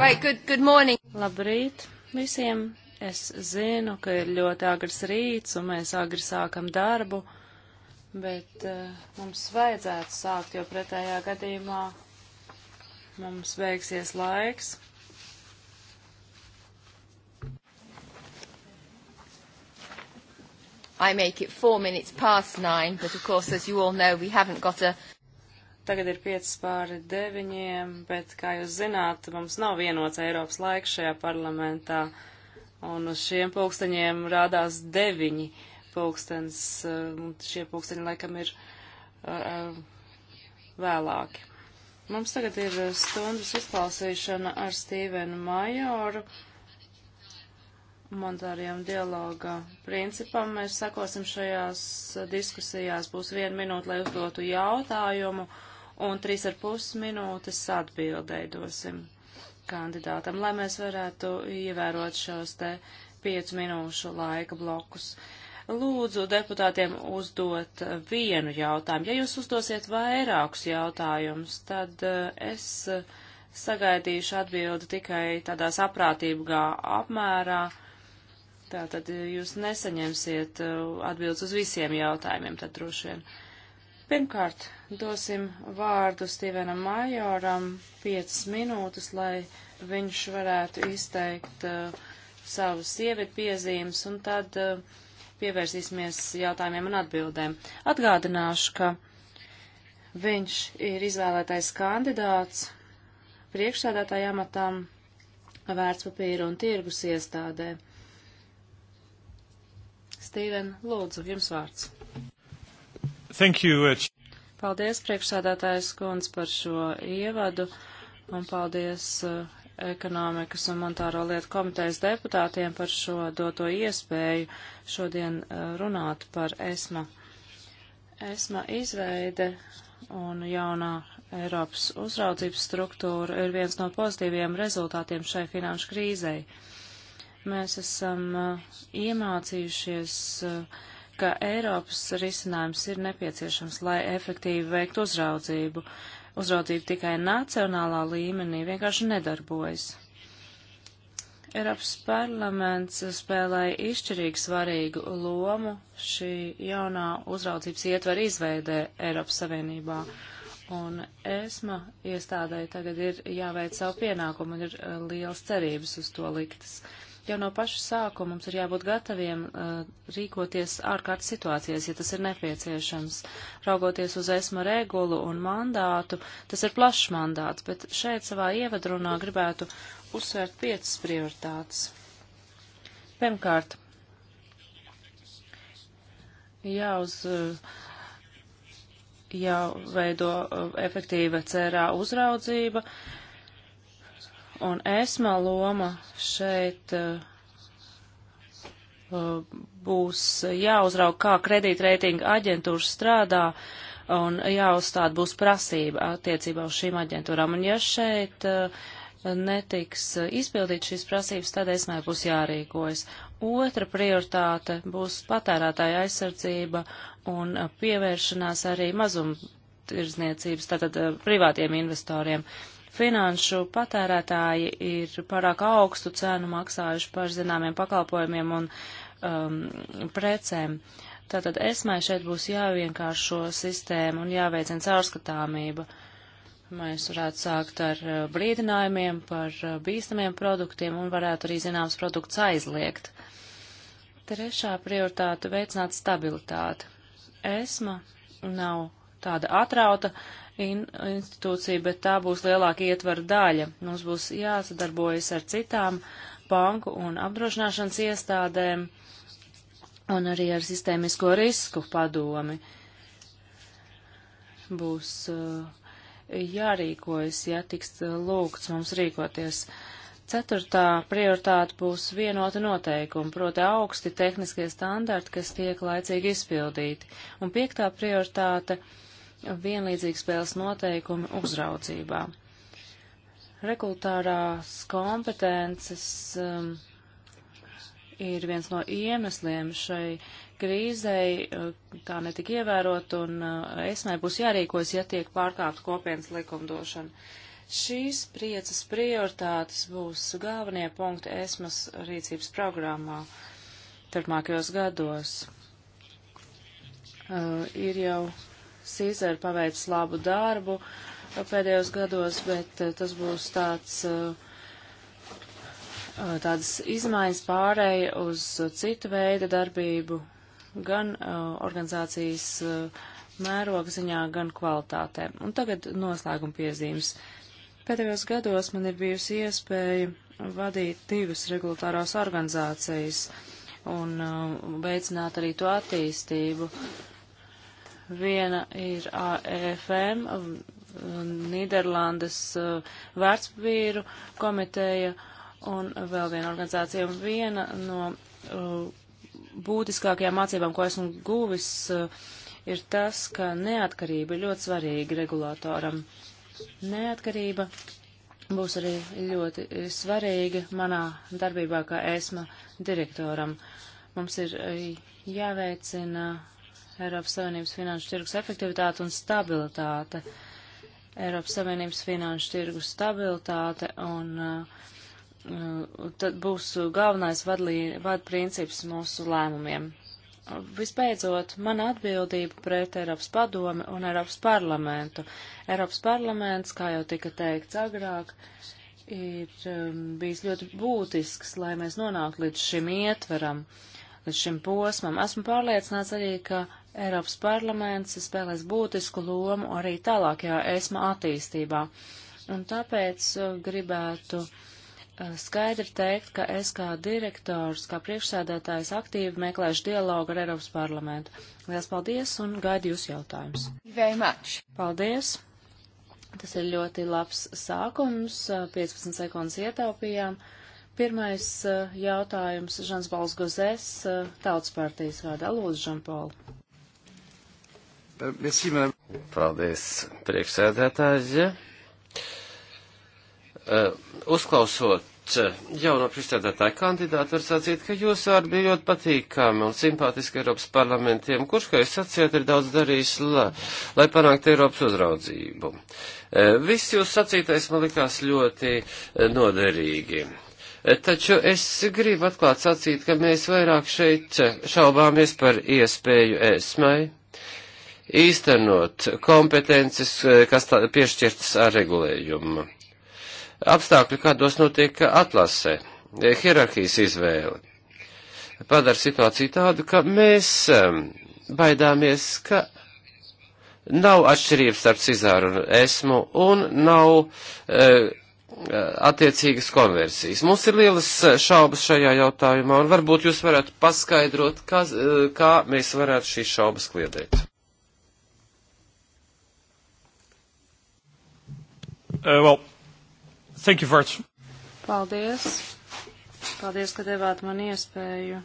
Right, good, good morning. Labrīt visiem. Es zinu, ka ir ļoti agrs rīts un mēs agri sākam darbu, bet uh, mums vajadzētu sākt, jo pretējā gadījumā mums beigsies laiks. I make it four minutes past nine, but of course, as you all know, we haven't got a Tagad ir 5 pāri 9, bet, kā jūs zināt, mums nav vienots Eiropas laiks šajā parlamentā, un uz šiem pulksteņiem rādās 9 pulkstens, uh, un šie pulksteņi laikam ir uh, uh vēlāki. Mums tagad ir stundas izklausīšana ar Stīvenu Majoru. Monetāriem dialoga principam mēs sakosim šajās diskusijās. Būs viena minūte, lai uzdotu jautājumu un 3,5 minūtes atbildēji dosim kandidātam, lai mēs varētu ievērot šos te 5 minūšu laika blokus. Lūdzu deputātiem uzdot vienu jautājumu. Ja jūs uzdosiet vairākus jautājumus, tad eh, es eh, sagaidīšu atbildi tikai tādā saprātīgā apmērā. Tātad eh, jūs nesaņemsiet atbildes uz visiem jautājumiem, tad droši vien. Uh, Pirmkārt, dosim vārdu Stevenam Majoram 5 minūtes, lai viņš varētu izteikt uh, savus sievietu piezīmes, un tad uh, pievērsīsimies jautājumiem un atbildēm. Atgādināšu, ka viņš ir izvēlētais kandidāts priekšsēdētāja amatam vērtspapīra un tirgus iestādē. Stīven, lūdzu, jums vārds. Thank you. Uh, paldies, priekšsādātājs Kunz, par šo ievadu, un paldies uh, ekonomikas un monetāro lietu komitejas deputātiem par šo doto iespēju šodien uh, runāt par ESMA. ESMA izveide un jaunā Eiropas uzraudzības struktūra ir viens no pozitīviem rezultātiem šai finanšu krīzei. Mēs esam uh, iemācījušies uh, ka Eiropas risinājums ir nepieciešams, lai efektīvi veikt uzraudzību. Uzraudzība tikai nacionālā līmenī vienkārši nedarbojas. Eiropas parlaments spēlēja izšķirīgi svarīgu lomu šī jaunā uzraudzības ietvara izveidē Eiropas Savienībā. Un ESMA iestādēji tagad ir jāveic savu pienākumu un ir eh, liels cerības uz to liktas. Uh, Jau no paša sākuma mums ir jābūt gataviem uh, rīkoties ārkārtas situācijas, ja tas ir nepieciešams. Raugoties uz esma regulu un mandātu, tas ir plašs mandāts, bet šeit savā ievadrunā gribētu uzsvērt piecas prioritātes. Pirmkārt, jāuz. Uh, jāveido uh, efektīva cerā uzraudzība, uh, Un esmā loma šeit uh, uh, būs jāuzrauk, kā kredītreitinga aģentūra strādā un jāuzstāda būs prasība attiecībā uz šīm aģentūrām. Un ja šeit uh, netiks izpildīt šīs prasības, tad esmē būs jārīkojas. Otra prioritāte būs patērētāja aizsardzība un pievēršanās arī mazumtirdzniecības, tātad privātiem investoriem. Uh, finanšu patērētāji ir pārāk augstu cenu maksājuši par zināmiem pakalpojumiem un um, precēm. Tātad esmai šeit būs jāvienkāršo sistēmu un jāveicina caurskatāmība. Mēs varētu sākt ar uh, brīdinājumiem par uh, bīstamiem produktiem un varētu arī zināms produkts aizliegt. Trešā prioritāte - veicināt stabilitāti. ESMA nav tāda atrauta in institūcija, bet tā būs lielāka ietvara daļa. Mums būs jāsadarbojas ar citām banku un apdrošināšanas iestādēm un arī ar sistēmisko risku padomi. Būs uh, jārīkojas, ja tiks uh, lūgts mums rīkoties. Ceturtā prioritāte būs vienota noteikuma, proti augsti tehniskie standarti, kas tiek laicīgi izpildīti. Un piektā prioritāte uh, vienlīdzīgi spēles noteikumi uzraudzībā. Rekultārās kompetences um, ir viens no iemesliem šai krīzei, uh, tā netika ievērot, un uh, esmai būs jārīkojas, ja tiek pārkāpt kopienas likumdošana. Šīs priecas prioritātes būs galvenie punkti esmas rīcības programmā turpmākajos gados. Uh, ir jau Cīzer paveic labu darbu uh, pēdējos gados, bet uh, tas būs tāds, uh, tādas izmaiņas pārēja uz citu veidu darbību, gan organizācijas mēroga ziņā, gan kvalitātē. Un tagad noslēguma piezīmes. Pēdējos gados man ir bijusi iespēja vadīt divas regulārās organizācijas un veicināt arī to attīstību. Uh, Viena ir AFM, Nīderlandes uh, vērtspapīru komiteja un vēl viena organizācija. Un viena no uh, būtiskākajām mācībām, ko esmu guvis, uh, ir tas, ka neatkarība ir ļoti svarīga regulātoram. Neatkarība būs arī ļoti svarīga manā darbībā kā ESMA direktoram. Mums ir jāveicina Eiropas Savienības finanšu tirgus efektivitāte un stabilitāte. Eiropas Savienības finanšu tirgus stabilitāte un uh, uh tad būs galvenais vadprincips mūsu lēmumiem. Vispēcot, mana atbildība pret Eiropas padomi un Eiropas parlamentu. Eiropas parlaments, kā jau tika teikts agrāk, ir um, bijis ļoti būtisks, lai mēs nonāktu līdz šim ietveram, līdz šim posmam. Esmu pārliecināts arī, ka uh, Eiropas parlaments spēlēs būtisku lomu arī tālākajā ESMA attīstībā. Un tāpēc uh, gribētu uh, skaidri teikt, ka es kā direktors, kā priekšsēdētājs aktīvi meklēšu dialogu ar Eiropas parlamentu. Lielas paldies un gaidu jūs jautājumus. Paldies! Tas ir ļoti labs sākums. 15 uh, sekundes ietaupījām. Pirmais jautājums Žans Balsgozes, Tautas partijas vārdā. Lūdzu, Žanpauli. Merci, madame. Paldies, priekšsēdētāji. Eh, uzklausot eh, jauno priekšsēdētāju kandidātu, var sacīt, ka jūsu vārdi bija ļoti patīkami un simpātiski Eiropas parlamentiem, kurš, kā jūs sacījāt, ir daudz darījis, la, lai panāktu Eiropas uzraudzību. Eh, viss jūs sacītais man likās ļoti noderīgi. Taču es gribu atklāt sacīt, ka mēs vairāk šeit šaubāmies par iespēju esmai īstenot kompetences, eh, kas piešķirtas ar regulējumu. Apstākļi, kādos notiek atlase, eh, hierarhijas izvēle, padara situāciju tādu, ka mēs ehm, baidāmies, ka nav atšķirības starp Cizāru un esmu un nav e, attiecīgas konversijas. Mums ir lielas šaubas šajā jautājumā, un varbūt jūs varētu paskaidrot, kas, kā mēs varētu šīs šaubas kliedēt. Uh, well, thank you for it. Paldies. Paldies, ka devāt man iespēju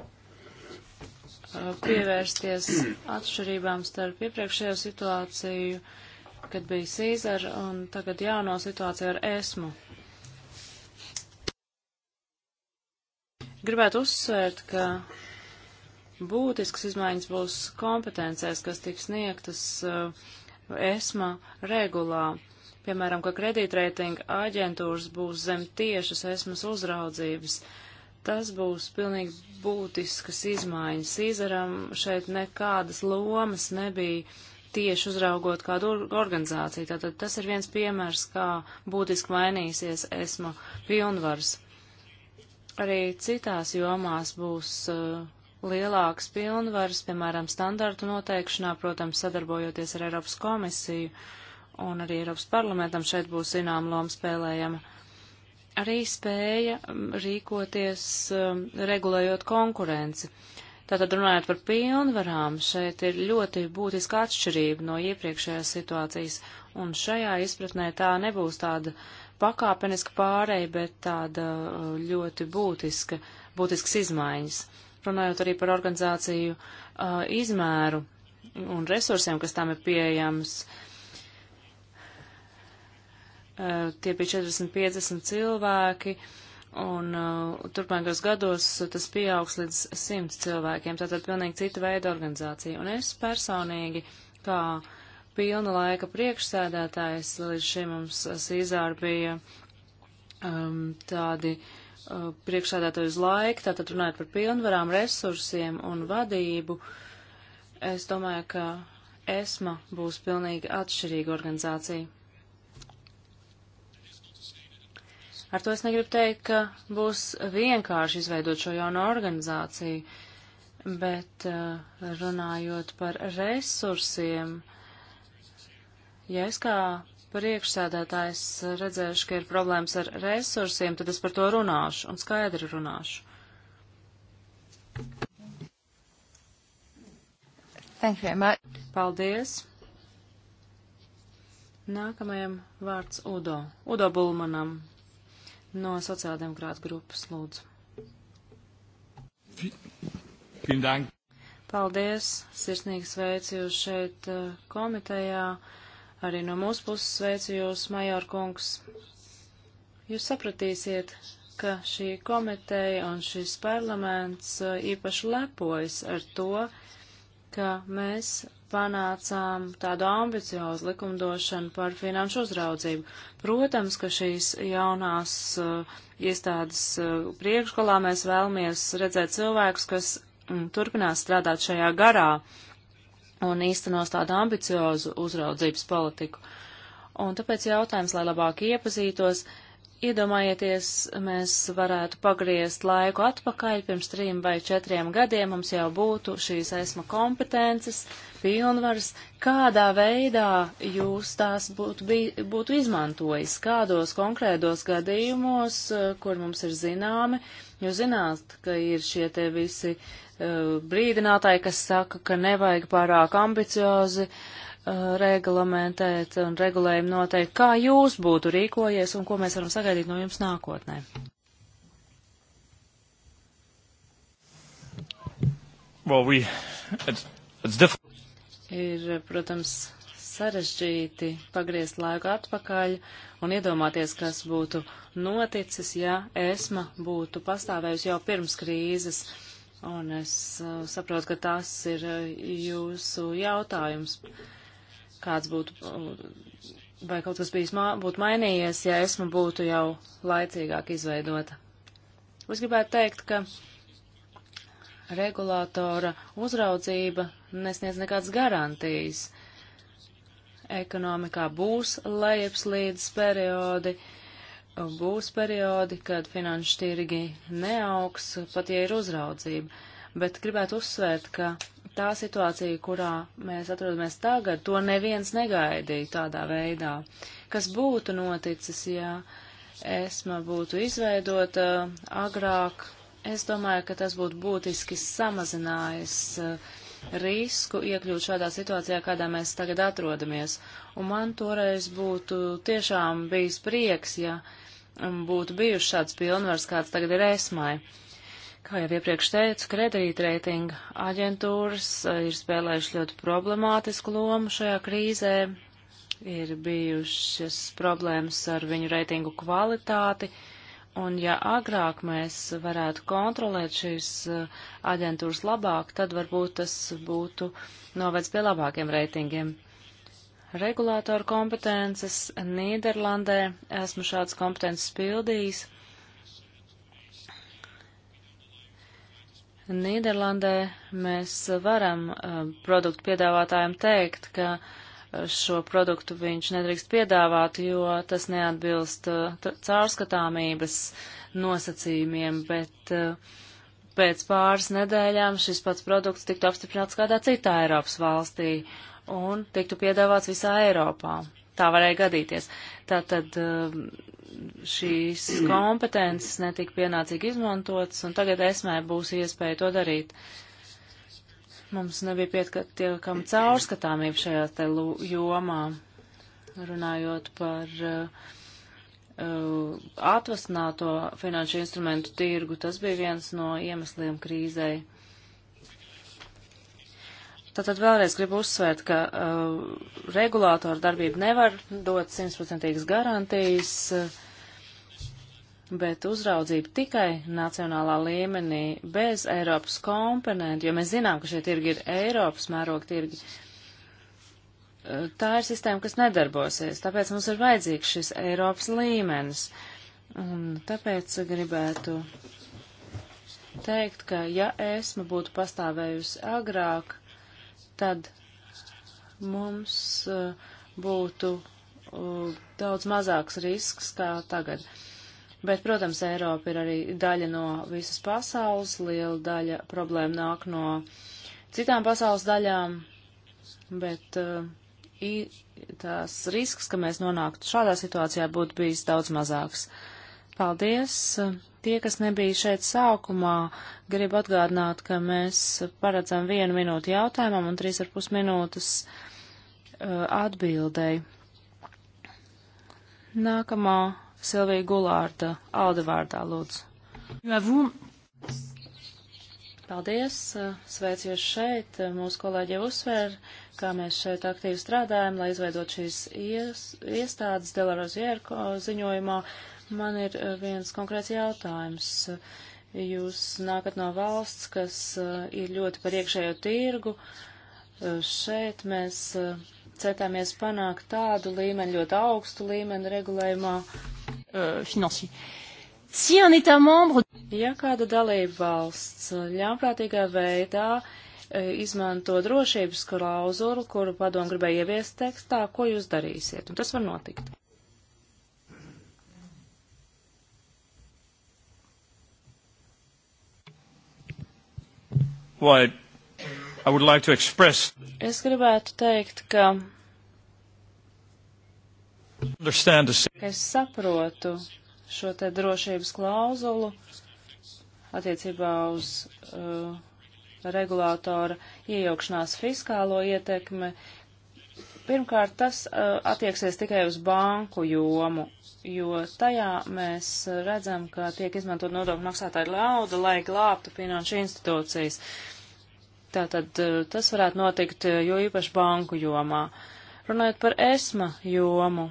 uh, pievērsties atšķirībām starp iepriekšējo situāciju, kad bija Cīzar, un tagad jauno situāciju ar esmu. Gribētu uzsvērt, ka būtisks izmaiņas būs kompetencēs, kas tiks sniegtas uh, ESMA regulā. Piemēram, ka kredītreitinga aģentūras būs zem tiešas ESMAS uzraudzības. Tas būs pilnīgi būtiskas izmaiņas. Izaram šeit nekādas lomas nebija tieši uzraugot kādu organizāciju. Tātad tas ir viens piemērs, kā būtiski mainīsies esmu pilnvars. Arī citās jomās būs uh, lielāks pilnvaras, piemēram, standartu noteikšanā, protams, sadarbojoties ar Eiropas komisiju un arī Eiropas parlamentam šeit būs zinām loma spēlējama. Arī spēja rīkoties, um, regulējot konkurenci. Tātad runājot par pilnvarām, šeit ir ļoti būtiska atšķirība no iepriekšējās situācijas, un šajā izpratnē tā nebūs tāda pakāpeniska pārēja, bet tāda uh, ļoti būtiska, būtisks izmaiņas runājot arī par organizāciju uh, izmēru un resursiem, kas tam ir pieejams. Uh, tie bija 40-50 cilvēki, un uh, turpmākos gados tas pieaugs līdz 100 cilvēkiem. Tātad pilnīgi cita veida organizācija. Un es personīgi, kā pilna laika priekšsēdētājs, līdz šim mums Sīzār bija um, tādi uh, Uh, priekšsādātāju uz laiku, tātad runājot par pilnvarām, resursiem un vadību, es domāju, ka ESMA būs pilnīgi atšķirīga organizācija. Ar to es negribu teikt, ka būs vienkārši izveidot šo jaunu organizāciju, bet uh, runājot par resursiem, ja es kā priekšsēdētājs eh, redzēšu, ka ir problēmas ar resursiem, tad es par to runāšu un skaidri runāšu. Thank you very much. Paldies. Nākamajam vārds Udo. Udo Bulmanam no sociāldemokrāta grupas lūdzu. Paldies, sirsnīgi sveicu jūs šeit eh, komitejā. Uh, Arī no mūsu puses sveicu jūs, Major kungs. Jūs sapratīsiet, ka šī komiteja un šis parlaments uh, īpaši lepojas ar to, ka mēs panācām tādu ambiciozu likumdošanu par finanšu uzraudzību. Protams, ka šīs jaunās uh, iestādes uh, priekškolā mēs vēlamies redzēt cilvēkus, kas mm, turpinās strādāt šajā garā. Uh, un īstenos tādu ambiciozu uzraudzības politiku. Un tāpēc jautājums, lai labāk iepazītos, iedomājieties, mēs varētu pagriezt laiku atpakaļ, pirms trim vai četriem gadiem mums jau būtu šīs esma kompetences, pilnvaras, kādā veidā jūs tās būtu, bij, būtu izmantojis, kādos konkrētos gadījumos, eh, kur mums ir zināmi, jūs zināt, ka ir šie te visi Eh, brīdinātāji, kas saka, ka nevajag pārāk ambiciozi eh, reglamentēt un regulējumu noteikt. Kā jūs būtu rīkojies un ko mēs varam sagaidīt no jums nākotnē? Well, we, it's, it's difficult. ir, protams, sarežģīti pagriezt laiku atpakaļ un iedomāties, kas būtu noticis, ja ESMA būtu pastāvējusi jau pirms krīzes. Uh, Un es uh, saprotu, ka tas ir uh, jūsu jautājums, kāds būtu, uh, vai kaut kas bijis, mā, būtu mainījies, ja esmu būtu jau laicīgāk izveidota. Es gribētu teikt, ka regulātora uzraudzība nesniedz nekādas garantijas. Ekonomikā būs lejupslīdes periodi, uh, būs periodi, kad finanšu tirgi neaugs, pat ja ir uzraudzība. Bet gribētu uzsvērt, ka tā situācija, kurā mēs atrodamies tagad, to neviens negaidīja tādā veidā. Kas būtu noticis, ja esma būtu izveidota uh, agrāk? Es domāju, ka tas būtu būtiski samazinājis uh, risku iekļūt šādā situācijā, kādā mēs tagad atrodamies. Un man toreiz būtu tiešām bijis prieks, ja uh, Mm, būtu bijuši šāds pilnvars, kāds tagad ir ESMAI. Kā jau iepriekš teicu, kredītreitinga aģentūras eh, ir spēlējuši ļoti problemātisku lomu šajā krīzē, ir bijušas problēmas ar viņu reitingu kvalitāti, un ja agrāk mēs varētu kontrolēt šīs eh, aģentūras labāk, tad varbūt tas būtu novēc pie labākiem reitingiem regulātoru kompetences. Nīderlandē esmu šādas kompetences pildījis. Nīderlandē mēs varam eh, produktu piedāvātājiem teikt, ka eh, šo produktu viņš nedrīkst piedāvāt, jo tas neatbilst eh, caurskatāmības nosacījumiem, bet pēc pāris nedēļām šis pats produkts tiktu apstiprināts kādā citā Eiropas valstī. Uh, un tiktu piedāvāts visā Eiropā. Tā varēja gadīties. Tātad um, šīs kompetences netika pienācīgi izmantotas, un tagad esmē būs iespēja to darīt. Mums nebija pietiekama caurskatāmība šajā te jomā, runājot par uh, uh, atvasināto finanšu instrumentu tirgu. Tas bija viens no iemesliem krīzei. Tātad vēlreiz gribu uzsvērt, ka uh, regulātora darbība nevar dot simtprocentīgas garantijas, uh, bet uzraudzība tikai nacionālā līmenī bez Eiropas komponentu, jo mēs zinām, ka šie tirgi ir Eiropas mēroga tirgi. Uh, tā ir sistēma, kas nedarbosies, tāpēc mums ir vajadzīgs šis Eiropas līmenis. Un tāpēc gribētu teikt, ka ja esma būtu pastāvējusi agrāk, tad mums uh, būtu uh, daudz mazāks risks kā tagad. Bet, protams, Eiropa ir arī daļa no visas pasaules, liela daļa problēma nāk no citām pasaules daļām, bet uh, tās risks, ka mēs nonāktu šādā situācijā, būtu bijis daudz mazāks. Paldies! Tie, kas nebija šeit sākumā, gribu atgādināt, ka mēs paredzam vienu minūtu jautājumam un trīs ar pus minūtes uh, atbildēji. Nākamā Silvija Gulārda, Alde vārdā, lūdzu. Jū, Paldies, uh, sveicu jūs šeit. Uh, mūsu kolēģi jau uzsver, kā mēs šeit aktīvi strādājam, lai izveidot šīs ies, iestādes Delarozieru ziņojumā. Man ir eh, viens konkrēts jautājums. Jūs nākat no valsts, kas eh, ir ļoti par iekšējo tirgu. Eh, šeit mēs centāmies panākt tādu līmeni, ļoti augstu līmeni regulējumā. Euh, Finansi. Si un état membre... Ja kāda dalība valsts ļaunprātīgā veidā izmanto drošības klauzulu, kuru padomu gribēja ieviest tekstā, ko jūs darīsiet? Un tas var notikt. Well, I would like to express. Es gribētu teikt, ka. Es saprotu šo te drošības klauzulu attiecībā uz uh, regulātora iejaukšanās fiskālo ietekmi. Pirmkārt, tas uh, attieksies tikai uz banku jomu, jo tajā mēs redzam, ka tiek izmantot nodokļu maksātāju naudu, lai glābtu finanšu institūcijas. Uh, Tātad eh, tas varētu notikt, eh, jo īpaši banku jomā. Runājot par esma jomu,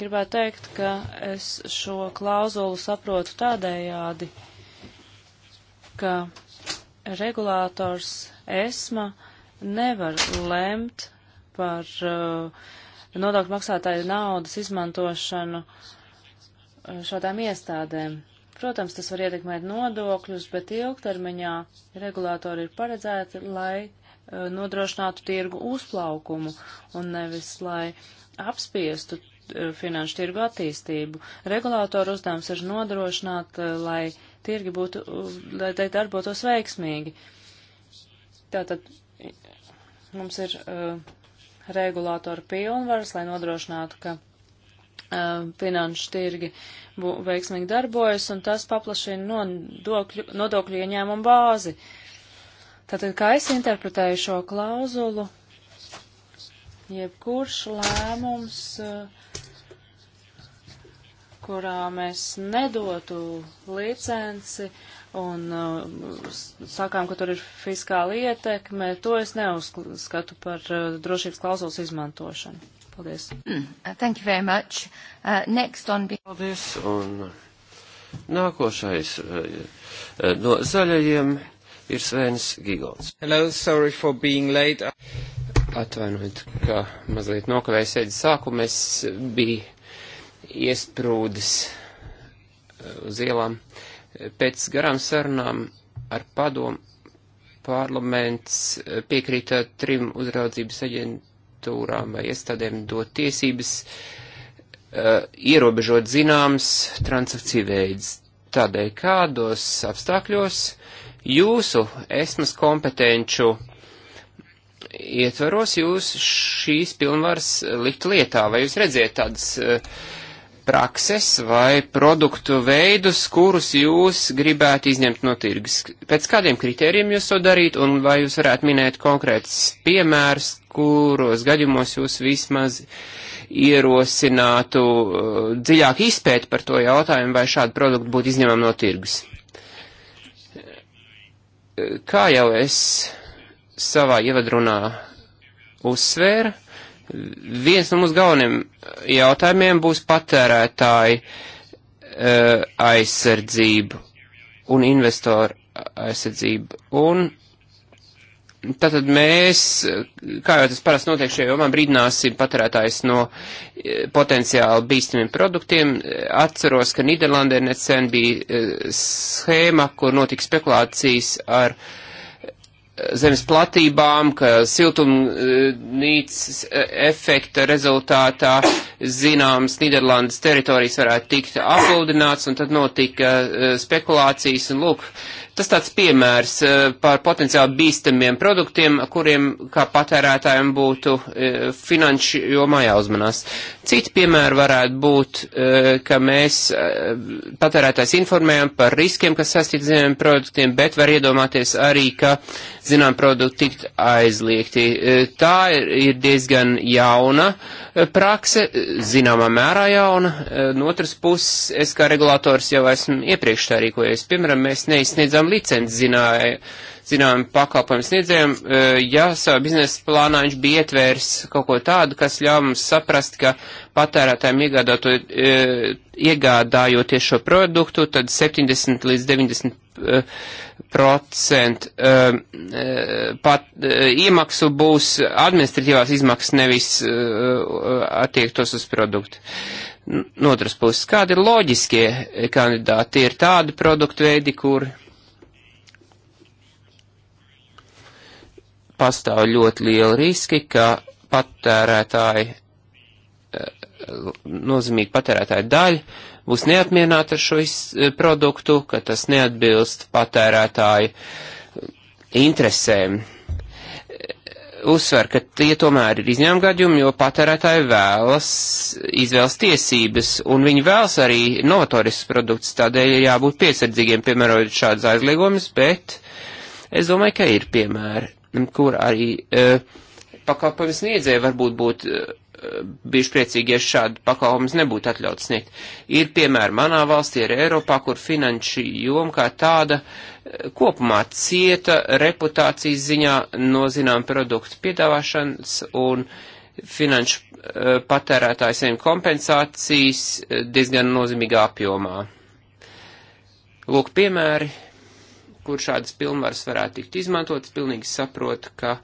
gribētu teikt, ka es šo klauzulu saprotu tādējādi, ka regulātors esma nevar lemt par uh, nodokļu maksātāju naudas izmantošanu šādām iestādēm. Protams, tas var ietekmēt nodokļus, bet ilgtermiņā regulātori ir paredzēti, lai eh, nodrošinātu tirgu uzplaukumu un nevis, lai apspiestu eh, finanšu tirgu attīstību. Regulātoru uzdevums ir nodrošināt, eh, lai tirgi būtu, lai tai darbotos veiksmīgi. Tātad mums ir uh, regulātoru pilnvaras, lai nodrošinātu, ka Uh, finanšu tirgi veiksmīgi darbojas, un tas paplašina nodokļu, nodokļu ieņēmumu bāzi. Tātad, kā es interpretēju šo klauzulu, jebkurš lēmums, uh, kurā mēs nedotu licenci un uh, sakām, ka tur ir fiskāla ietekme, to es neuzskatu par drošības klauzulas izmantošanu. Paldies. Mm, uh, thank you very much. Uh, next on... Paldies. Un nākošais uh, uh, no zaļajiem ir Svens Gigons. Hello, sorry for being late. Atvainojiet, ka mazliet nokavēju sēdi sākumu. Es biju iesprūdis uz ielām. Pēc garām sarunām ar padomu parlaments piekrīta trim uzraudzības aģentūrām aģentūrām vai iestādēm dot tiesības uh, ierobežot zināms transakciju veids. Tādēļ kādos apstākļos jūsu esmas kompetenču ietvaros jūs šīs pilnvaras likt lietā, vai jūs redziet tādas uh, prakses vai produktu veidus, kurus jūs gribētu izņemt no tirgus? Pēc kādiem kritērijiem jūs to darītu, un vai jūs varētu minēt konkrēts piemērs, kuros gadījumos jūs vismaz ierosinātu uh, dziļāk izpēt par to jautājumu, vai šādu produktu būtu izņemam no tirgus? Kā jau es savā ievadrunā uzsvēru, Viens no mūsu galveniem jautājumiem būs patērētāji eh, aizsardzību un investoru aizsardzību. Un Tātad mēs, kā jau tas parasti notiek šajā jomā, brīdināsim patērētājs no eh, potenciāli bīstamiem produktiem. Atceros, ka Nīderlandē necen bija eh, schēma, kur notika spekulācijas ar uh, zemes platībām, ka siltumnīcas e, efekta rezultātā zināms Nīderlandes teritorijas varētu tikt aplūdināts, un tad notika e, spekulācijas, un lūk, tas tāds piemērs e, par potenciāli bīstamiem produktiem, kuriem kā patērētājiem būtu finanšu jomā jāuzmanās. Citi piemēri varētu būt, eh, ka mēs eh, patērētājs informējam par riskiem, kas sastīt zinām produktiem, bet var iedomāties arī, ka zinām produkti tikt aizliegti. Eh, tā ir diezgan jauna prakse, zināmā mērā jauna. No otras puses, es kā regulators jau esmu iepriekš tā rīkojies. Piemēram, mēs neizsniedzām licenci zināju zinām, pakalpojumu sniedzējiem, eh, ja savā biznesa plānā viņš bija ietvērs kaut ko tādu, kas ļauj mums saprast, ka patērētājiem eh, iegādājoties šo produktu, tad 70 līdz 90 eh, procentu pat iemaksu būs administratīvās izmaksas, nevis attiektos uz produktu no otras puses, kādi ir loģiskie kandidāti? Tie ir tādi produktu veidi, kur pastāv ļoti lieli riski, ka patērētāji, eh, nozīmīgi patērētāji daļa būs neapmierināta ar šo eh, produktu, ka tas neatbilst patērētāju eh, interesēm. Uzsver, ka tie tomēr ir izņēmuma gadījumi, jo patērētāji vēlas izvēles tiesības, un viņi vēlas arī novatoriskus produktus, tādēļ ir jābūt piesardzīgiem, piemērojot šādas aizliegumus, bet es domāju, ka ir piemēri kur arī e, pakalpojumu sniedzēji varbūt būtu e, bijuši priecīgi, ja šādu pakalpojumus nebūtu atļauts sniegt. Ir piemēram manā valstī, ir Eiropā, kur finanšu joma kā tāda e, kopumā cieta reputācijas ziņā no zinām produktu piedāvāšanas un finanšu patērētāju saņem kompensācijas diezgan nozīmīgā apjomā. Lūk, piemēri kur šādas pilnvaras varētu tikt izmantotas. Pilnīgi saprotu, ka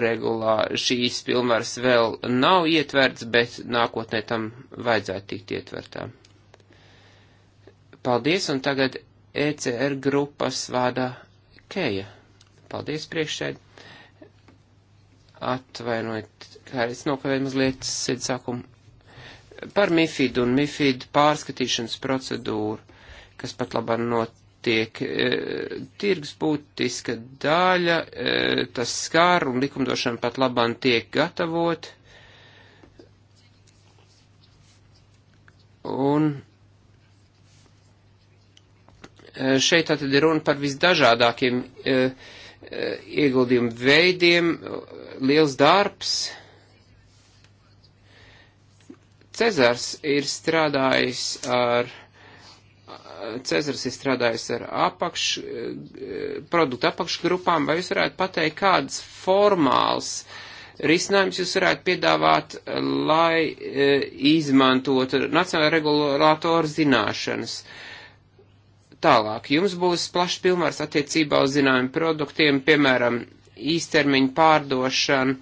regulā šīs pilnvaras vēl nav ietverts, bet nākotnē tam vajadzētu tikt ietvertām. Paldies, un tagad ECR grupas vada Keja. Paldies priekšēd. Atvainojiet, kā es nokavēju mazliet sēd sākumu. Par MIFID un MIFID pārskatīšanas procedūru, kas pat labāk not notiek. E, tirgs būtiska daļa, e, tas skār un likumdošana pat labāk tiek gatavot. Un e, šeit tātad ir runa par visdažādākiem e, e, ieguldījumu veidiem, liels darbs. Cezars ir strādājis ar Cezars ir strādājis ar apakš, eh, produktu apakšgrupām, vai jūs varētu pateikt, kādas formāls risinājums jūs varētu piedāvāt, eh, lai eh, izmantot nacionāla regulātora zināšanas? Tālāk, jums būs plašs pilnvars attiecībā uz zinājumu produktiem, piemēram, īstermiņu pārdošanu,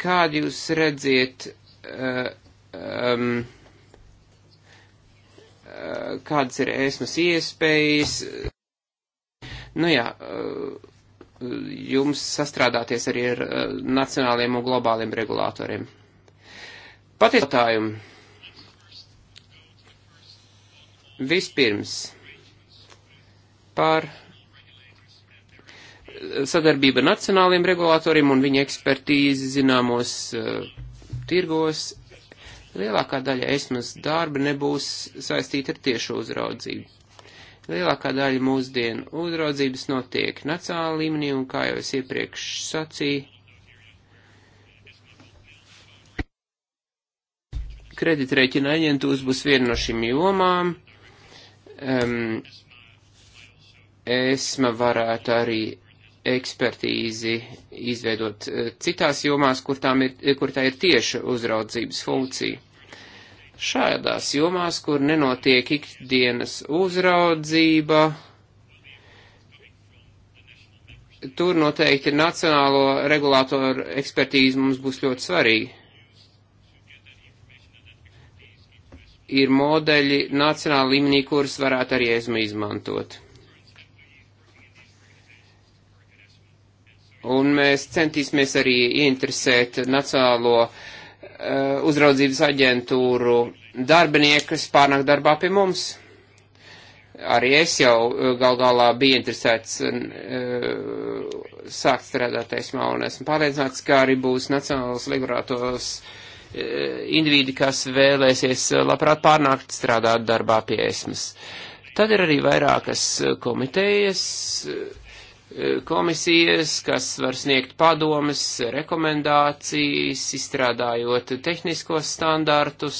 kādu jūs redziet, um, Eh, kādas ir ēsmas iespējas. Nu jā, eh, jums sastrādāties arī ar eh, nacionāliem un globāliem regulātoriem. Patiesotājumi. Vispirms par sadarbība nacionāliem regulātoriem un viņa ekspertīzi zināmos uh, tirgos Lielākā daļa esmas darba nebūs saistīta ar tiešo uzraudzību. Lielākā daļa mūsdienu uzraudzības notiek nacionāla līmenī un, kā jau es iepriekš sacīju, kreditreķina aģentūras būs viena no šīm jomām. Um, ESMA varētu arī ekspertīzi izveidot eh, citās jomās, kur, ir, kur tā ir tieša uzraudzības funkcija šādās jomās, kur nenotiek ikdienas uzraudzība, tur noteikti nacionālo regulātoru ekspertīze mums būs ļoti svarīga. Ir modeļi nacionāla līmenī, kurus varētu arī esmu izmantot. Un mēs centīsimies arī ieinteresēt nacionālo uh, Eh, uzraudzības aģentūru darbinieki, kas pārnāk darbā pie mums. Arī es jau eh, gal galā biju interesēts eh, sākt strādāt teismā un esmu pārliecināts, ka arī būs nacionālos regulātos individi, kas vēlēsies labprāt pārnākt strādāt darbā pie esmas. Tad ir arī vairākas komitejas, komisijas, kas var sniegt padomas, rekomendācijas, izstrādājot tehniskos standartus.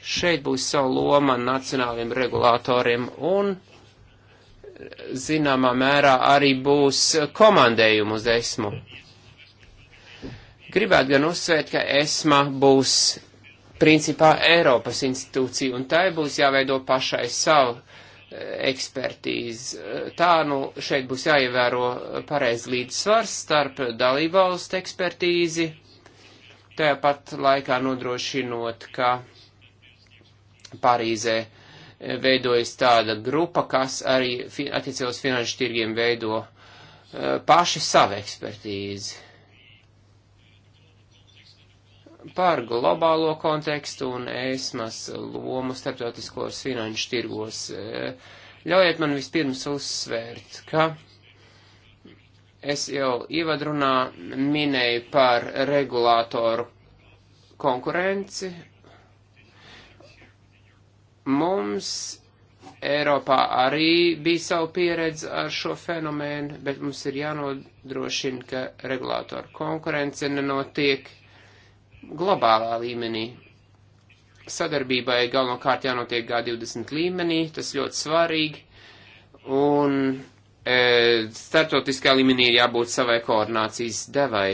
Šeit būs savu loma nacionāliem regulātoriem un, zināmā mērā, arī būs komandējumu uz esmu. Gribētu gan uzsvērt, ka esma būs principā Eiropas institūcija, un tai būs jāveido pašai savu ekspertīzi. Tā nu šeit būs jāievēro pareiz līdzsvars starp dalībvalstu ekspertīzi, tāpat laikā nodrošinot, ka Parīzē veidojas tāda grupa, kas arī attiecībā uz finanšu tirgiem veido eh, paši savu ekspertīzi par globālo kontekstu un ESMAS lomu starptautiskos finanšu tirgos. Eh, ļaujiet man vispirms uzsvērt, ka es jau ievadrunā minēju par regulātoru konkurenci. Mums Eiropā arī bija savu pieredzi ar šo fenomenu, bet mums ir jānodrošina, ka regulātoru konkurence nenotiek uh, globālā līmenī. Sadarbībai galvenokārt jānotiek G20 līmenī, tas ļoti svarīgi, un e, startotiskā līmenī ir jābūt savai koordinācijas devai.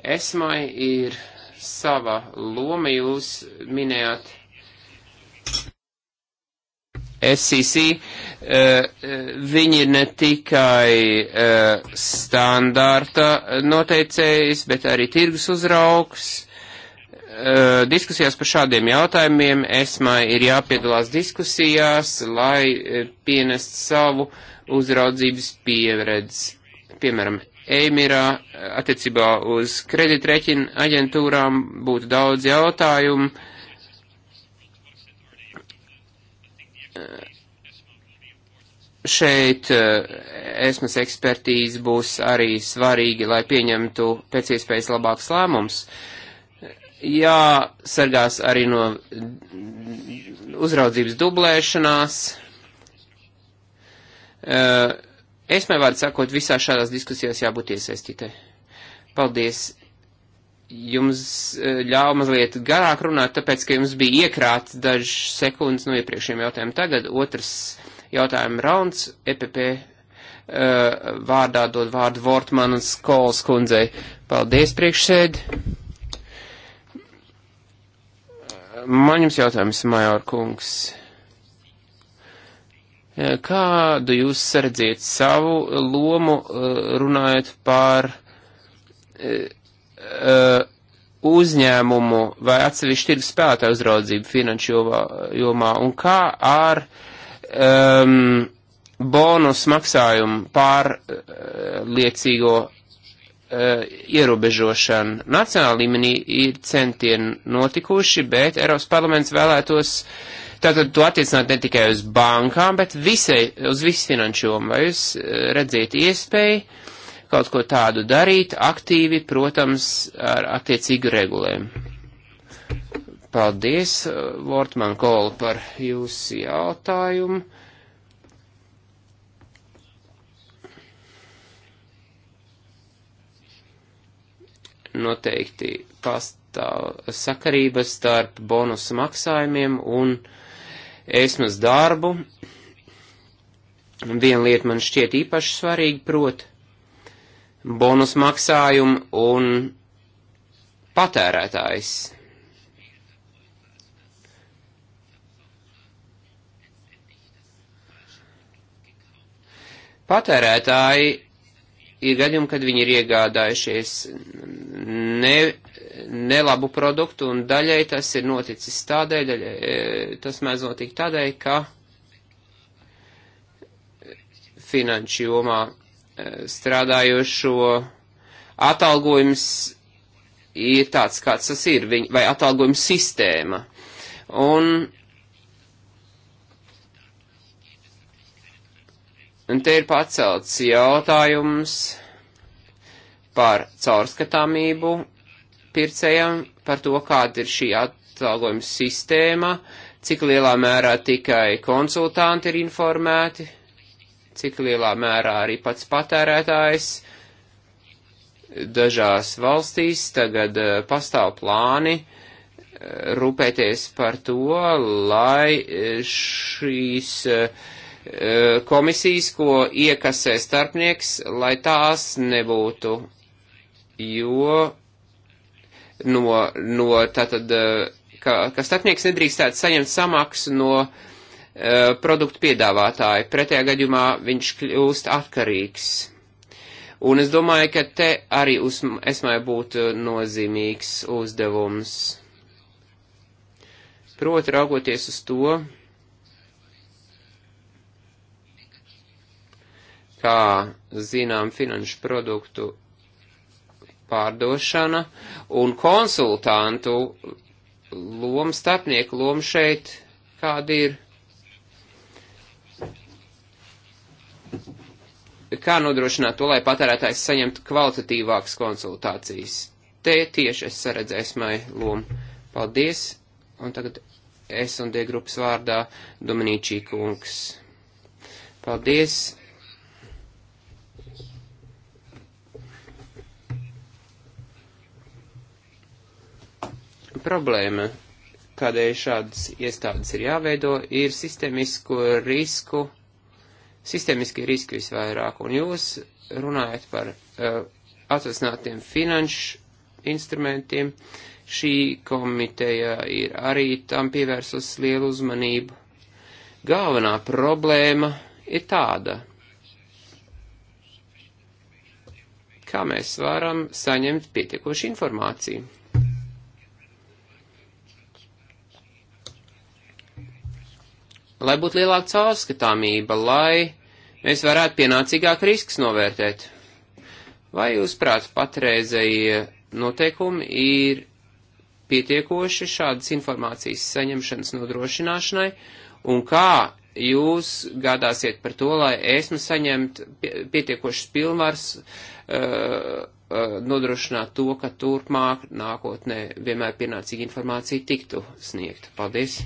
Esmai ir sava loma, jūs minējāt SCC, eh, viņi ir ne tikai eh, standārta noteicējs, bet arī tirgus uzraugs. Eh, diskusijās par šādiem jautājumiem ESMA ir jāpiedalās diskusijās, lai pienest savu uzraudzības pieredzi. Piemēram, Eimirā attiecībā uz kreditreķina aģentūrām būtu daudz jautājumu, uh, šeit eh, esmas ekspertīze būs arī svarīgi, lai pieņemtu pēc iespējas labāks lēmums. Jāsargās arī no uzraudzības dublēšanās. Eh, esmai vārdu sakot, visā šādās diskusijās jābūt iesaistītai. Paldies! jums eh, ļāva mazliet garāk runāt, tāpēc, ka jums bija iekrāts dažas sekundes no iepriekšējiem jautājumiem. Tagad otrs jautājuma rauns EPP uh, eh, vārdā dod vārdu Vortmanas Kols kundzei. Paldies, priekšsēd. Man jums jautājums, Major kungs. Eh, kādu jūs sardziet savu lomu runājot par uh, Uh, uzņēmumu vai atsevišķu tirgus spēlētāju uzraudzību finanšu jomā un kā ar um, bonus maksājumu pārliecīgo uh, uh, ierobežošanu. Nacionāla līmenī ir centieni notikuši, bet Eiropas parlaments vēlētos tātad to attiecināt ne tikai uz bankām, bet visai, uz visu finanšu jomu. Vai jūs uh, redzēt iespēju? kaut ko tādu darīt, aktīvi, protams, ar attiecīgu regulējumu. Paldies, Vortman Kola, par jūsu jautājumu. Noteikti pastāv sakarības starp bonusu maksājumiem un esmas darbu. Viena lieta man šķiet īpaši svarīga, proti, bonus maksājumu un patērētājs. Patērētāji ir gadījumi, kad viņi ir iegādājušies ne, nelabu produktu, un daļai tas ir noticis tādēļ, daļai, e, tas mēdz notikt tādēļ, ka finanšu jomā strādājošo atalgojums ir tāds, kāds tas ir, viņ, vai atalgojums sistēma. Un, un te ir pacelts jautājums par caurskatāmību pircējam, par to, kāda ir šī atalgojuma sistēma, cik lielā mērā tikai konsultanti ir informēti cik lielā mērā arī pats patērētājs. Dažās valstīs tagad eh, pastāv plāni eh, rūpēties par to, lai eh, šīs komisijas, ko iekasē starpnieks, lai tās nebūtu, jo no, no tātad, ka, ka starpnieks nedrīkstētu saņemt samaksu no uh, Eh, produktu piedāvātāji. Pretējā gadījumā viņš kļūst atkarīgs. Un es domāju, ka te arī uz esmai būtu nozīmīgs uzdevums. Proti, raugoties uz to, kā zinām finanšu produktu pārdošana un konsultantu loma, starpnieku loma šeit kāda ir kā nodrošināt to, lai patērētājs saņemtu kvalitatīvākas konsultācijas. Te tieši es saredzēju mai lomu. Paldies! Un tagad es un D grupas vārdā Dominīčī kungs. Paldies! Problēma, kādēļ šādas iestādes ir jāveido, ir sistēmisku risku sistēmiskie riski visvairāk, un jūs runājat par uh, atvesinātiem finanšu instrumentiem. Šī komiteja ir arī tam pievērsus lielu uzmanību. Galvenā problēma ir tāda. Kā mēs varam saņemt pietiekošu informāciju? lai būtu lielāka caurskatāmība, lai mēs varētu pienācīgāk risks novērtēt. Vai jūs prāt patreizējie noteikumi ir pietiekoši šādas informācijas saņemšanas nodrošināšanai, un kā jūs gādāsiet par to, lai esmu saņemt pietiekošas pilnvars, uh, uh, nodrošināt to, ka turpmāk nākotnē vienmēr pienācīga informācija tiktu sniegta. Paldies!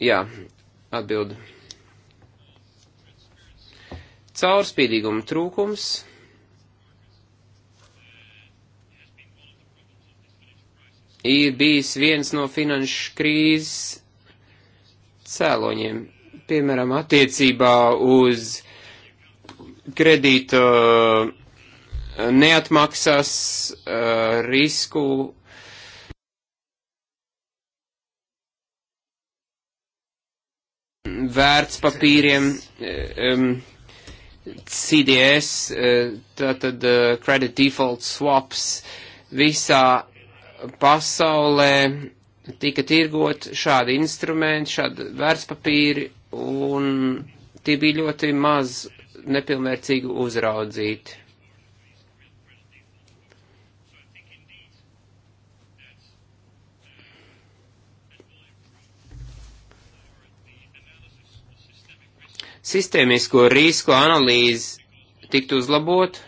Jā, atbildi. Caurspīdīguma trūkums ir bijis viens no finanšu krīzes cēloņiem, piemēram, attiecībā uz kredīta uh, neatmaksas uh, risku vērtspapīriem, um, eh, CDS, eh, tātad eh, Credit Default Swaps visā pasaulē tika tirgot šādi instrumenti, šādi vērtspapīri, un tie bija ļoti maz nepilnvērtīgi uzraudzīti. sistēmisko risku analīzi tiktu uzlabot,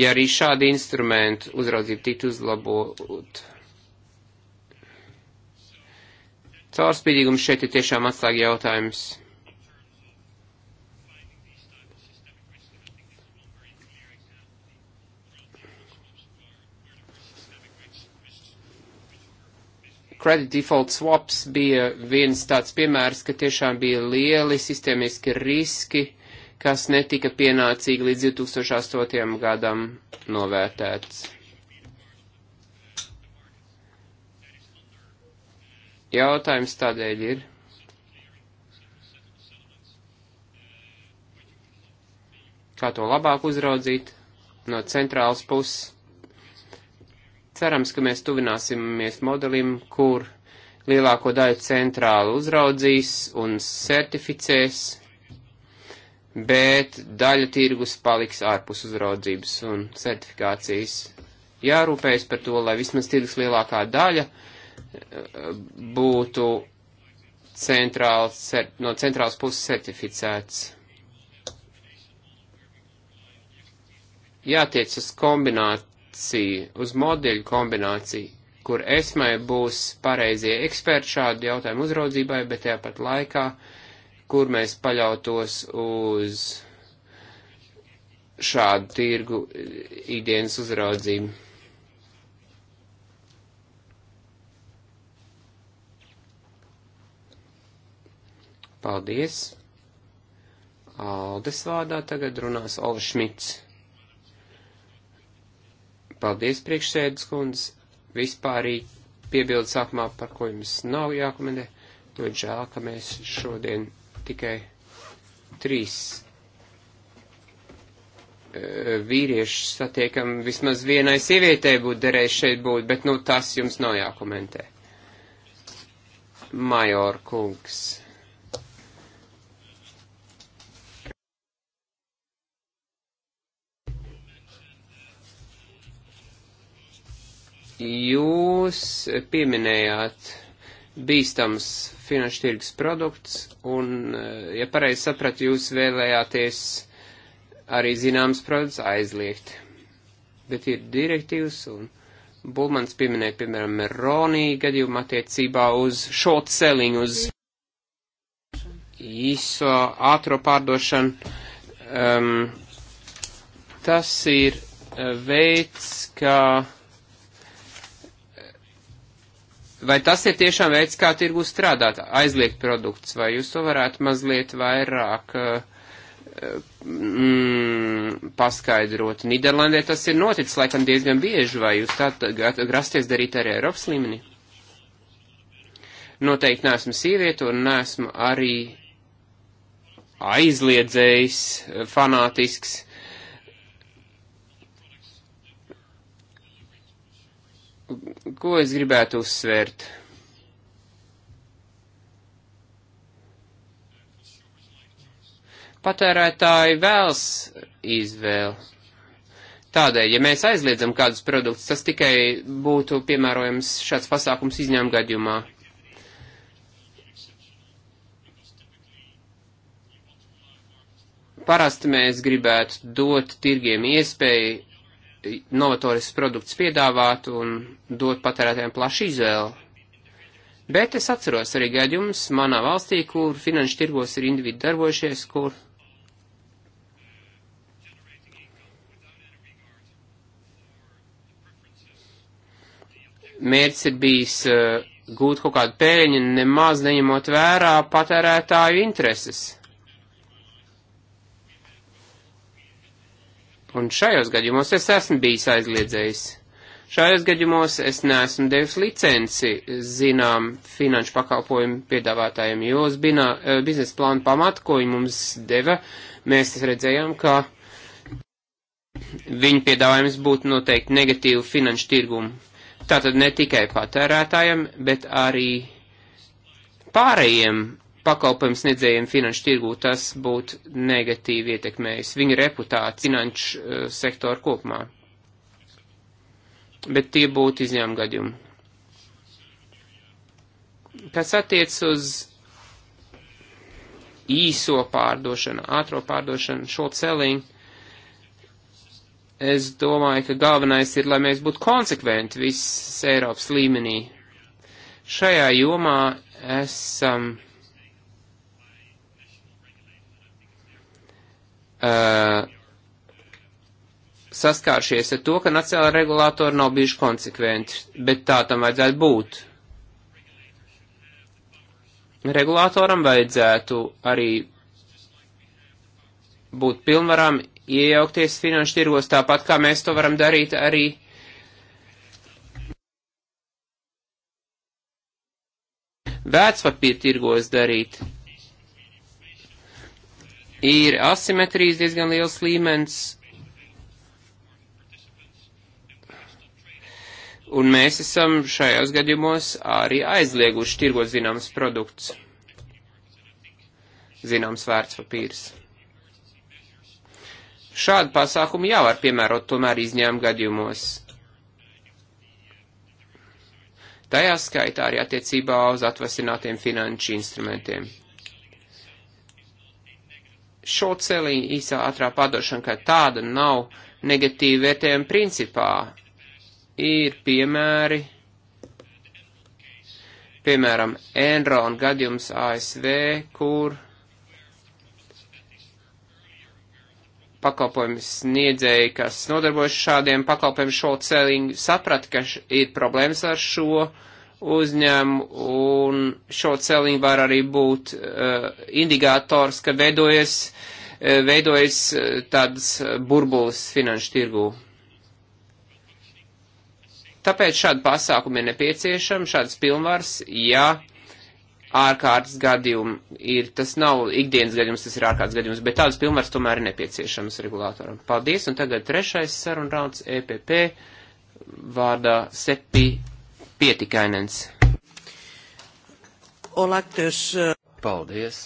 ja arī šādi instrumenti uzraudzību tiktu uzlabot. Caurspīdīgums šeit ir tiešām atslēga jautājums. Credit default swaps bija viens tāds piemērs, ka tiešām bija lieli sistēmiski riski, kas netika pienācīgi līdz 2008. gadam novērtēts. Jautājums tādēļ ir. Kā to labāk uzraudzīt no centrālas puses? Cerams, ka mēs tuvināsimies modelim, kur lielāko daļu centrāli uzraudzīs un certificēs, bet daļa tirgus paliks ārpus uzraudzības un certifikācijas. Jārūpējas par to, lai vismaz tirgus lielākā daļa eh, būtu centrāls, no centrāls puses certificēts. Jātiec uz kombinēt kombināciju, uz modeļu kombināciju, kur esmai būs pareizie eksperti šādu jautājumu uzraudzībai, bet tāpat laikā, kur mēs paļautos uz šādu tirgu ikdienas uzraudzību. Paldies! Aldes vārdā tagad runās Ola Šmits. Paldies, priekšsēdus kundz, vispārīgi piebildu sākumā, par ko jums nav jākomentē. Ļoti žēl, ka mēs šodien tikai trīs e, vīrieši satiekam, vismaz vienai sievietei būtu derējis šeit būt, bet nu tas jums nav jākomentē. Major kungs. Jūs pieminējāt bīstams finanšu tirgus produkts, un, eh, ja pareizi sapratu, jūs vēlējāties arī zināms produkts aizliegt. Bet ir direktīvas, un Bulmans pieminēja, piemēram, Ronī gadījumu attiecībā uz short selling, uz īso ātro pārdošanu. Um, tas ir eh, veids, kā. Ka vai tas ir tiešām veids, kā tirgu strādāt, aizliegt produkts, vai jūs to varētu mazliet vairāk uh, mm, paskaidrot? Nīderlandē tas ir noticis laikam diezgan bieži, vai jūs tā grasties darīt arī Eiropas līmenī? Noteikti neesmu sieviete un neesmu arī aizliedzējs, uh, fanātisks. Ko es gribētu uzsvērt? Patērētāji vēlas izvēli. Tādēļ, ja mēs aizliedzam kādus produktus, tas tikai būtu piemērojams šāds pasākums izņēmuma gadījumā. Parasti mēs gribētu dot tirgiem iespēju novatorisks produkts piedāvāt un dot patērētājiem plašu izvēlu. Bet es atceros arī gadījumus manā valstī, kur finanšu tirgos ir individu darbojušies, kur mērķis ir bijis uh, gūt kaut kādu pēļņu, nemaz neņemot vērā patērētāju intereses. Un šajos gadījumos es esmu bijis aizliedzējis. Šajos gadījumos es neesmu devis licenci zinām finanšu pakalpojumu piedāvātājiem, jo uz eh, biznesa plānu pamatu, ko viņi mums deva, mēs redzējām, ka viņu piedāvājums būtu noteikti negatīvu finanšu tirgumu. Tātad ne tikai patērētājiem, bet arī pārējiem pakalpojumu sniedzējiem finanšu tirgū tas būtu negatīvi ietekmējis viņa reputāciju finanšu uh, sektoru kopumā. Bet tie būtu izņēmumi gadījumi. Kas attiec uz īso pārdošanu, ātro pārdošanu, šo selling, es domāju, ka galvenais ir, lai mēs būtu konsekventi viss Eiropas līmenī. Šajā jomā esam. Um, Uh, saskāršies ar to, ka nacionāla regulātori nav bijuši konsekventi, bet tā tam vajadzētu būt. Regulātoram vajadzētu arī būt pilnvaram iejaukties finanšu tirgos, tāpat kā mēs to varam darīt arī vērtspapīra tirgos darīt ir asimetrijas diezgan liels līmenis, un mēs esam šajos gadījumos arī aizlieguši tirgot zināms produkts, zināms vērtspapīrs. Šādu pasākumu jau var piemērot tomēr izņēmu gadījumos. Tajā skaitā arī attiecībā uz atvasinātiem finanšu instrumentiem šo celī īsā ātrā padošana, ka tāda nav negatīva vērtējuma principā. Ir piemēri, piemēram, Enron gadījums ASV, kur pakalpojumu sniedzēji, kas nodarbojas šādiem pakalpojumu šo cēlīņu, saprata, ka ir problēmas ar šo uh, uzņēmumu, un šo celiņu var arī būt uh, indikators, ka veidojas, uh, eh, veidojas uh, eh, tāds burbulis finanšu tirgū. Tāpēc šādi pasākumi ir nepieciešami, šāds pilnvars, ja ārkārtas gadījumi ir, tas nav ikdienas gadījums, tas ir ārkārtas gadījums, bet tāds pilnvars tomēr ir nepieciešams regulātoram. Paldies, un tagad trešais sarunrauns EPP vārdā Sepi Pietikainens. Olaktus. Uh, Paldies.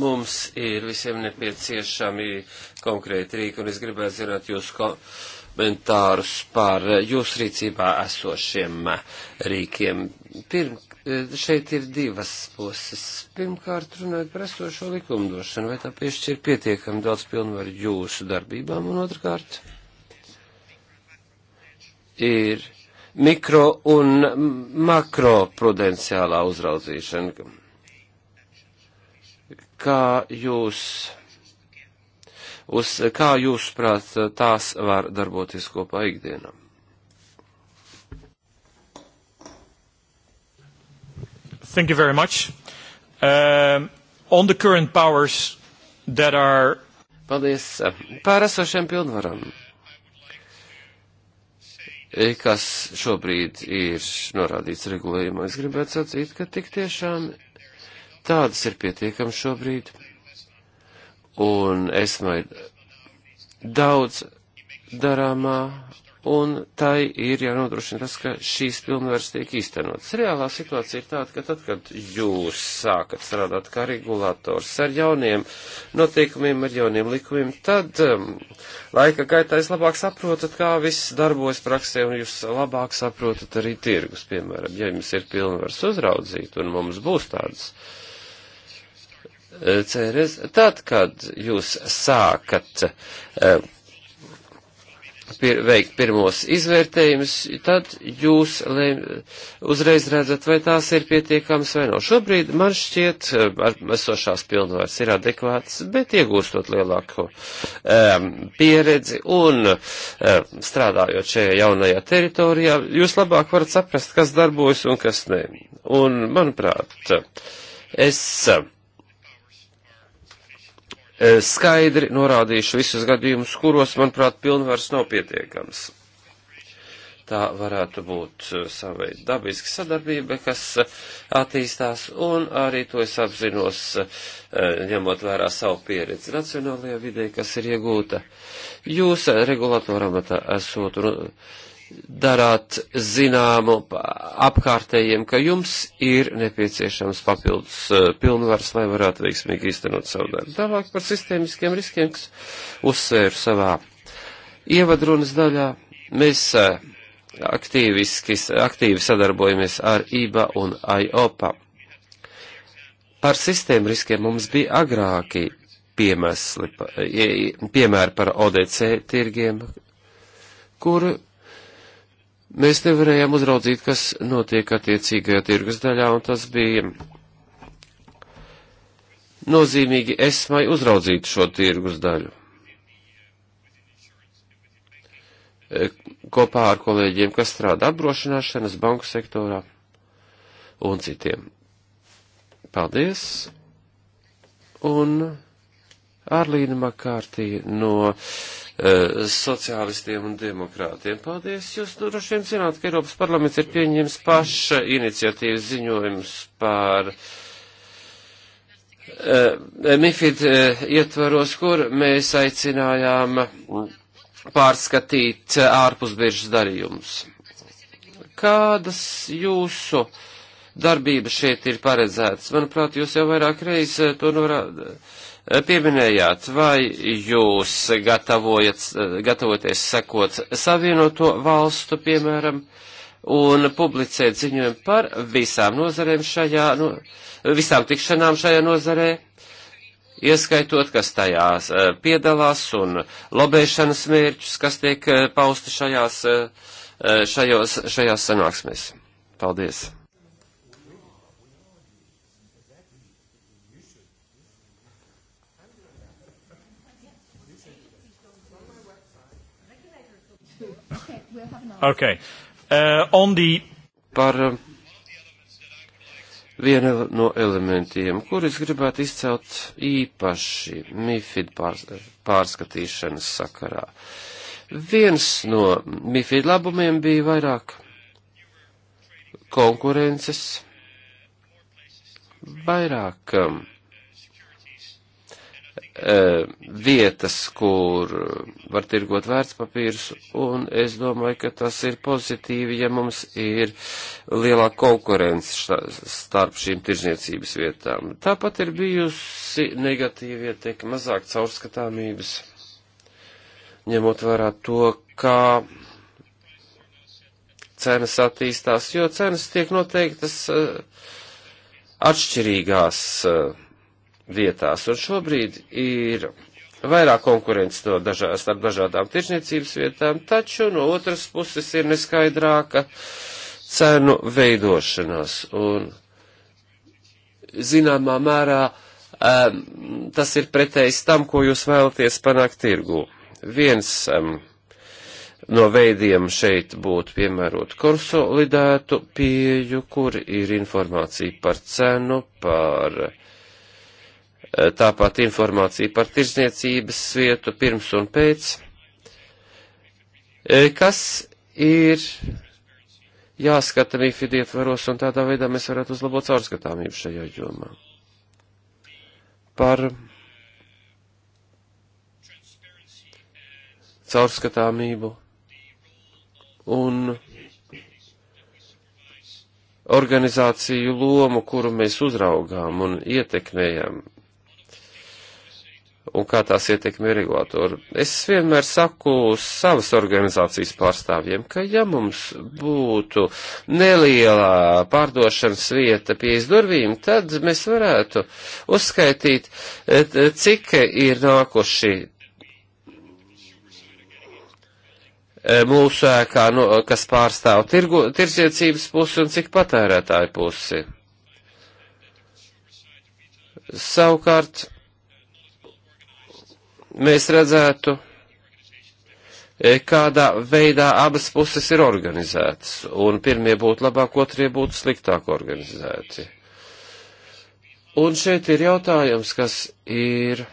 Mums ir visiem nepieciešami konkrēti rīki, un es gribētu zināt jūsu komentārus par jūsu rīcībā esošiem rīkiem. Pirm, šeit ir divas puses. Pirmkārt, runājot par esošo likumdošanu, vai tā piešķir pietiekami daudz pilnvaru jūsu darbībām, un otrkārt, ir mikro un makroprudenciālā uzraudzīšana. Kā jūs, uz, kā jūs prāt, tās var darboties kopā ikdienā? Thank you very much. Um, on the current powers that are. Paldies uh, par esošiem pilnvaram. E, kas šobrīd ir norādīts regulējumā. Es gribētu sacīt, ka tik tiešām tādas ir pietiekami šobrīd, un esmai daudz darāmā un tai ir jānodrošina tas, ka šīs pilnvaras tiek īstenotas. Reālā situācija ir tāda, ka tad, kad jūs sākat strādāt kā regulators ar jauniem noteikumiem, ar jauniem likumiem, tad um, laika gaitā jūs labāk saprotat, kā viss darbojas praksē, un jūs labāk saprotat arī tirgus, piemēram, ja jums ir pilnvaras uzraudzīt, un mums būs tādas. Eh, Ceres, tad, kad jūs sākat uh, um, pir, veikt pirmos izvērtējumus, tad jūs lēm, uzreiz redzat, vai tās ir pietiekamas vai nav. Šobrīd man šķiet, eh, ar esošās pilnvars ir adekvāts, bet iegūstot lielāku um, pieredzi un um, strādājot šajā jaunajā teritorijā, jūs labāk varat saprast, kas darbojas un kas ne. Un, manuprāt, es. Um, Eh, skaidri norādījuši visus gadījumus, kuros, manuprāt, pilnvars nav pietiekams. Tā varētu būt eh, savai dabiska sadarbība, kas eh, attīstās, un arī to es apzinos, ņemot vērā savu pieredzi nacionālajā vidē, kas ir iegūta. Jūs regulatoram esot darāt zināmu apkārtējiem, ka jums ir nepieciešams papildus eh, pilnvaras, lai varētu veiksmīgi īstenot savu darbu. Tālāk par sistēmiskiem riskiem, kas uzsvēru savā ievadrunas daļā. Mēs eh, aktīviski, aktīvi sadarbojamies ar IBA un IOPA. Par sistēmu riskiem mums bija agrāki piemesli, piemēri par ODC tirgiem, kur Mēs nevarējām uzraudzīt, kas notiek attiecīgajā tirgus daļā, un tas bija nozīmīgi esmai uzraudzīt šo tirgus daļu. E, kopā ar kolēģiem, kas strādā apdrošināšanas banku sektorā un citiem. Paldies! Un Arlīna Makārtī no Eh, sociālistiem un demokrātiem. Paldies! Jūs nu, droši vien zināt, ka Eiropas parlaments ir pieņēmis paša iniciatīvas ziņojums par eh, MIFID eh, ietvaros, kur mēs aicinājām pārskatīt ārpusbiržas darījumus. Kādas jūsu darbības šeit ir paredzētas? Manuprāt, jūs jau vairāk reiz to norādāt pieminējāt, vai jūs gatavoties sekot savienoto valstu, piemēram, un publicēt ziņojumu par visām nozarēm šajā, nu, visām tikšanām šajā nozarē, ieskaitot, kas tajās e, piedalās un lobēšanas mērķus, kas tiek e, pausti šajās, e, šajos, šajās sanāksmēs. Paldies! Okay. Uh, on the... Par eh, vienu no elementiem, kur es gribētu izcelt īpaši MIFID pārskatīšanas sakarā. Viens no MIFID labumiem bija vairāk konkurences, vairāk um, E, vietas, kur var tirgot vērtspapīrus, un es domāju, ka tas ir pozitīvi, ja mums ir lielā konkurence starp šīm tirzniecības vietām. Tāpat ir bijusi negatīva ietekme, mazāk caurskatāmības, ņemot vērā to, kā cenas attīstās, jo cenas tiek noteiktas e, atšķirīgās uh, vietās. Un šobrīd ir vairāk konkurences no dažā, starp dažādām tirsniecības vietām, taču no otras puses ir neskaidrāka cenu veidošanās. Un zināmā mērā um, tas ir pretējs tam, ko jūs vēlaties panākt tirgu. Viens um, no veidiem šeit būtu piemērot konsolidētu pieju, kur ir informācija par cenu, par uh, tāpat informācija par tirzniecības vietu pirms un pēc, e, kas ir jāskata MIFID ietvaros, un tādā veidā mēs varētu uzlabot caurskatāmību šajā jomā. Par caurskatāmību un organizāciju lomu, kuru mēs uzraugām un ietekmējam un kā tās ietekmē regulātoru. Es vienmēr saku savas organizācijas pārstāvjiem, ka ja mums būtu neliela pārdošanas vieta pie izdurvīm, tad mēs varētu uzskaitīt, eh, cik ir nākuši eh, mūsu ēkā, no, kas pārstāv tirgu, tirdzniecības pusi un cik patērētāju pusi. Savukārt, mēs redzētu, e, kādā veidā abas puses ir organizētas, un pirmie būtu labāk, otrie būtu sliktāk organizēti. Un šeit ir jautājums, kas ir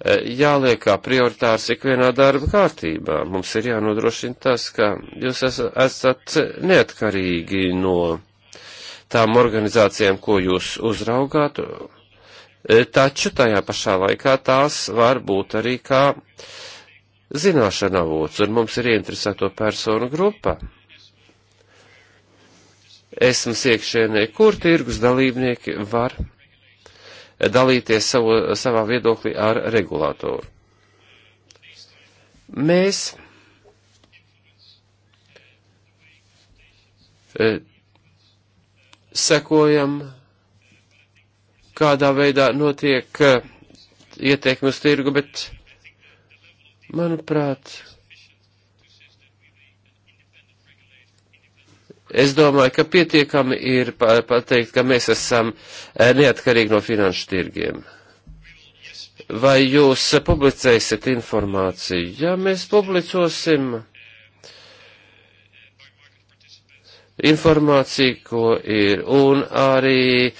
e, jāliek kā prioritārs ikvienā darba kārtībā. Mums ir jānodrošina tas, ka jūs esat neatkarīgi no tām organizācijām, ko jūs uzraugātu, E, taču tajā pašā laikā tās var būt arī kā zināšana avots, un mums ir ieinteresēto personu grupa. Esmas iekšēnē, kur tirgus dalībnieki var dalīties savu, savā viedoklī ar regulātoru. Mēs e, sekojam kādā veidā notiek eh, ieteikumi uz tirgu, bet, manuprāt, es domāju, ka pietiekami ir pateikt, ka mēs esam eh, neatkarīgi no finanšu tirgiem. Vai jūs publicēsiet informāciju? Ja mēs publicosim informāciju, ko ir, un arī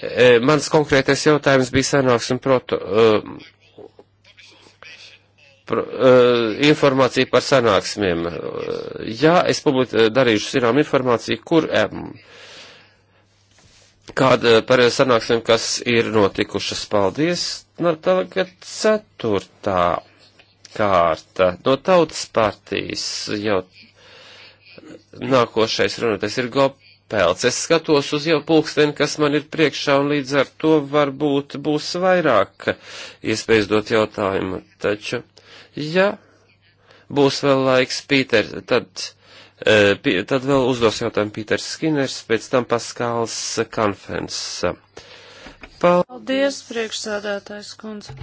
E, mans konkrētais jautājums bija sanāksme proto, e, pro, e, informācija par sanāksmiem. Jā, es publik, darīšu zinām informāciju, kur kāda par sanāksmēm, kas ir notikušas. Paldies! No nu, tagad ceturtā kārta no tautas partijas jau nākošais runātais ir Gop pelts. Es skatos uz jau pulksteni, kas man ir priekšā, un līdz ar to varbūt būs vairāk iespējas dot jautājumu. Taču, ja būs vēl laiks, Pīter, tad, e, tad vēl uzdos jautājumu Pīters Skiners, pēc tam Paskāls Kanfens. Paldies, priekšsēdētājs kundze.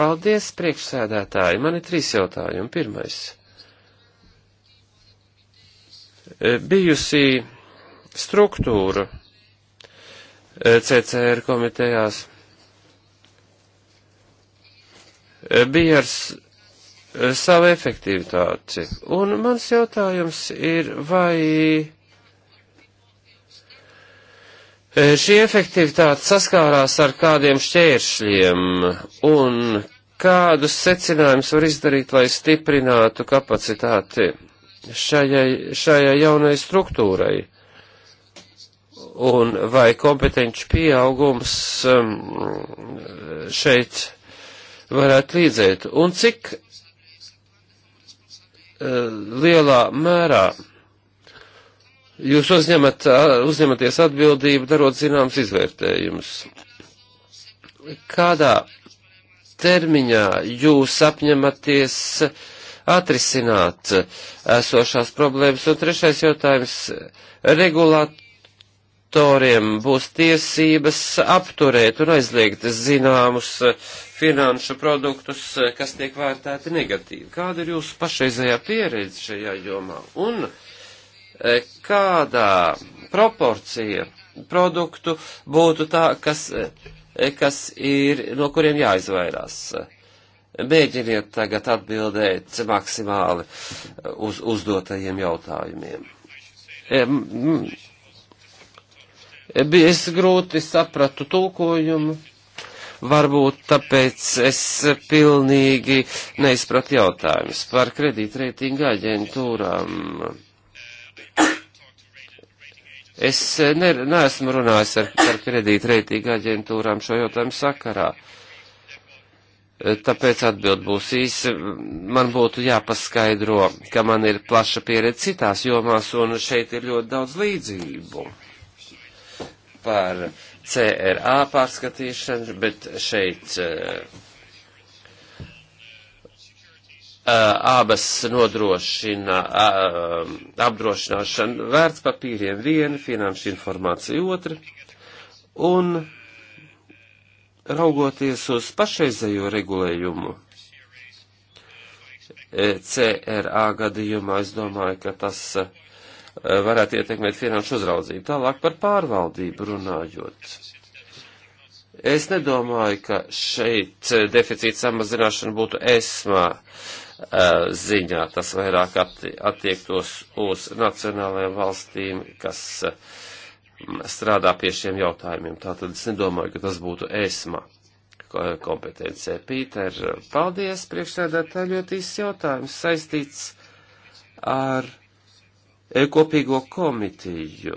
Paldies, priekšsēdētāji. Man ir trīs jautājumi. Pirmais. Eh, bijusi struktūra eh, CCR komitejās eh, bija ar savu efektivitāti. Un mans jautājums ir, vai šī efektivitāte saskārās ar kādiem šķēršļiem un kādus secinājumus var izdarīt, lai stiprinātu kapacitāti šajai, šajai jaunai struktūrai. Un vai kompetenci pieaugums um, šeit varētu līdzēt? Un cik uh, lielā mērā jūs uzņemat, uh, uzņematies atbildību, darot zināms izvērtējumus. Kādā termiņā jūs apņematies atrisināt esošās problēmas. Un trešais jautājums - regulātoriem būs tiesības apturēt un aizliegt zināmus finanšu produktus, kas tiek vērtēti negatīvi. Kāda ir jūsu pašreizējā pieredze šajā jomā? Un e, kādā proporcija produktu būtu tā, kas, e, kas ir, no kuriem jāizvairās? Mēģiniet tagad atbildēt maksimāli uz uzdotajiem jautājumiem. Mm. Bija es grūti sapratu tulkojumu, varbūt tāpēc es pilnīgi neizpratu jautājumus par kredītreitinga aģentūrām. Es ne, neesmu runājis ar, ar kredītreitinga aģentūrām šo jautājumu sakarā. Uh, Tāpēc atbild būs īsi. Man būtu jāpaskaidro, ka man ir plaša pieredze citās jomās, un šeit ir ļoti daudz līdzību par CRA pārskatīšanu, bet šeit eh, eh, abas nodrošina eh, apdrošināšanu vērtspapīriem viena, finanšu informācija otra, un raugoties uz pašreizējo regulējumu, e CRA gadījumā es domāju, ka tas e, varētu ietekmēt finanšu uzraudzību. Tālāk par pārvaldību runājot. Es nedomāju, ka šeit deficīta samazināšana būtu esmā e, ziņā. Tas vairāk attiektos uz nacionālajām valstīm, kas uh, strādā pie šiem jautājumiem. Tātad es nedomāju, ka tas būtu ēsma kompetencē. Pīter, paldies, priekšsēdētāji, ļoti īsts jautājums saistīts ar e, kopīgo komitiju.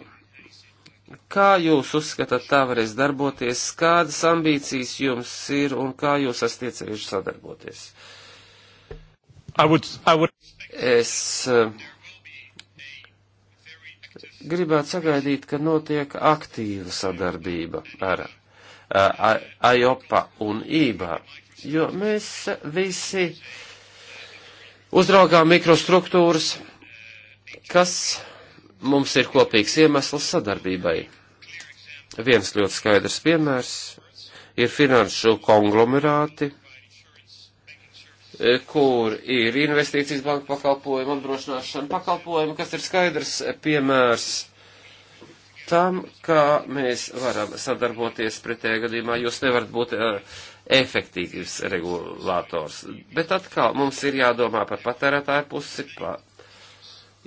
Kā jūs uzskatāt, tā varēs darboties, kādas ambīcijas jums ir un kā jūs esat ieceļuši sadarboties? I would, I would... Es uh, gribētu sagaidīt, ka notiek aktīva sadarbība ar AIOPA eh, un IBA, jo mēs visi uzraugām mikrostruktūras, kas mums ir kopīgs iemesls sadarbībai. Viens ļoti skaidrs piemērs ir finanšu konglomerāti, E, kur ir investīcijas banka pakalpojuma, apdrošināšana pakalpojuma, kas ir skaidrs piemērs tam, kā mēs varam sadarboties pretējā gadījumā. Jūs nevarat būt uh, efektīvs regulators. Bet atkal mums ir jādomā par patērētāju pusi. Pa.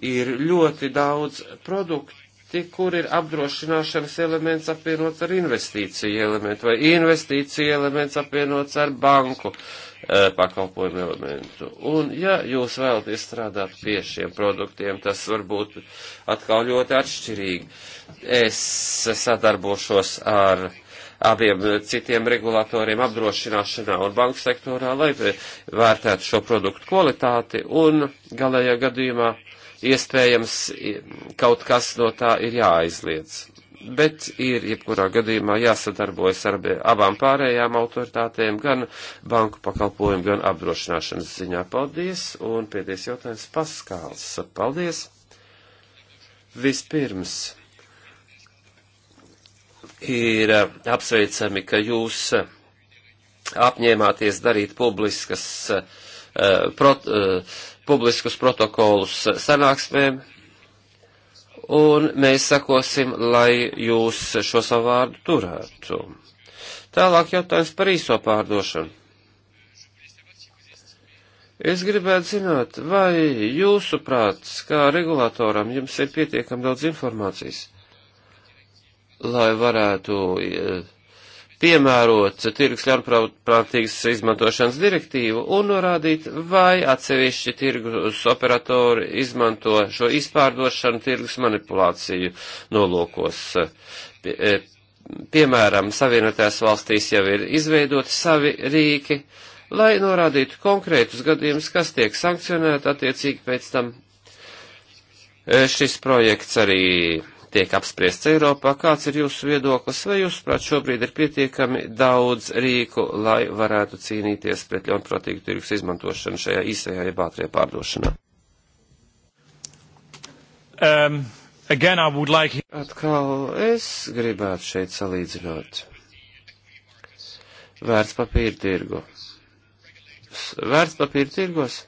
Ir ļoti daudz produkti, kur ir apdrošināšanas elements apvienots ar investīciju elementu vai investīciju elements apvienots ar banku. Uh, E, pakalpojumu elementu. Un, ja jūs vēlaties strādāt pie šiem produktiem, tas var būt atkal ļoti atšķirīgi. Es sadarbošos ar abiem citiem regulatoriem apdrošināšanā un banku sektorā, lai vērtētu šo produktu kvalitāti un galējā gadījumā iespējams kaut kas no tā ir jāaizliedz bet ir jebkurā gadījumā jāsadarbojas ar abām pārējām autoritātēm, gan banku pakalpojumu, gan apdrošināšanas ziņā. Paldies, un pēdējais jautājums Paskāls. Paldies. Vispirms ir eh, apsveicami, ka jūs eh, apņēmāties darīt publiskas, eh, prot, publiskus protokolus sanāksmēm un mēs sakosim, lai jūs šo savu vārdu turētu. Tālāk jautājums par īso pārdošanu. Es gribētu zināt, vai jūsuprāt, kā regulātoram, jums ir pietiekami daudz informācijas, lai varētu uh, piemērot tirgus ļaunprātīgas izmantošanas direktīvu un norādīt, vai atsevišķi tirgus operatori izmanto šo izpārdošanu tirgus manipulāciju nolūkos. Pie, e, piemēram, Savienotajās valstīs jau ir izveidoti savi rīki, lai norādītu konkrētus gadījumus, kas tiek sankcionēti attiecīgi pēc tam. E, šis projekts arī tiek apspriests Eiropā. Kāds ir jūsu viedoklis? Vai jūs, prāt, šobrīd ir pietiekami daudz rīku, lai varētu cīnīties pret ļaunprātīgu tirgus izmantošanu šajā īsajā jeb ātrie pārdošanā? Um, again, I would like... Atkal es gribētu šeit salīdzināt vērtspapīra tirgu. Vērtspapīra tirgos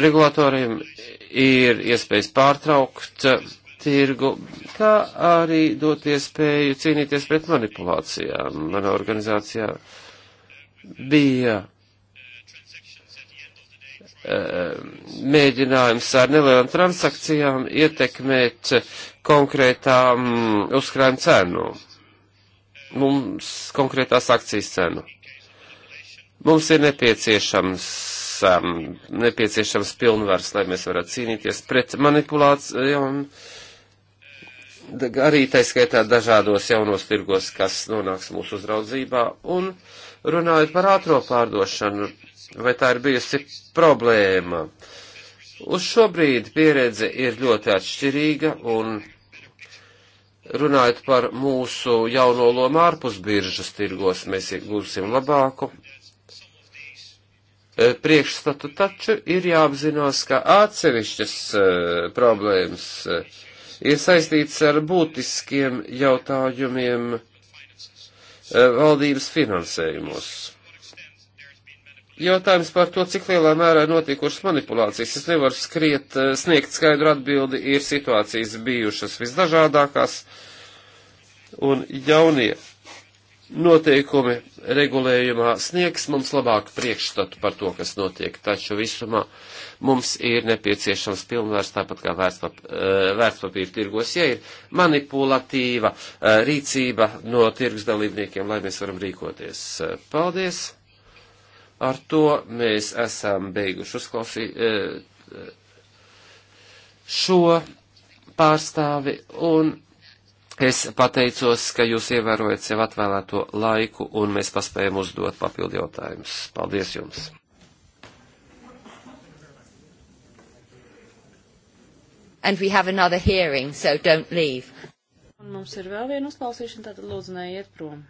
regulatoriem ir iespējas pārtraukt eh, tirgu, kā arī dot iespēju cīnīties pret manipulācijām. Manā organizācijā bija eh, mēģinājums ar nelielām transakcijām ietekmēt konkrētām uzkrājuma cenu, mums konkrētās akcijas cenu. Mums ir nepieciešams um, nepieciešams pilnvars, lai mēs varētu cīnīties pret manipulācijām, arī taiskaitā dažādos jaunos tirgos, kas nonāks mūsu uzraudzībā. Un runājot par ātro pārdošanu, vai tā ir bijusi problēma? Uz šobrīd pieredze ir ļoti atšķirīga un runājot par mūsu jauno lomu ārpus biržas tirgos, mēs iegūsim labāku Eh, priekšstatu, taču ir jāapzinās, ka atsevišķas eh, problēmas eh, ir saistītas ar būtiskiem jautājumiem valdības finansējumos. Jautājums par to, cik lielā mērā ir notikušas manipulācijas, es nevaru skriet, sniegt skaidru atbildi, ir situācijas bijušas visdažādākās, un jaunie noteikumi regulējumā sniegs mums labāku priekšstatu par to, kas notiek, taču visumā mums ir nepieciešams pilnvērs, tāpat kā vērtspap, eh, vērtspapīra tirgos, ja ir manipulatīva eh, rīcība no tirgus dalībniekiem, lai mēs varam rīkoties. Paldies! Ar to mēs esam beiguši uzklausīt eh, šo pārstāvi un Es pateicos, ka jūs ievērojat sev atvēlēto laiku, un mēs paspējam uzdot papildu jautājumus. Paldies jums! and we have another hearing, so don't leave. Un mums ir vēl viena uzklausīšana, tātad lūdzu neiet prom.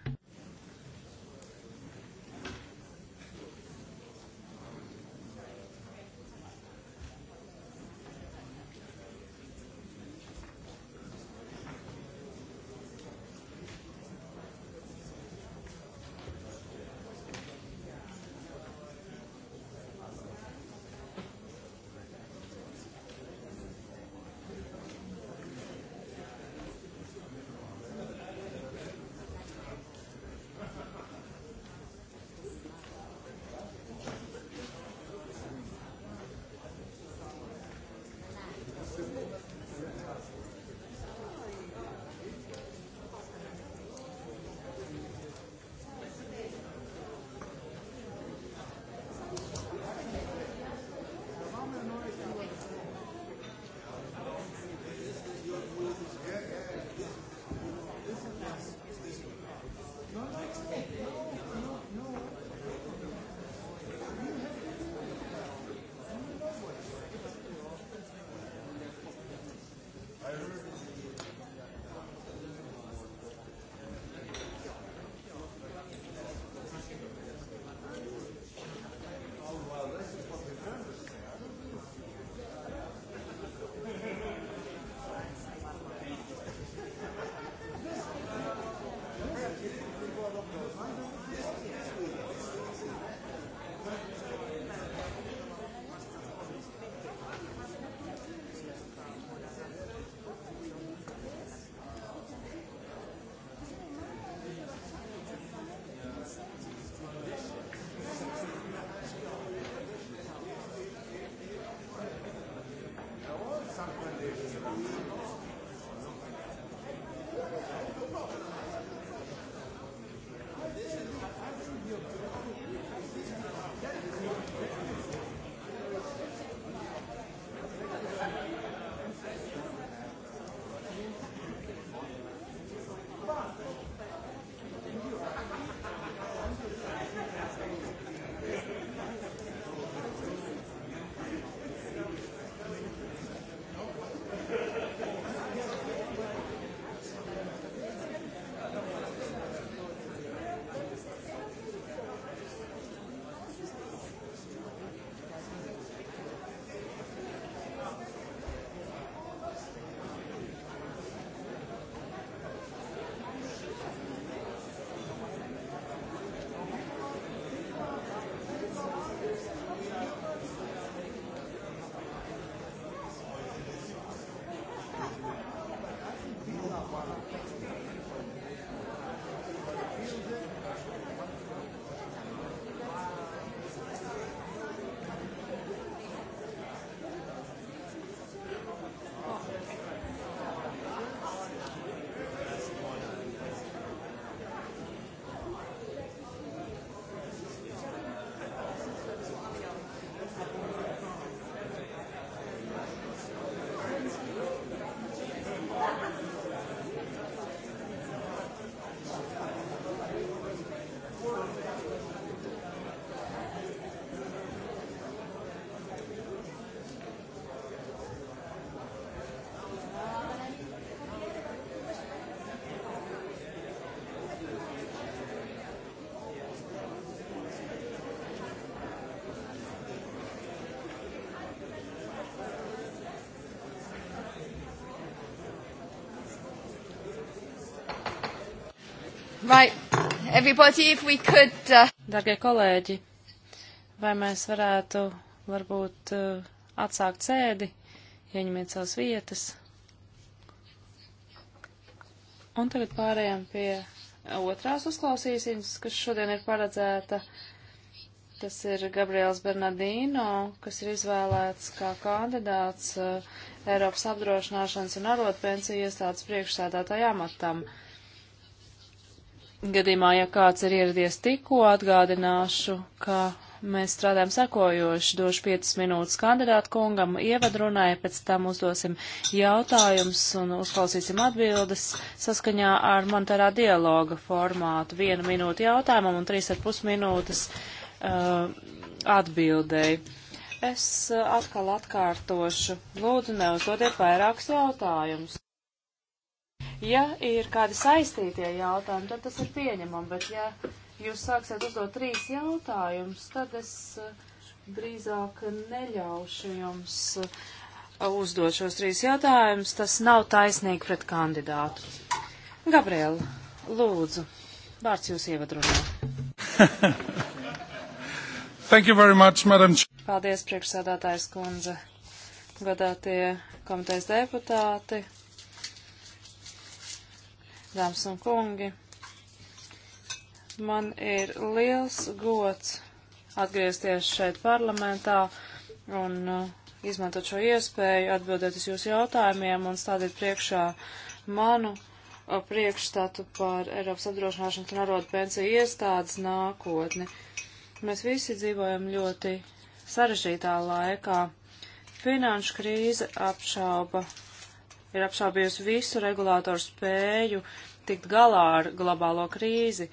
Right. Everybody, if we could. Uh... Dargie kolēģi, vai mēs varētu varbūt uh, atsākt sēdi, ieņemiet savas vietas. Un tagad pārējām pie otrās uzklausīšanas, kas šodien ir paredzēta. Tas ir Gabriels Bernardino, kas ir izvēlēts kā kandidāts uh, Eiropas apdrošināšanas un arotpensiju iestādes priekšsēdātāja amatam. Uh, gadījumā, ja kāds ir ieradies tikko, atgādināšu, ka mēs strādājam sekojoši. Došu 5 minūtes kandidātu kungam ievadrunai, pēc tam uzdosim jautājumus un uzklausīsim atbildes saskaņā ar monetārā dialoga formātu. Vienu minūtu jautājumam un 3,5 minūtes uh, atbildēji. Es uh, atkal atkārtošu. Lūdzu, neuzdodiet vairākus jautājumus. Ja ir kādi saistītie jautājumi, tad tas ir pieņemam, bet ja jūs sāksiet uzdot trīs jautājumus, tad es eh, drīzāk neļaušu jums eh, uzdot šos trīs jautājumus. Tas nav taisnīgi pret kandidātu. Gabriela, lūdzu, vārds jūs ievadrunā. Thank you very much, madam. Paldies, priekšsādātājs kundze, godātie komitejas deputāti, dāmas un kungi. Man ir liels gods atgriezties šeit parlamentā un uh, izmantot šo iespēju atbildēt uz jūsu jautājumiem un stādīt priekšā manu uh, priekšstatu par Eiropas apdrošināšanas un arodu pensiju iestādes nākotni. Mēs visi dzīvojam ļoti sarežģītā laikā. Finanšu krīze apšauba ir apšaubījusi visu regulātoru spēju tikt galā ar globālo krīzi.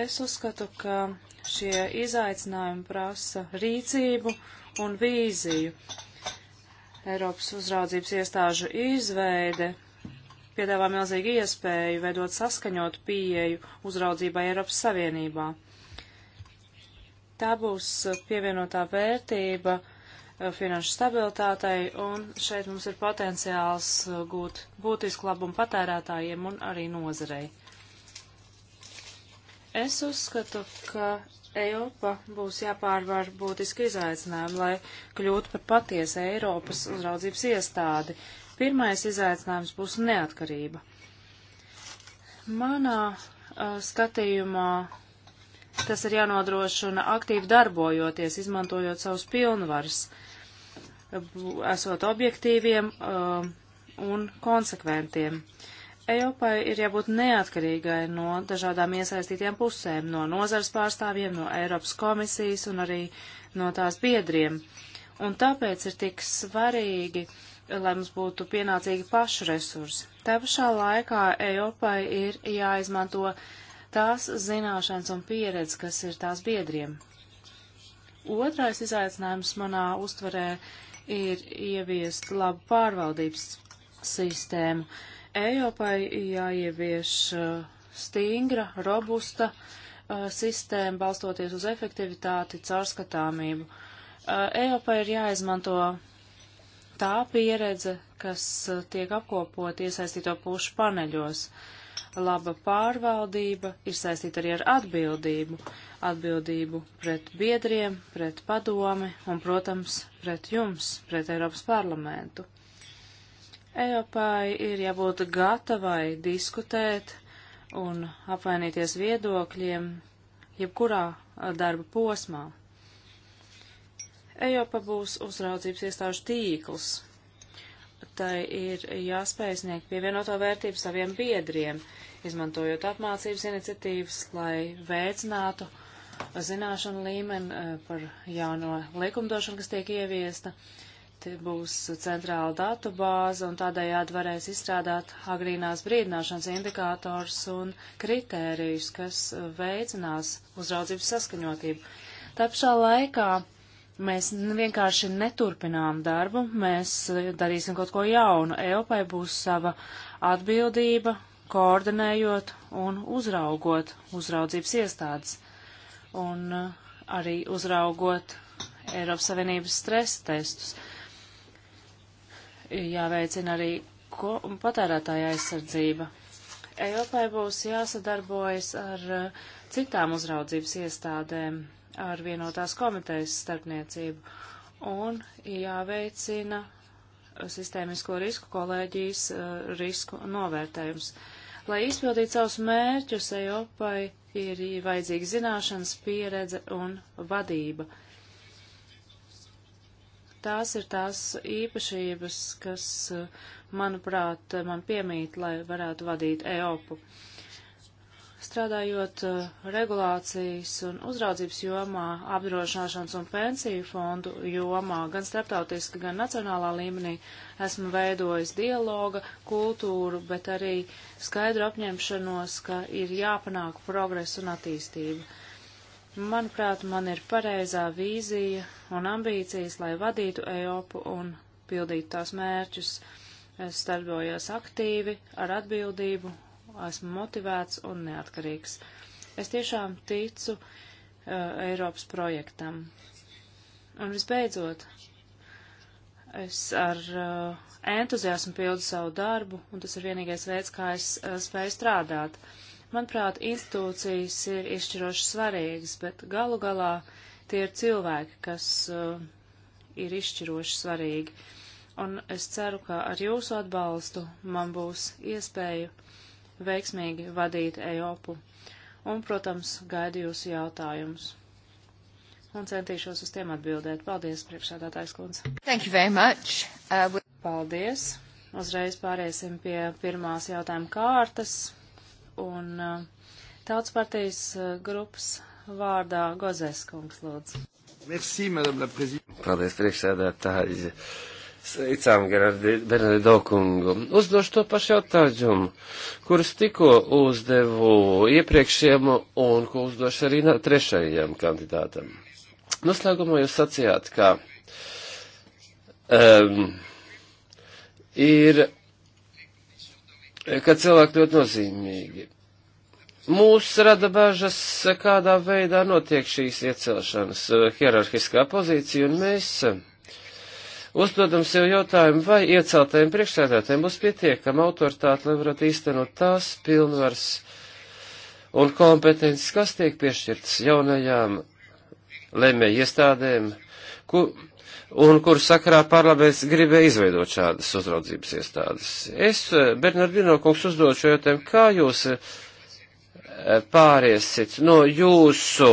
Es uzskatu, ka šie izaicinājumi prasa rīcību un vīziju. Eiropas uzraudzības iestāžu izveide piedāvā milzīgu iespēju veidot saskaņot pieeju uzraudzībai Eiropas Savienībā. Tā būs pievienotā vērtība Eh, finanšu stabilitātei, un šeit mums ir potenciāls eh, gūt būtisku labumu patērētājiem un arī nozarei. Es uzskatu, ka Eiropa būs jāpārvar būtiski izaicinājumi, lai kļūtu par patiesu Eiropas uzraudzības iestādi. Pirmais izaicinājums būs neatkarība. Manā uh, skatījumā tas ir jānodrošina aktīvi darbojoties, izmantojot savus pilnvarus. Uh, esot objektīviem um, un konsekventiem. Eiropai ir jābūt neatkarīgai no dažādām iesaistītiem pusēm, no nozars pārstāvjiem, no Eiropas komisijas un arī no tās biedriem. Un tāpēc ir tik svarīgi, lai mums būtu pienācīgi pašu resursi. Tā pašā laikā Eiropai ir jāizmanto tās zināšanas un pieredze, kas ir tās biedriem. Otrais izaicinājums manā uztverē ir ieviest labu pārvaldības sistēmu. Eiropai jāievieš uh, stingra, robusta uh, sistēma, balstoties uz efektivitāti, caurskatāmību. Uh, Eiropai ir jāizmanto tā pieredze, kas tiek apkopot iesaistīto pušu paneļos. Uh, Laba pārvaldība ir saistīta arī ar atbildību. Atbildību pret biedriem, pret padomi un, protams, pret jums, pret Eiropas parlamentu. Eiropai ir jābūt gatavai diskutēt un apvainīties viedokļiem jebkurā darba posmā. Eiropa būs uzraudzības iestāžu tīkls, tai ir jāspēj sniegt pievienoto vērtību saviem biedriem, izmantojot apmācības iniciatīvas, lai veicinātu zināšanu līmeni eh, par jauno likumdošanu, kas tiek ieviesta. Te būs centrāla datu bāze un tādējādi varēs izstrādāt agrīnās brīdināšanas indikātors un kritērijus, kas veicinās uzraudzības saskaņotību. Tāpšā laikā Mēs vienkārši neturpinām darbu, mēs eh, darīsim kaut ko jaunu. Eiropai būs sava atbildība, koordinējot un uzraugot uzraudzības iestādes un eh, arī uzraugot Eiropas Savienības stresa testus. Jāveicina arī patērētāja aizsardzība. Eiropai būs jāsadarbojas ar eh, citām uzraudzības iestādēm, ar vienotās komitejas starpniecību un jāveicina sistēmisko risku kolēģijas uh, risku novērtējums. Lai izpildītu savus mērķus, Eiropai ir vajadzīga zināšanas, pieredze un vadība. Tās ir tās īpašības, kas, eh, manuprāt, man piemīt, lai varētu vadīt Eiropu. Uh, strādājot eh, regulācijas un uzraudzības jomā, apdrošināšanas un pensiju fondu jomā, gan starptautiski, gan nacionālā līmenī, esmu veidojis dialoga kultūru, bet arī skaidru apņemšanos, ka ir jāpanāk progresu un attīstību. Manuprāt, man ir pareizā vīzija un ambīcijas, lai vadītu Eiropu un pildītu tās mērķus. Es starpojos aktīvi, ar atbildību esmu motivēts un neatkarīgs. Es tiešām ticu uh, Eiropas projektam. Un visbeidzot, es ar uh, entuziasmu pildu savu darbu, un tas ir vienīgais veids, kā es uh, spēju strādāt. Manuprāt, institūcijas ir izšķiroši svarīgas, bet galu galā tie ir cilvēki, kas uh, ir izšķiroši svarīgi. Un es ceru, ka ar jūsu atbalstu man būs iespēju veiksmīgi vadīt EOPU. Un, protams, gaidu jūsu jautājumus. Un centīšos uz tiem atbildēt. Paldies, priekšsēdātājs kundze. Thank you very much. Uh, we... Paldies. Uzreiz pāriesim pie pirmās jautājuma kārtas. Un uh, tautas partijas uh, grupas vārdā Gozēs kungs lūdzu. Merci, madame la présidente. Paldies, priekšsēdātāji. Uh, Sveicām Bernardo kungu. Uzdošu to pašu jautājumu, kurus tikko uzdevu iepriekšējiem un ko uzdošu arī trešajam kandidātam. Noslēgumā jūs sacījāt, ka um, ir, ka cilvēki ļoti nozīmīgi. Mūs rada bažas, kādā veidā notiek šīs iecelšanas hierarhiskā pozīcija, un mēs Uzdodam sev jautājumu, vai ieceltajiem priekšsēdētājiem būs pietiekama autoritāte, lai varētu īstenot tās pilnvars un kompetences, kas tiek piešķirtas jaunajām lēmēju iestādēm, ku, un kur sakarā parlaments gribēja izveidot šādas uzraudzības iestādes. Es, eh, Bernardino kungs, uzdošu jautājumu, kā jūs eh, pāriesit no jūsu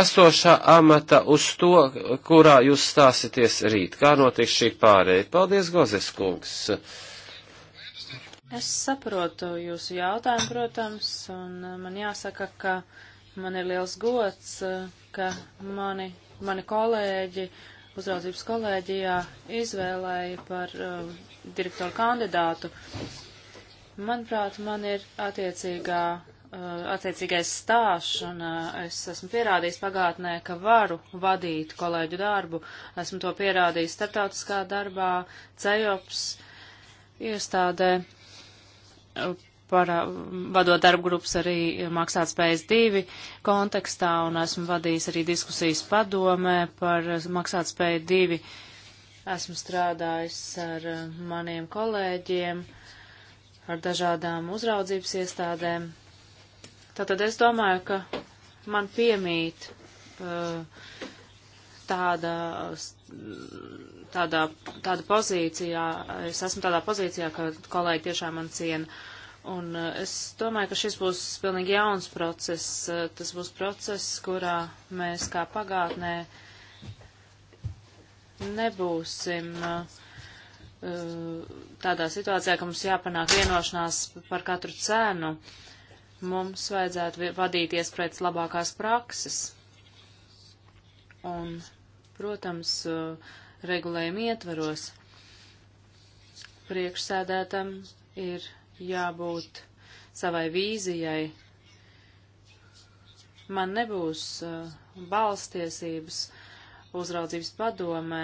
esošā amata uz to, kurā jūs stāsities rīt. Kā notiks šī pārēja? Paldies, Gozes kungs! Es saprotu jūsu jautājumu, protams, un man jāsaka, ka man ir liels gods, ka mani, mani kolēģi uzraudzības kolēģijā izvēlēja par um, direktoru kandidātu. Manuprāt, man ir attiecīgā Eh, attiecīgais stāsts, un eh, es esmu pierādījis pagātnē, ka varu vadīt kolēģu darbu. Esmu to pierādījis starptautiskā darbā, cejops iestādē, para, vadot darbu grupas arī maksātspējas divi kontekstā, un esmu vadījis arī diskusijas padomē par maksātspēju divi. Esmu strādājis ar eh, maniem kolēģiem, ar dažādām uzraudzības iestādēm, Tātad es domāju, ka man piemīt uh, tāda, tādā, tāda pozīcijā, es esmu tādā pozīcijā, ka kolēģi tiešām man ciena. Un uh, es domāju, ka šis būs pilnīgi jauns process. Uh, tas būs process, kurā mēs kā pagātnē nebūsim tādā situācijā, ka mums jāpanāk vienošanās par katru cenu. Uh, Mums vajadzētu vadīties pēc labākās prakses. Un, protams, eh, regulējumi ietvaros priekšsēdētam ir jābūt savai vīzijai. Man nebūs eh, balstiesības uzraudzības padomē,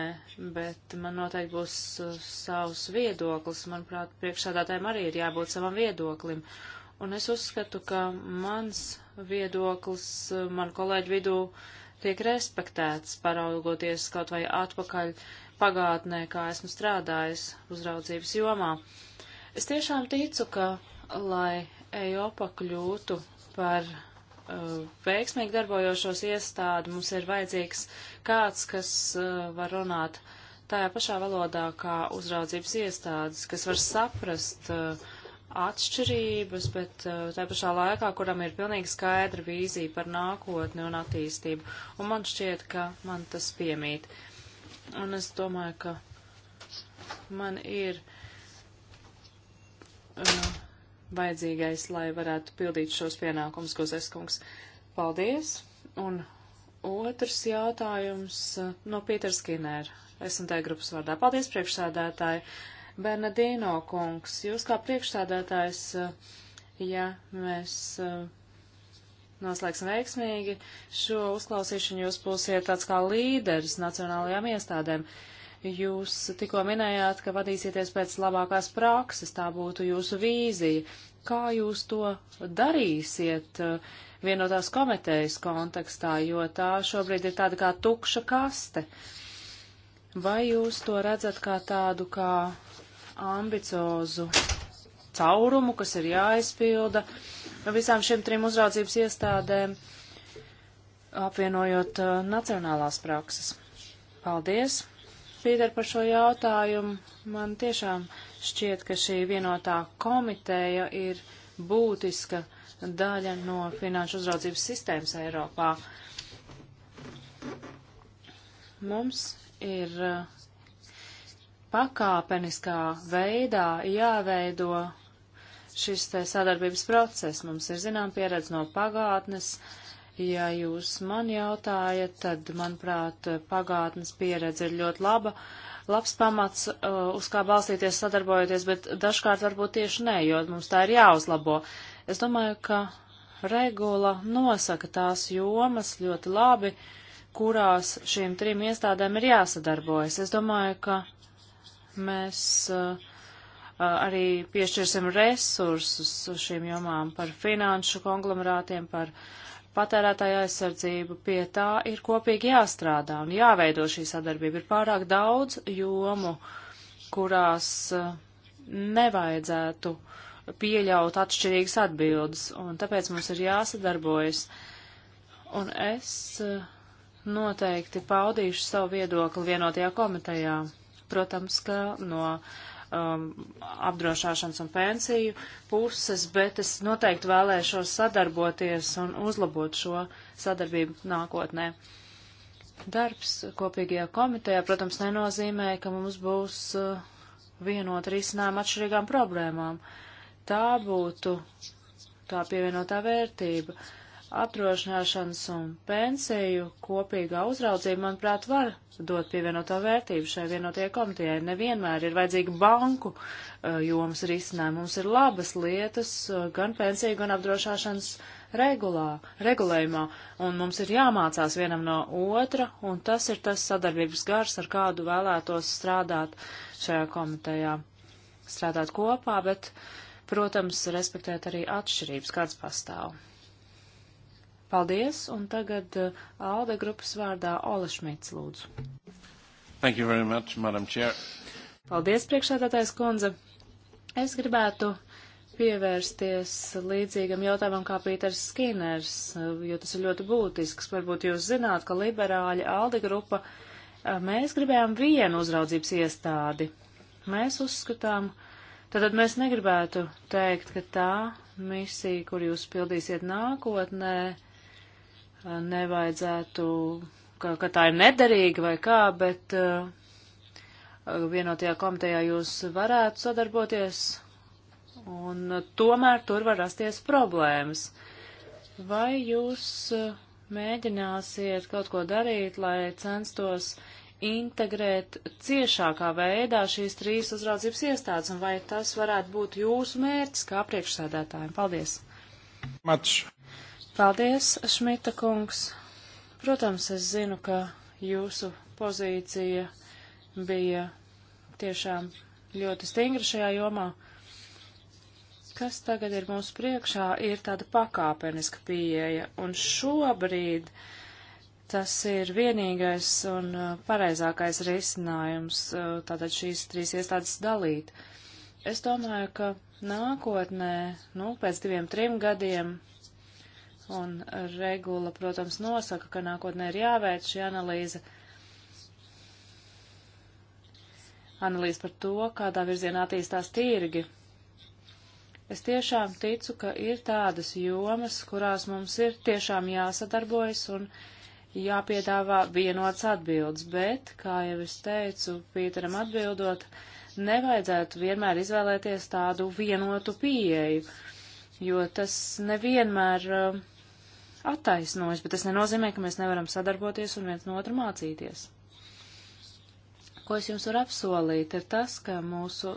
bet man noteikti būs eh, savs viedoklis. Manuprāt, priekšsādātājiem arī ir jābūt savam viedoklim. Un es uzskatu, ka mans viedoklis eh, man kolēģi vidū tiek respektēts, paraugoties kaut vai atpakaļ pagātnē, kā esmu strādājis uzraudzības jomā. Es tiešām ticu, ka, lai Eiropa kļūtu par uh, veiksmīgi darbojošos iestādi, mums ir vajadzīgs kāds, kas uh, var runāt tajā pašā valodā kā uzraudzības iestādes, kas var saprast uh, atšķirības, bet uh, tā pašā laikā, kuram ir pilnīgi skaidra vīzija par nākotni un attīstību. Un man šķiet, ka man tas piemīt. Un es domāju, ka man ir uh, vajadzīgais, lai varētu pildīt šos pienākumus, ko Zeskungs. Paldies! Un otrs jautājums uh, no Pīters Kinēra. SMT grupas vārdā. Paldies, priekšsēdētāji! Uh, Bernardino kungs, jūs kā priekšstādātājs, eh, ja mēs eh, noslēgsim veiksmīgi šo uzklausīšanu, jūs būsiet tāds kā līderis nacionālajām iestādēm. Jūs tikko minējāt, ka vadīsieties pēc labākās prakses, tā būtu jūsu vīzija. Kā jūs to darīsiet eh, vienotās komitejas kontekstā, jo tā šobrīd ir tāda kā tukša kaste? Vai jūs to redzat kā tādu kā ambiciozu caurumu, kas ir jāaizpilda visām šiem trim uzraudzības iestādēm, apvienojot uh, nacionālās prakses. Paldies, Pīter, par šo jautājumu. Man tiešām šķiet, ka šī vienotā komiteja ir būtiska daļa no finanšu uzraudzības sistēmas Eiropā. Mums ir uh, pakāpeniskā veidā jāveido šis te sadarbības process. Mums ir zinām pieredze no pagātnes. Ja jūs man jautājat, tad, manuprāt, pagātnes pieredze ir ļoti laba, labs pamats, uh, uz kā balstīties sadarbojoties, bet dažkārt varbūt tieši nē, jo mums tā ir jāuzlabo. Es domāju, ka regula nosaka tās jomas ļoti labi, kurās šīm trim iestādēm ir jāsadarbojas. Es domāju, ka mēs uh, uh, arī piešķirsim resursus šīm jomām par finanšu konglomerātiem, par patērētāju aizsardzību. Pie tā ir kopīgi jāstrādā un jāveido šī sadarbība. Ir pārāk daudz jomu, kurās uh, nevajadzētu pieļaut atšķirīgas atbildes, un tāpēc mums ir jāsadarbojas. Un es uh, noteikti paudīšu savu viedokli vienotajā komitejā protams, ka no um, apdrošināšanas un pensiju puses, bet es noteikti vēlēšos sadarboties un uzlabot šo sadarbību nākotnē. Darbs kopīgajā komitejā, protams, nenozīmē, ka mums būs uh, vienota risinājuma atšķirīgām problēmām. Tā būtu tā pievienotā vērtība. Uh, apdrošināšanas un pensiju kopīgā uzraudzība, manuprāt, var dot pievienoto vērtību šai vienotajai komitejai. Nevienmēr ir vajadzīga banku uh, jomas risinājuma. Mums ir labas lietas uh, gan pensiju, gan apdrošināšanas regulā, regulējumā, un mums ir jāmācās vienam no otra, un tas ir tas sadarbības gars, ar kādu vēlētos strādāt šajā komitejā. Strādāt kopā, bet, protams, respektēt arī atšķirības, kāds pastāv. Paldies, un tagad uh, ALDE grupas vārdā Ola Šmits lūdzu. Thank you very much, Madam Chair. Paldies, priekšsēdētājs kundze. Es gribētu pievērsties līdzīgam jautājumam kā Pīters Skiners, uh, jo tas ir ļoti būtisks. Varbūt jūs zināt, ka liberāļa Alde grupa, uh, mēs gribējām vienu uzraudzības iestādi. Mēs uzskatām, tātad mēs negribētu teikt, ka tā misija, kur jūs pildīsiet nākotnē, nevajadzētu, ka, ka tā ir nederīga vai kā, bet uh, vienotajā komitejā jūs varētu sadarboties, un tomēr tur var rasties problēmas. Vai jūs eh, mēģināsiet kaut ko darīt, lai censtos integrēt ciešākā veidā šīs trīs uzraudzības iestādes, un vai tas varētu būt jūsu mērķis kā priekšsēdētājiem? Paldies! Mačs. Paldies, Šmita kungs. Protams, es zinu, ka jūsu pozīcija bija tiešām ļoti stingra šajā jomā. Kas tagad ir mūsu priekšā, ir tāda pakāpeniska pieeja, un šobrīd tas ir vienīgais un uh, pareizākais risinājums, uh, tātad šīs trīs iestādes dalīt. Es domāju, ka nākotnē, nu, pēc diviem, trim gadiem Un regula, protams, nosaka, ka nākotnē ir jāveic šī analīze. Analīze par to, kādā virzienā attīstās tirgi. Es tiešām ticu, ka ir tādas jomas, kurās mums ir tiešām jāsadarbojas un jāpiedāvā vienots atbildes, bet, kā jau es teicu, Pīteram atbildot, nevajadzētu vienmēr izvēlēties tādu vienotu pieeju, jo tas nevienmēr uh, attaisnojas, bet tas nenozīmē, ka mēs nevaram sadarboties un viens no otru mācīties. Ko es jums varu apsolīt, ir tas, ka mūsu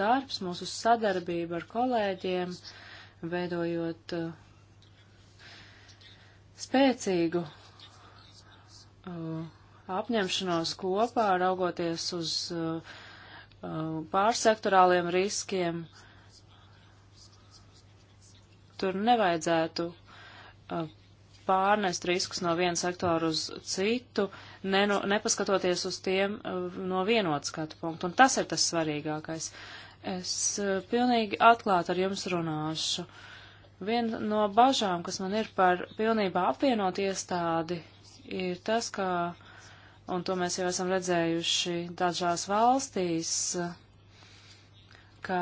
darbs, mūsu sadarbība ar kolēģiem, veidojot uh, spēcīgu uh, apņemšanos kopā, raugoties uz uh, uh pārsektorāliem riskiem, tur nevajadzētu uh, pārnest riskus no viena sektora uz citu, ne, no, nepaskatoties uz tiem eh, no vienotas skatu punktu. Un tas ir tas svarīgākais. Es eh, pilnīgi atklāti ar jums runāšu. Viena no bažām, kas man ir par pilnībā apvienot iestādi, ir tas, ka, un to mēs jau esam redzējuši dažās valstīs, ka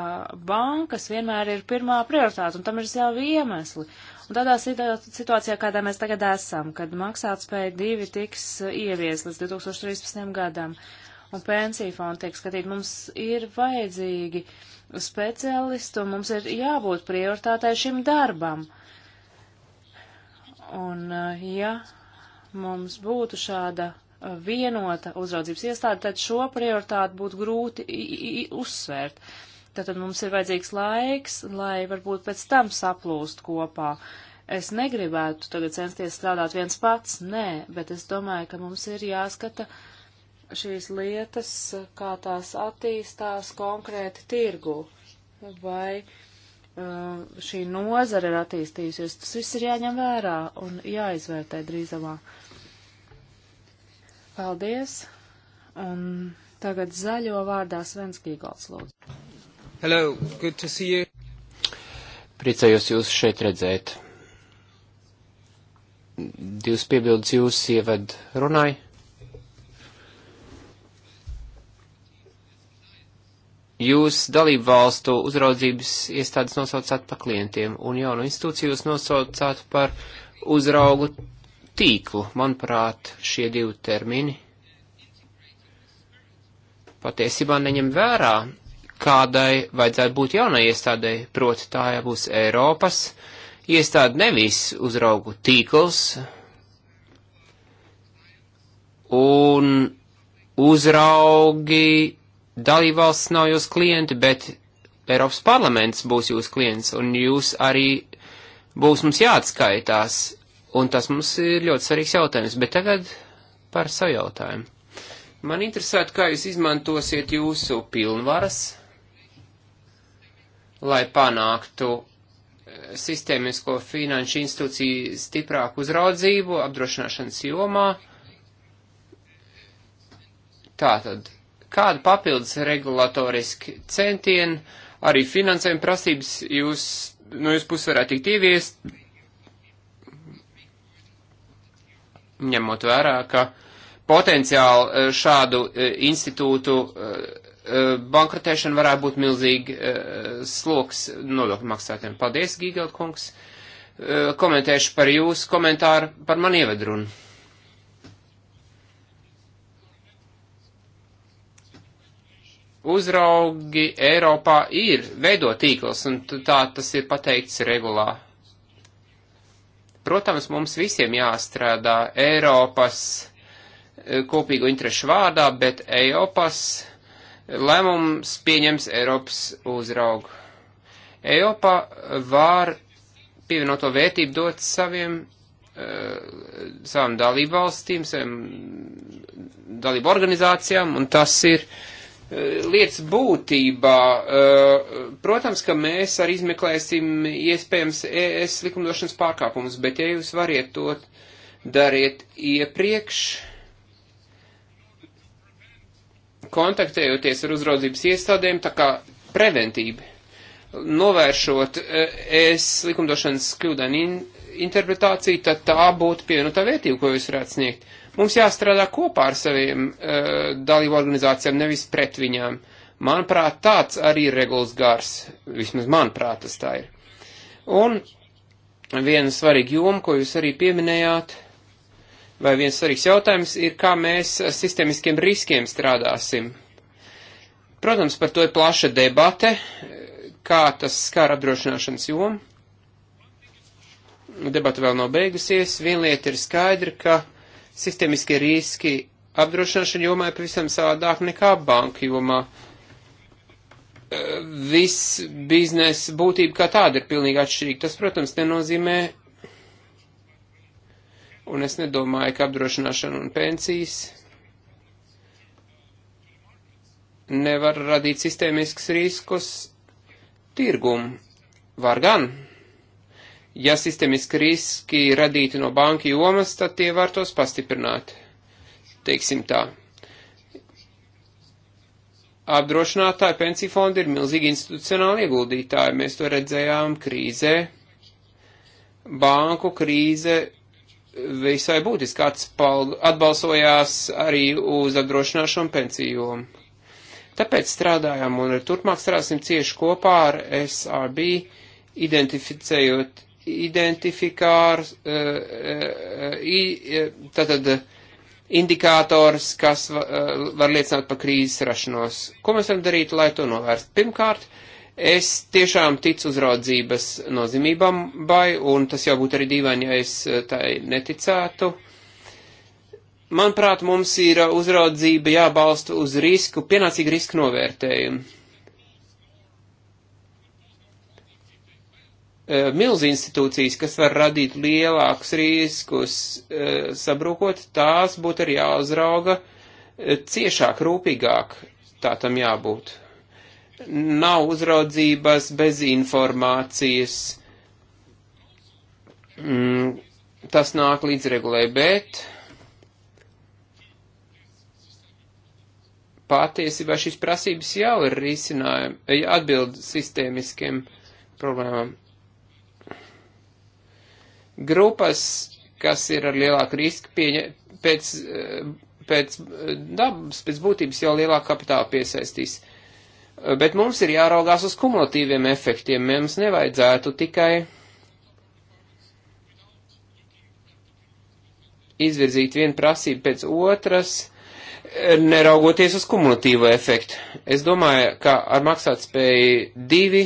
bankas vienmēr ir pirmā prioritāte, un tam ir savi iemesli. Uh, Un tādā situācijā, kādā mēs tagad esam, kad maksātspēja divi tiks ievies līdz 2013. gadam un pensiju fondu tiek skatīt, mums ir vajadzīgi speciālisti un mums ir jābūt prioritātei šim darbam. Un eh, ja mums būtu šāda eh, vienota uzraudzības iestāde, tad šo prioritāti būtu grūti uzsvērt. Uh, Tātad mums ir vajadzīgs laiks, lai varbūt pēc tam saplūst kopā. Es negribētu tagad censties strādāt viens pats, nē, bet es domāju, ka mums ir jāskata šīs lietas, kā tās attīstās konkrēti tirgu, vai uh, šī nozara ir attīstījusies. Tas viss ir jāņem vērā un jāizvērtē drīzumā. Paldies! Un tagad zaļo vārdā Svenskīgals lūdzu. Hello, good to see you. Priecājos jūs šeit redzēt. Divas piebildes jūs ievad runāja. Jūs dalību valstu uzraudzības iestādes nosaucāt par klientiem un jaunu institūciju jūs nosaucāt par uzraugu tīklu. Manuprāt, šie divi termini patiesībā neņem vērā kādai vajadzētu būt jaunai iestādēji, proti tā jau būs Eiropas iestāde nevis uzraugu tīkls un uzraugi dalībvalsts nav jūs klienti, bet Eiropas parlaments būs jūs klients un jūs arī būs mums jāatskaitās un tas mums ir ļoti svarīgs jautājums, bet tagad par savu jautājumu. Man interesētu, kā jūs izmantosiet jūsu pilnvaras lai panāktu eh, sistēmisko finanšu institūciju stiprāku uzraudzību apdrošināšanas jomā. Tātad, kāda papildus regulatoriski centieni, arī finansējuma prasības jūs, no jūs puses varētu tikt ieviest, ņemot vērā, ka potenciāli eh, šādu eh, institūtu Eh, bankrotēšana varētu būt milzīgi eh, sloks nodokļu maksātiem. Paldies, Gīgeld kungs. Eh, komentēšu par jūsu komentāru par man ievedrunu. Uzraugi Eiropā ir veido tīkls, un tā tas ir pateikts regulā. Protams, mums visiem jāstrādā Eiropas kopīgo interešu vārdā, bet Eiropas lēmums pieņems Eiropas uzraugu. Eiropa var pievienoto vērtību dot saviem, uh, savām dalībvalstīm, saviem dalību organizācijām, un tas ir uh, lietas būtībā. Uh, protams, ka mēs arī izmeklēsim iespējams ES likumdošanas pārkāpumus, bet ja jūs variet to dariet iepriekš, uh, kontaktējoties ar uzraudzības iestādēm, tā kā preventīvi, novēršot eh, es likumdošanas kļūdainu in, interpretāciju, tad tā būtu pievienotā vērtība, ko jūs varētu sniegt. Mums jāstrādā kopā ar saviem uh, dalību organizācijām, nevis pret viņām. Manuprāt, tāds arī ir regulas gars. Vismaz manuprāt, tas tā ir. Un viena svarīga joma, ko jūs arī pieminējāt, vai viens svarīgs jautājums ir, kā mēs ar sistemiskiem riskiem strādāsim. Protams, par to ir plaša debate, kā tas skar apdrošināšanas jomu. Debata vēl nav beigusies. Viena lieta ir skaidra, ka sistemiskie riski apdrošināšana jomā ir pavisam savādāk nekā banka jomā. Viss biznesa būtība kā tāda ir pilnīgi atšķirīga. Tas, protams, nenozīmē un es nedomāju, ka apdrošināšana un pensijas nevar radīt sistēmisks riskus tirgumu. Var gan. Ja sistēmiski riski radīti no banka jomas, tad tie var tos pastiprināt. Teiksim tā. Apdrošinātāji pensiju fondi ir milzīgi institucionāli ieguldītāji. Mēs to redzējām krīzē. Banku krīze visai būtiski atbalsojās arī uz apdrošināšanu pensijām. Tāpēc strādājām un turpmāk strādāsim cieši kopā ar SRB, identificējot identifikārs, eh, eh, eh, tātad indikātors, kas var liecināt par krīzes rašanos. Ko mēs varam darīt, lai to novērst? Pirmkārt, uh, Es tiešām ticu uzraudzības nozīmībām bai, un tas jau būtu arī dīvaini, ja es eh, tai neticētu. Manuprāt, mums ir eh, uzraudzība jābalsta uz risku, pienācīgu risku novērtējumu. Eh, milz institūcijas, kas var radīt lielākus riskus, sabrūkot, tās būtu arī jāuzrauga ciešāk, rūpīgāk. Tā tam jābūt nav uzraudzības bez informācijas. Mm, tas nāk līdz regulē, bet patiesībā šīs prasības jau ir risinājumi, eh, atbild sistēmiskiem problēmām. Grupas, kas ir ar lielāku risku, pieņa, pēc, eh, pēc eh, dabas, pēc būtības jau lielāku kapitālu piesaistīs. Uh, Bet mums ir jāraugās uz kumulatīviem efektiem. Mums nevajadzētu tikai izvirzīt vienu prasību pēc otras, neraugoties uz kumulatīvo efektu. Es domāju, ka ar maksātspēju divi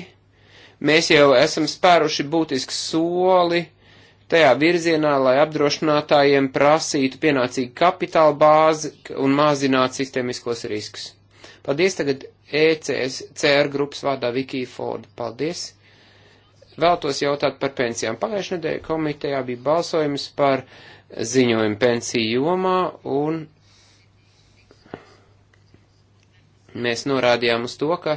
mēs jau esam spēruši būtisku soli tajā virzienā, lai apdrošinātājiem prasītu pienācīgu kapitāla bāzi un mazinātu sistemiskos riskus. Paldies tagad ECSCR grupas vārdā Vikija Forda. Paldies! Vēltos jautāt par pensijām. Pagājušajā nedēļā komitejā bija balsojums par ziņojumu pensiju jomā un mēs norādījām uz to, ka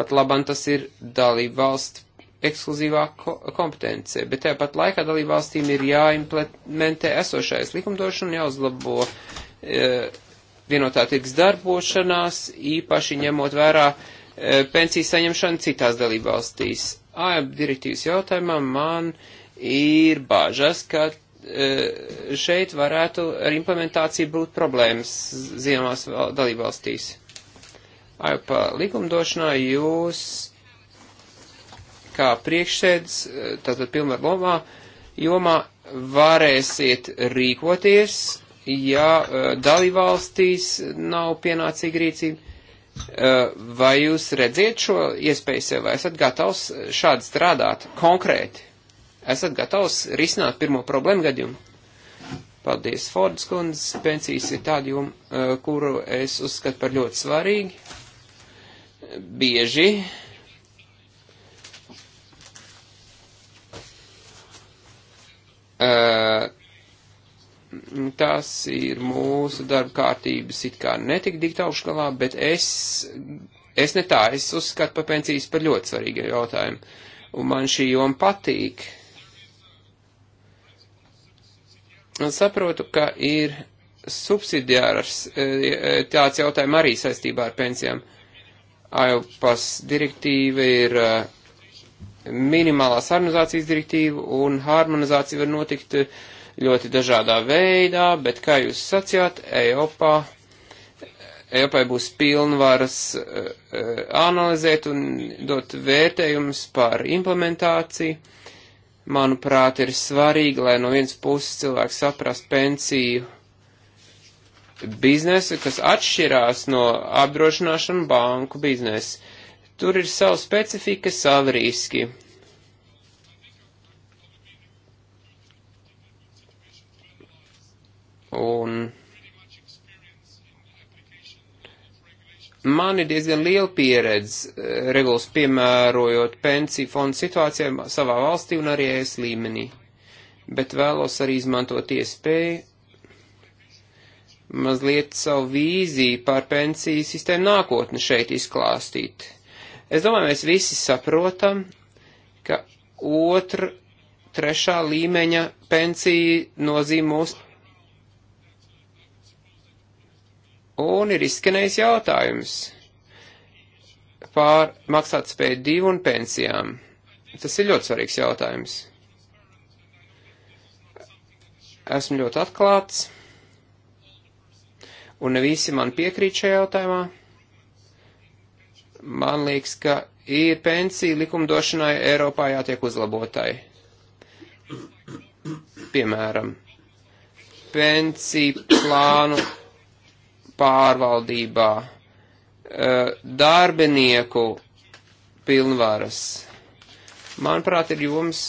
pat labam tas ir dalību valstu ekskluzīvā ko kompetence, bet tāpat laikā dalību valstīm ir jāimplementē esošais likumdošana, jāuzlabo e, vienotā tirgus darbošanās, īpaši ņemot vērā e, pensijas saņemšanu citās dalībvalstīs. AIB direktīvas jautājumā man ir bāžas, ka e, šeit varētu ar implementāciju būt problēmas zināmās dalībvalstīs. AIB likumdošanā jūs kā priekšsēdz, e, tātad pilnvar lomā, jomā varēsiet rīkoties ja eh, dalībvalstīs nav pienācīga rīcība. Eh, vai jūs redziet šo iespēju sev, vai esat gatavs šādi strādāt konkrēti? Esat gatavs risināt pirmo problēmu gadījumu? Paldies, Fords kundze. Pensijas ir tāda joma, eh, kuru es uzskatu par ļoti svarīgi. Bieži. Uh, tas ir mūsu darba kārtības it kā netik diktāšu galā, bet es, es ne tā, es uzskatu par pensijas par ļoti svarīgu jautājumu. Un man šī joma patīk. Un saprotu, ka ir subsidiārs e, e, tāds jautājums arī saistībā ar pensijām. AILPAS direktīva ir e, minimālās harmonizācijas direktīva, un harmonizācija var notikt uh, ļoti dažādā veidā, bet, kā jūs sacījāt, Eiropā, Eiropai būs pilnvaras eh, eh, analizēt un dot vērtējumus par implementāciju. Manuprāt, ir svarīgi, lai no vienas puses cilvēks saprast pensiju biznesu, kas atšķirās no apdrošināšanu banku biznesa. Tur ir savu specifika, savu riski. Un man ir diezgan liela pieredze eh, regulas piemērojot pensiju fondu situācijām savā valstī un arī es līmenī. Bet vēlos arī izmantot iespēju mazliet savu vīziju par pensiju sistēmu nākotni šeit izklāstīt. Es domāju, mēs visi saprotam, ka otra, trešā līmeņa pensija nozīm mūsu Un ir izskanējis jautājums pār maksātspēju divu un pensijām. Tas ir ļoti svarīgs jautājums. Esmu ļoti atklāts, un ne visi man piekrīt šajā jautājumā. Man liekas, ka ir pensija likumdošanai Eiropā jātiek uzlabotai. Piemēram, pensiju plānu pārvaldībā, eh, darbinieku pilnvaras. Manuprāt, ir jums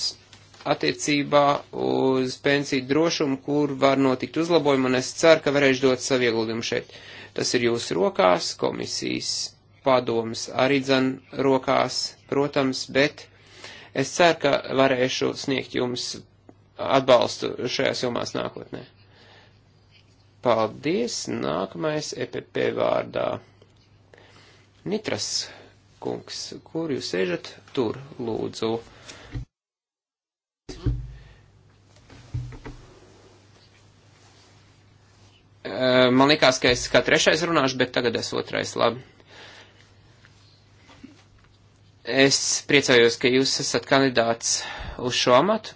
attiecībā uz pensiju drošumu, kur var notikt uzlabojumi, un es ceru, ka varēšu dot savu ieguldījumu šeit. Tas ir jūsu rokās, komisijas padomas arī dzan rokās, protams, bet es ceru, ka varēšu sniegt jums atbalstu šajās jomās nākotnē. Paldies, nākamais EPP vārdā. Nitras kungs, kur jūs sēžat, tur lūdzu. Man likās, ka es kā trešais runāšu, bet tagad es otrais labi. Es priecājos, ka jūs esat kandidāts uz šo amatu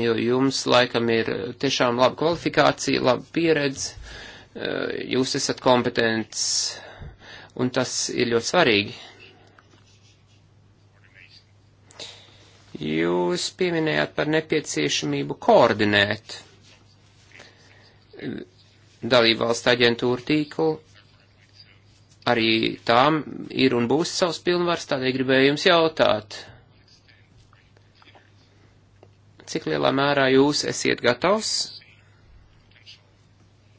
jo jums laikam ir tiešām laba kvalifikācija, laba pieredze, e, jūs esat kompetents, un tas ir ļoti svarīgi. Jūs pieminējāt par nepieciešamību koordinēt dalībvalstu aģentūru tīklu. Arī tām ir un būs savs pilnvars, tādēļ gribēju jums jautāt cik lielā mērā jūs esiet gatavs,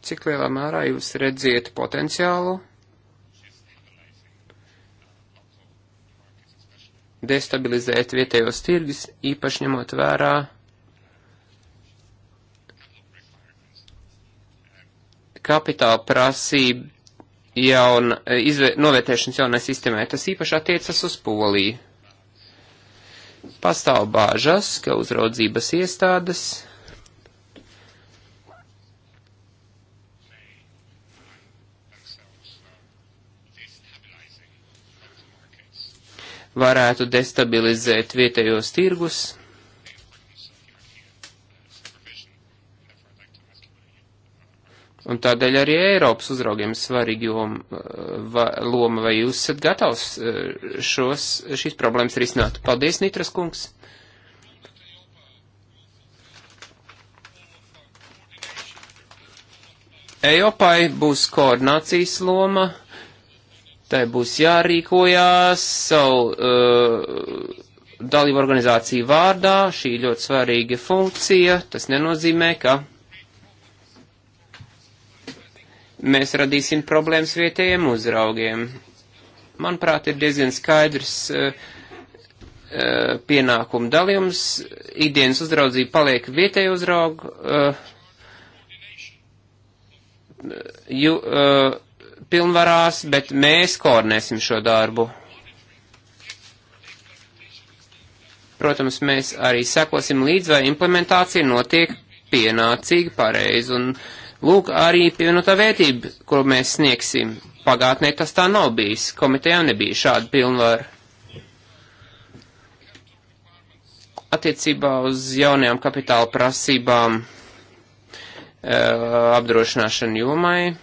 cik lielā mērā jūs redziet potenciālu destabilizēt vietējos tirgus, īpaši ņemot vērā kapitāla prasība jauna, izvē, novērtēšanas jaunai sistēmai. Tas īpaši attiecas uz Poliju. Pastāv bāžas, ka uzraudzības iestādes varētu destabilizēt vietējos tirgus Un tādēļ arī Eiropas uzraugiem ir svarīga uh, loma, vai jūs esat gatavs uh, šos, šīs problēmas risināt. Paldies, Nitras kungs! Ejopai būs koordinācijas loma, tai būs jārīkojās savu uh, dalību organizāciju vārdā, šī ļoti svarīga funkcija, tas nenozīmē, ka mēs radīsim problēmas vietējiem uzraugiem. Manuprāt, ir diezgan skaidrs uh, uh, pienākumu dalījums. Ikdienas uzraudzība paliek vietēju uzraugu. Uh, ju, pilnvarās, bet mēs koordinēsim šo darbu. Protams, mēs arī sekosim līdz, vai implementācija notiek pienācīgi pareizi. Un uh, Lūk, arī pievienotā vērtība, ko mēs sniegsim. Pagātnē tas tā nav bijis, komitejā nebija šāda pilnvara. Attiecībā uz jaunajām kapitāla prasībām e, eh, apdrošināšanu jomai.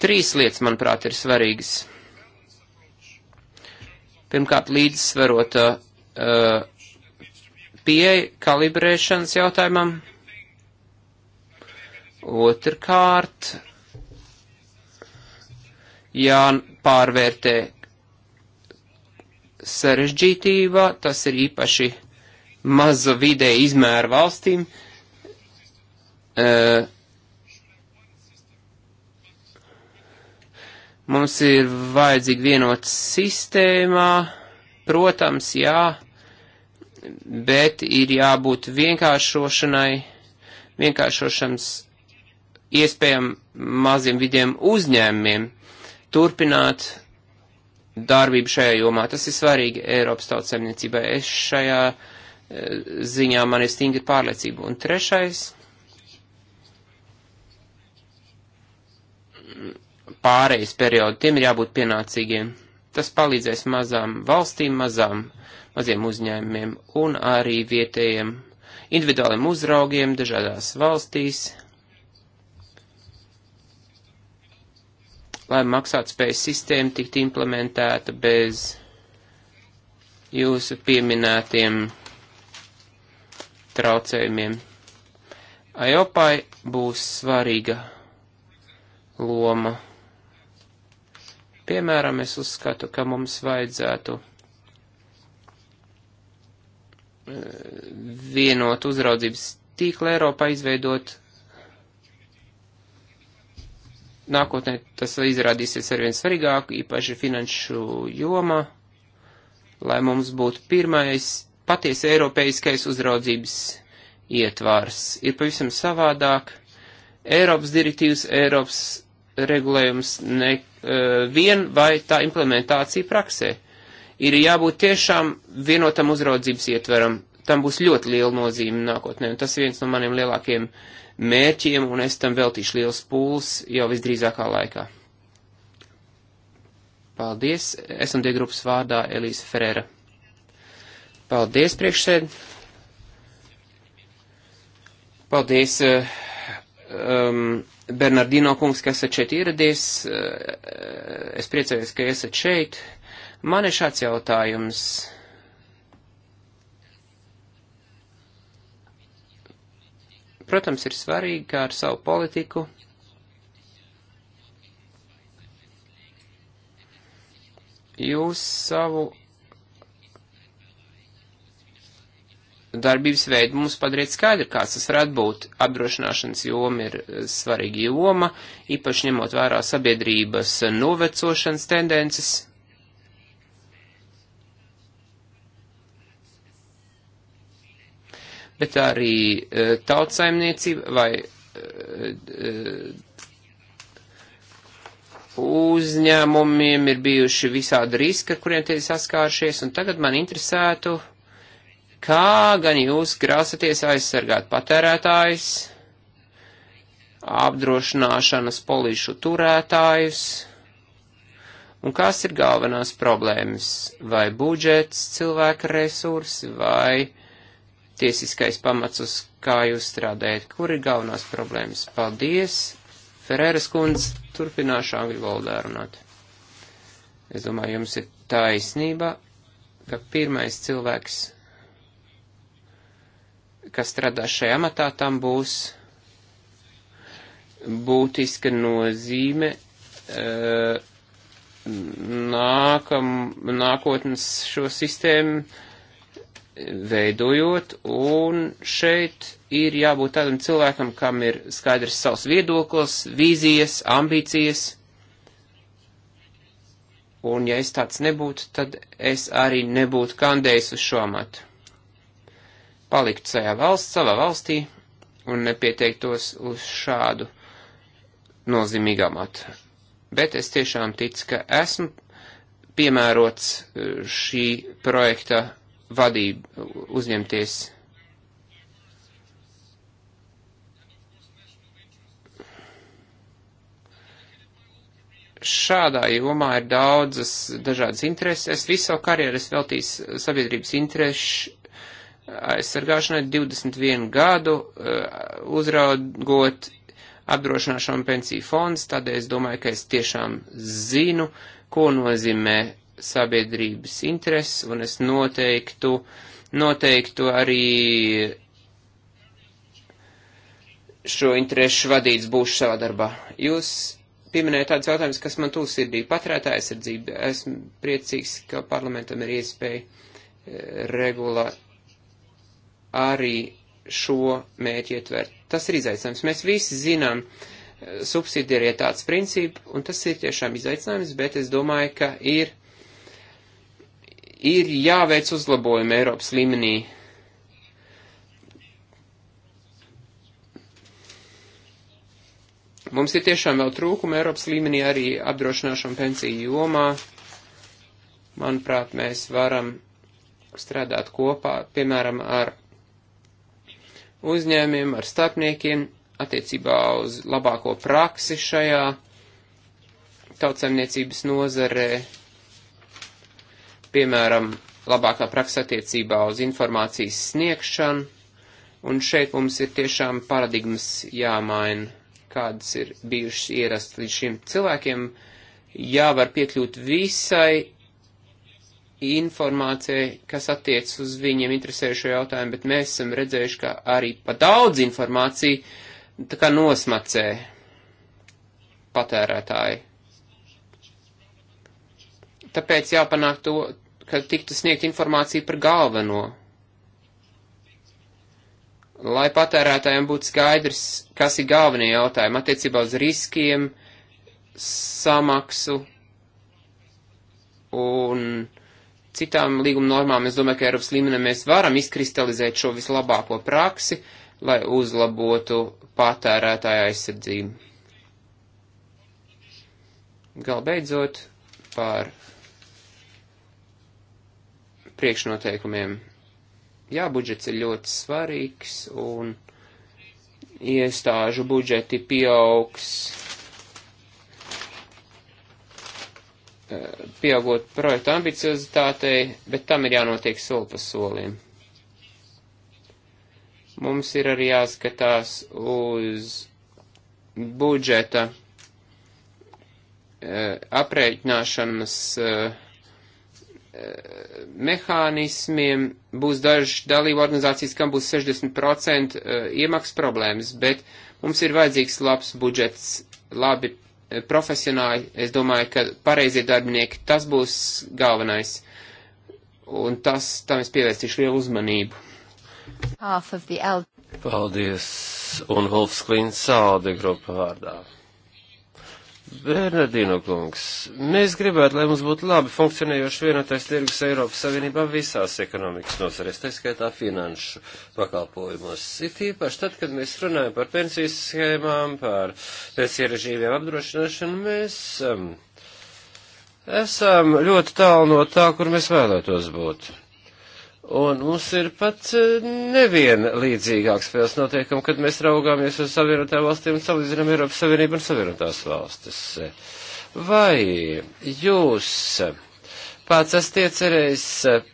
Trīs lietas, manuprāt, ir svarīgas. Pirmkārt, līdzsvarota uh, pieeja kalibrēšanas jautājumam. Uh, Otrkārt, jāpārvērtē sarežģītība, tas ir īpaši maza vidē izmēra valstīm. Uh, mums ir vajadzīga vienota sistēmā, protams, jā, bet ir jābūt vienkāršošanai, vienkāršošanas iespējam maziem vidiem uzņēmumiem turpināt darbību šajā jomā. Tas ir svarīgi Eiropas tautsemniecībai. Es šajā eh, ziņā man ir stingra pārliecība. Un trešais - pārējais periodu. Tiem ir jābūt pienācīgiem. Tas palīdzēs mazām valstīm, mazām, maziem uzņēmumiem un arī vietējiem individuāliem uzraugiem dažādās valstīs lai maksātspējas sistēma tiktu implementēta bez jūsu pieminētiem traucējumiem. Ajopai būs svarīga loma. Piemēram, es uzskatu, ka mums vajadzētu eh, vienot uzraudzības tīklu Eiropā, izveidot nākotnē tas izrādīsies arvien svarīgāk, īpaši finanšu joma, lai mums būtu pirmais patiesi eiropeiskais uzraudzības ietvārs. Ir pavisam savādāk. Eiropas direktīvas, Eiropas regulējums ne, e, vien vai tā implementācija praksē. Ir jābūt tiešām vienotam uzraudzības ietveram. Tam būs ļoti liela nozīme nākotnē, un tas viens no maniem lielākiem uh, mērķiem, un es tam veltīšu liels pūls jau visdrīzākā laikā. Paldies, SMD grupas vārdā Elīsa Ferēra. Paldies, priekšsēd. Paldies, eh, um, Bernardino kungs, ka esat šeit ieradies. Eh, es priecājos, ka esat šeit. Man ir šāds jautājums Protams, ir svarīgi, kā ar savu politiku jūs savu darbības veidu mums padarīt skaidru, kāds tas varētu būt. Apdrošināšanas joma ir eh, svarīga joma, īpaši ņemot vērā sabiedrības novecošanas tendences. bet arī e, tautsaimniecība vai e, e, uzņēmumiem ir bijuši visādi riski, ar kuriem tie saskāršies, un tagad man interesētu, kā gan jūs grāsaties aizsargāt patērētājus, apdrošināšanas polīšu turētājus, un kas ir galvenās problēmas, vai budžets, cilvēka resursi, vai uh, tiesiskais pamats, uz kā jūs strādājat, kur ir galvenās problēmas. Paldies! Ferēras kundze, turpināšu angļu valodā runāt. Es domāju, jums ir taisnība, ka pirmais cilvēks, kas strādā šajā amatā, tam būs būtiska nozīme eh, nākam, nākotnes šo sistēmu veidojot, un šeit ir jābūt tādam cilvēkam, kam ir skaidrs savs viedoklis, vīzijas, ambīcijas, un ja es tāds nebūtu, tad es arī nebūtu kandējis uz šo amatu. Palikt savā valsts, savā valstī, un nepieteiktos uz šādu nozīmīgu amatu. Bet es tiešām ticu, ka esmu piemērots eh, šī projekta vadību uzņemties. Šādā jomā ir daudzas dažādas intereses. Es visu savu karjeru veltīju sabiedrības interesu aizsargāšanai 21 gadu, eh, uzraugot apdrošināšanu pensiju fonds, tādēļ es domāju, ka es tiešām zinu, ko nozīmē sabiedrības intereses, un es noteiktu, noteiktu arī šo interesu vadīts būšu savā darbā. Jūs pieminējāt tāds jautājums, kas man tūs sirdī - patrētāja aizsardzība. Esmu priecīgs, ka parlamentam ir iespēja eh, regulā arī šo mērķi ietvert. Tas ir izaicinājums. Mēs visi zinām eh, subsidiarietāts principu, un tas ir tiešām izaicinājums, bet es domāju, ka ir ir jāveic uzlabojumi Eiropas līmenī. Mums ir tiešām vēl trūkumi Eiropas līmenī arī apdrošināšana pensiju jomā. Manuprāt, mēs varam strādāt kopā, piemēram, ar uzņēmiem, ar starpniekiem attiecībā uz labāko praksi šajā tautsaimniecības nozarē piemēram, labākā praksa attiecībā uz informācijas sniegšanu, un šeit mums ir tiešām paradigmas jāmaina, kādas ir bijušas ierast līdz šim cilvēkiem, jāvar piekļūt visai informācijai, kas attiec uz viņiem interesējušo jautājumu, bet mēs esam redzējuši, ka arī pa daudz informāciju tā kā nosmacē patērētāji. Tāpēc jāpanāk to, ka tiktu sniegt informācija par galveno. Lai patērētājiem būtu skaidrs, kas ir galvenie jautājumi attiecībā uz riskiem, samaksu un citām līguma normām. Es domāju, ka Eiropas līmenī mēs varam izkristalizēt šo vislabāko praksi, lai uzlabotu patērētāja aizsardzību. Galbeidzot par priekšnoteikumiem. Jā, budžets ir ļoti svarīgs un iestāžu budžeti pieaugs, eh, pieaugot projektu ambiciozitātei, bet tam ir jānotiek soli pa solim. Mums ir arī jāskatās uz budžeta eh, aprēķināšanas uh, mehānismiem būs daži dalību organizācijas, kam būs 60% e, iemaksas problēmas, bet mums ir vajadzīgs labs budžets, labi e, profesionāļi. Es domāju, ka pareizie darbinieki tas būs galvenais, un tas, tam es pievērstīšu lielu uzmanību. Paldies, un Hulfs Klīns Sāde grupa vārdā. Bernardino kungs, mēs gribētu, lai mums būtu labi funkcionējoši vienotais tirgus Eiropas Savienībā visās ekonomikas nozarēs, tā skaitā finanšu pakalpojumos. It īpaši tad, kad mēs runājam par pensijas schēmām, par pensiju režīmiem apdrošināšanu, mēs um, esam ļoti tālu no tā, kur mēs vēlētos būt. Un mums ir pat eh, neviena līdzīgāka spēles noteikuma, kad mēs raugāmies uz savienotām valstīm un salīdzinām Eiropas Savienību un savienotās valstis. Vai jūs pats esat iecerējis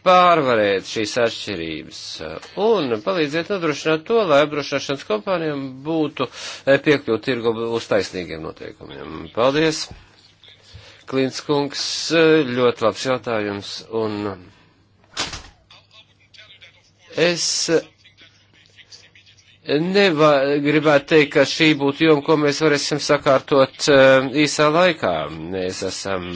pārvarēt šīs atšķirības un palīdziet nodrošināt to, lai apdrošināšanas kompānijām būtu eh, piekļūt tirgu uz taisnīgiem noteikumiem? Paldies! Klīnskungs, ļoti labs jautājums un Es Neva, gribētu teikt, ka šī būtu joma, ko mēs varēsim sakārtot eh, īsā laikā. Mēs esam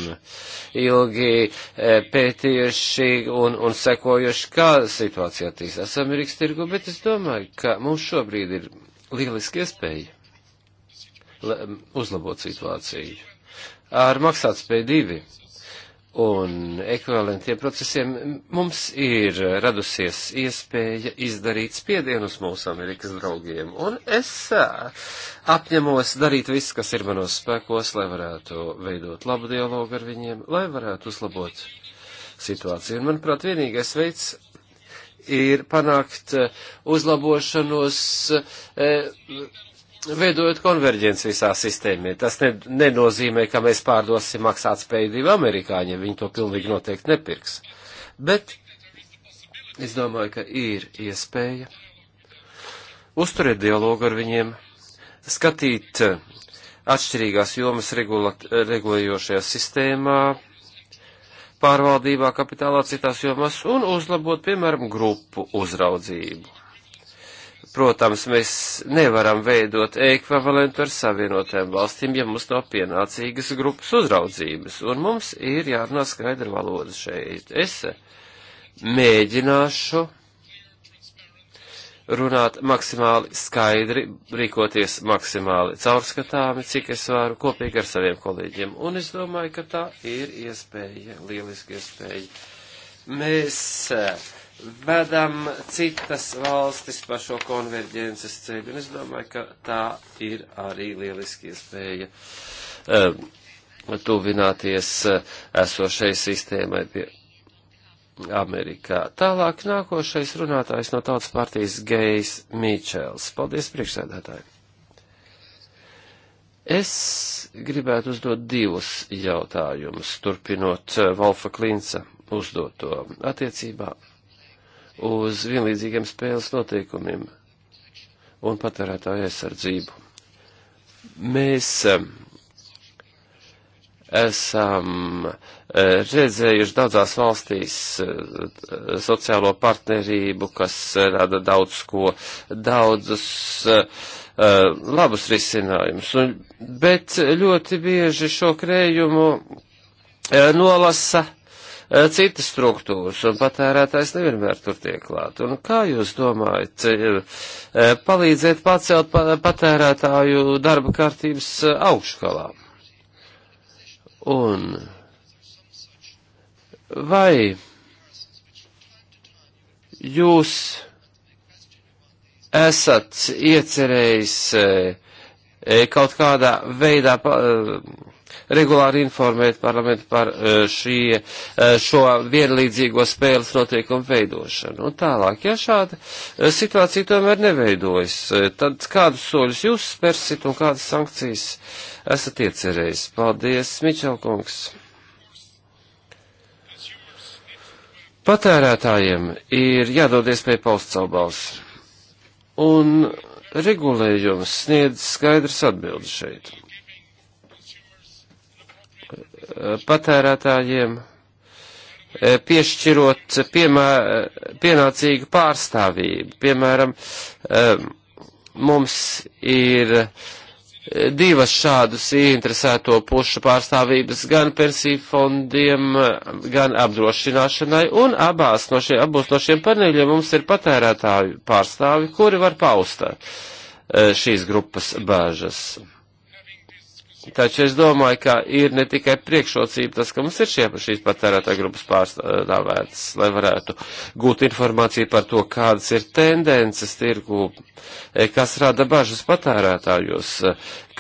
ilgi eh, pētījuši un, un sekojuši, kā situācija attīstās Amerikas tirgu, bet es domāju, ka mums šobrīd ir lieliski iespēja uzlabot situāciju. Ar maksātspēju divi un ekvivalentiem procesiem mums ir radusies iespēja izdarīt spiedienu uz mūsu Amerikas draugiem, un es apņemos darīt viss, kas ir manos spēkos, lai varētu veidot labu dialogu ar viņiem, lai varētu uzlabot situāciju. Un, manuprāt, vienīgais veids ir panākt uzlabošanos. Eh, veidojot konverģenci visā sistēmē. Tas ne, nenozīmē, ka mēs pārdosim maksāt spēju divi amerikāņi, viņi to pilnīgi noteikti nepirks. Bet es domāju, ka ir iespēja uzturēt dialogu ar viņiem, skatīt eh, atšķirīgās jomas regulat, regulējošajā sistēmā, pārvaldībā, kapitālā, citās jomās un uzlabot, piemēram, grupu uzraudzību Protams, mēs nevaram veidot ekvivalentu ar savienotajām valstīm, ja mums nav pienācīgas grupas uzraudzības, un mums ir jārunā skaidra valoda šeit. Es mēģināšu runāt maksimāli skaidri, rīkoties maksimāli caurskatāmi, cik es varu kopīgi ar saviem kolēģiem. Un es domāju, ka tā ir iespēja, lieliski iespēja. Mēs eh, vedam citas valstis pa šo konverģences ceļu, un es domāju, ka tā ir arī lieliski iespēja um, tuvināties eh, esošai sistēmai pie Amerikā. Tālāk nākošais runātājs no tautas partijas Gejs Mīčels. Paldies, priekšsēdētāji! Es gribētu uzdot divus jautājumus, turpinot eh, Volfa Klinca uzdoto attiecībā uz vienlīdzīgiem spēles noteikumiem un patērētāju aizsardzību. Mēs eh, esam eh, redzējuši daudzās valstīs eh, sociālo partnerību, kas rada daudz ko, daudzus labus risinājumus. Bet ļoti bieži šo krējumu nolasa Eh, citas struktūras, un patērētājs nevienmēr tur tiek klāt. Un kā jūs domājat, eh, palīdzēt pacelt patērētāju darba kārtības eh, augškalā? Un vai jūs esat iecerējis kaut kādā veidā. Pa, regulāri informēt parlamentu par eh, šie, eh, šo vienlīdzīgo spēles noteikumu veidošanu. Un tālāk, ja šāda eh, situācija tomēr neveidojas, tad kādus soļus jūs spērsit un kādas sankcijas esat iecerējis? Paldies, Mičelkungs! Patērētājiem ir jādod iespēja paust savu balsi. Un regulējums sniedz skaidrs atbildi šeit patērētājiem, e, piešķirot piemē, pienācīgu pārstāvību. Piemēram, e, mums ir divas šādas ieinteresēto pušu pārstāvības gan pensiju fondiem, gan apdrošināšanai, un abās no šiem, abos no šiem paneļiem mums ir patērētāju pārstāvi, kuri var paust e, šīs grupas bāžas. Taču es domāju, ka ir ne tikai priekšrocība tas, ka mums ir šie, šīs patērētā grupas pārstāvētas, lai varētu gūt informāciju par to, kādas ir tendences tirgu, e, kas rada bažas patērētājos, e,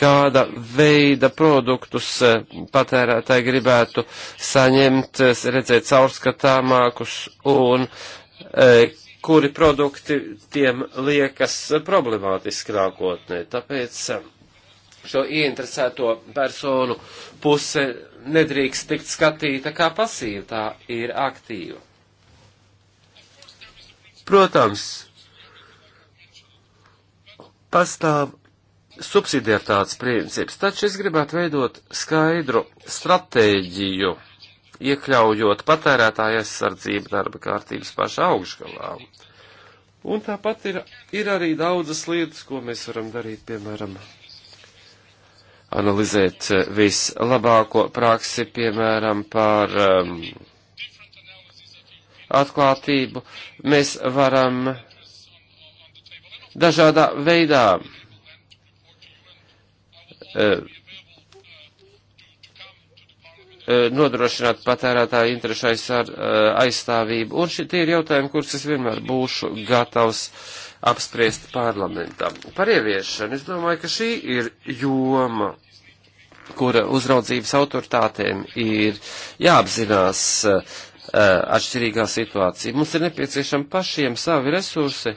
kāda veida produktus e, patērētāji gribētu saņemt, redzēt caurskatāmākus un kuri produkti tiem liekas problemātiski nākotnē. Tāpēc šo ieinteresēto personu puse nedrīkst tikt skatīta kā pasīva, tā ir aktīva. Protams, pastāv subsidiartāts princips, taču es gribētu veidot skaidru stratēģiju, iekļaujot patērētāju aizsardzību darba kārtības pašā augšgalā. Un tāpat ir, ir arī daudzas lietas, ko mēs varam darīt, piemēram, analizēt eh, vislabāko praksi, piemēram, par um, atklātību, mēs varam dažādā veidā uh, nodrošināt patērētāju interešu aizstāvību. Un šie tie ir jautājumi, kurus es vienmēr būšu gatavs uh, apspriest parlamentā. Par ieviešanu es domāju, ka šī ir joma, kura uzraudzības autoritātēm ir jāapzinās uh, atšķirīgā situācija. Mums ir nepieciešami pašiem savi resursi,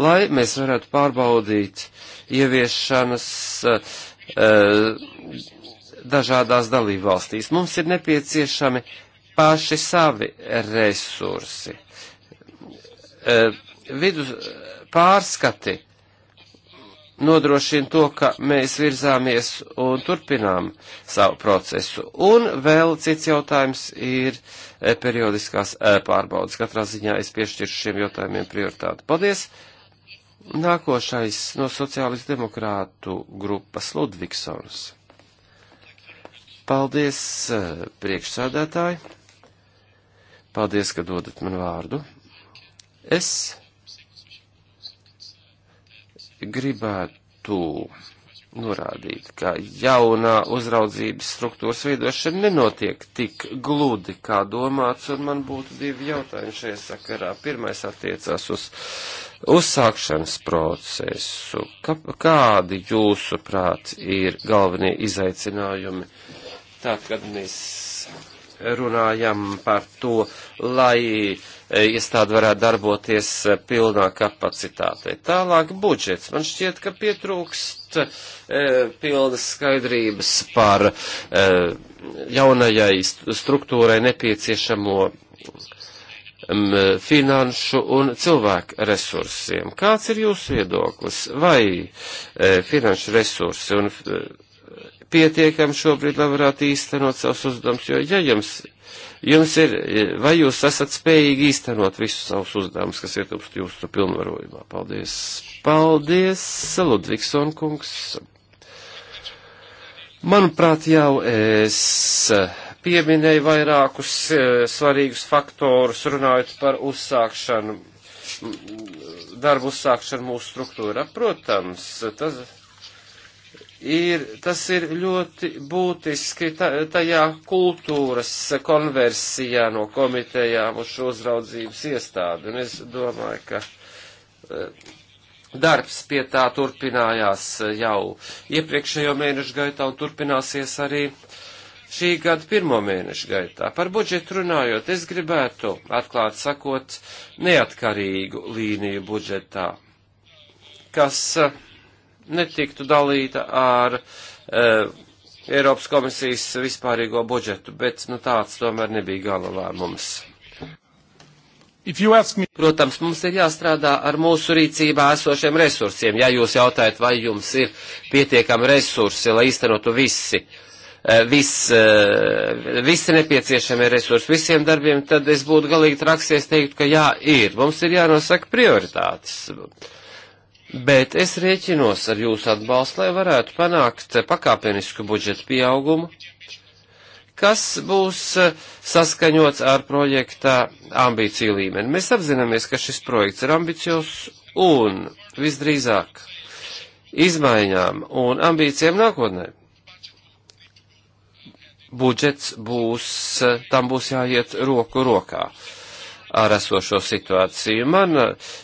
lai mēs varētu pārbaudīt ieviešanas uh, uh, dažādās dalībvalstīs. Mums ir nepieciešami paši savi resursi. Eh, vidus, pārskati nodrošina to, ka mēs virzāmies un turpinām savu procesu. Un vēl cits jautājums ir e, periodiskās e, pārbaudas. Katrā ziņā es piešķiršu šiem jautājumiem prioritāti. Paldies! Nākošais no sociālistu demokrātu grupas Ludvigsons. Paldies, e, priekšsādātāji! Paldies, ka dodat man vārdu. Es gribētu norādīt, ka jaunā uzraudzības struktūras veidošana nenotiek tik gludi, kā domāts, un man būtu divi jautājumi šajā sakarā. Pirmais attiecās uz uzsākšanas procesu. Ka, kādi jūsuprāt ir galvenie izaicinājumi? Tā, kad mēs runājam par to, lai uh, E, iestāde varētu darboties e, pilnā kapacitātē. Tālāk budžets. Man šķiet, ka pietrūkst e, pilnas skaidrības par e, jaunajai struktūrai nepieciešamo finanšu un cilvēku resursiem. Kāds ir jūsu viedoklis? Vai e, finanšu resursi un e, pietiekami šobrīd, lai varētu īstenot savus uzdevumus, jo ja jums Jums ir, vai jūs esat spējīgi īstenot visus savus uzdevumus, kas ietilpst jūsu pilnvarojumā? Paldies! Paldies, Ludvigson kungs! Manuprāt, jau es pieminēju vairākus e, svarīgus faktorus, runājot par uzsākšanu, darbu uzsākšanu mūsu struktūrā. Protams, tas ir, tas ir ļoti būtiski tajā kultūras konversijā no komitejām uz šo uzraudzības iestādi. Un es domāju, ka eh, darbs pie tā turpinājās eh, jau iepriekšējo mēnešu gaitā un turpināsies arī šī gada pirmo mēnešu gaitā. Par budžetu runājot, es gribētu, atklāt sakot, neatkarīgu līniju budžetā, kas uh, netiktu dalīta ar uh, Eiropas komisijas vispārīgo budžetu, bet nu, tāds tomēr nebija gala lēmums. Me... Protams, mums ir jāstrādā ar mūsu rīcībā esošiem resursiem. Ja jūs jautājat, vai jums ir pietiekami resursi, lai īstenotu visi, eh, vis, eh, visi nepieciešamie resursi visiem darbiem, tad es būtu galīgi traksies teikt, ka jā, ir. Mums ir jānosaka prioritātes bet es rēķinos ar jūsu atbalstu, lai varētu panākt pakāpenisku budžetu pieaugumu, kas būs eh, saskaņots ar projektā ambīciju līmeni. Mēs apzināmies, ka šis projekts ir ambiciozs un visdrīzāk izmaiņām un ambīcijām nākotnē. Budžets būs, eh, tam būs jāiet roku rokā. Uh, ar esošo situāciju. Man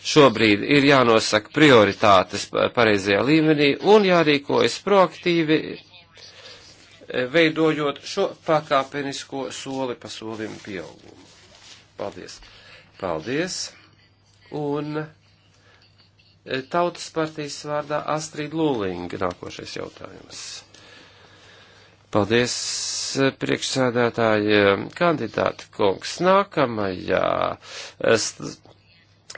šobrīd ir jānosaka prioritātes pareizajā līmenī un jārīkojas proaktīvi, e, veidojot šo pakāpenisko soli pa solim pieaugumu. Paldies! Paldies! Un e, Tautas partijas vārdā Astrid Lūlinga nākošais jautājums. Paldies, priekšsēdētāji, kandidāti kungs. Nākamajā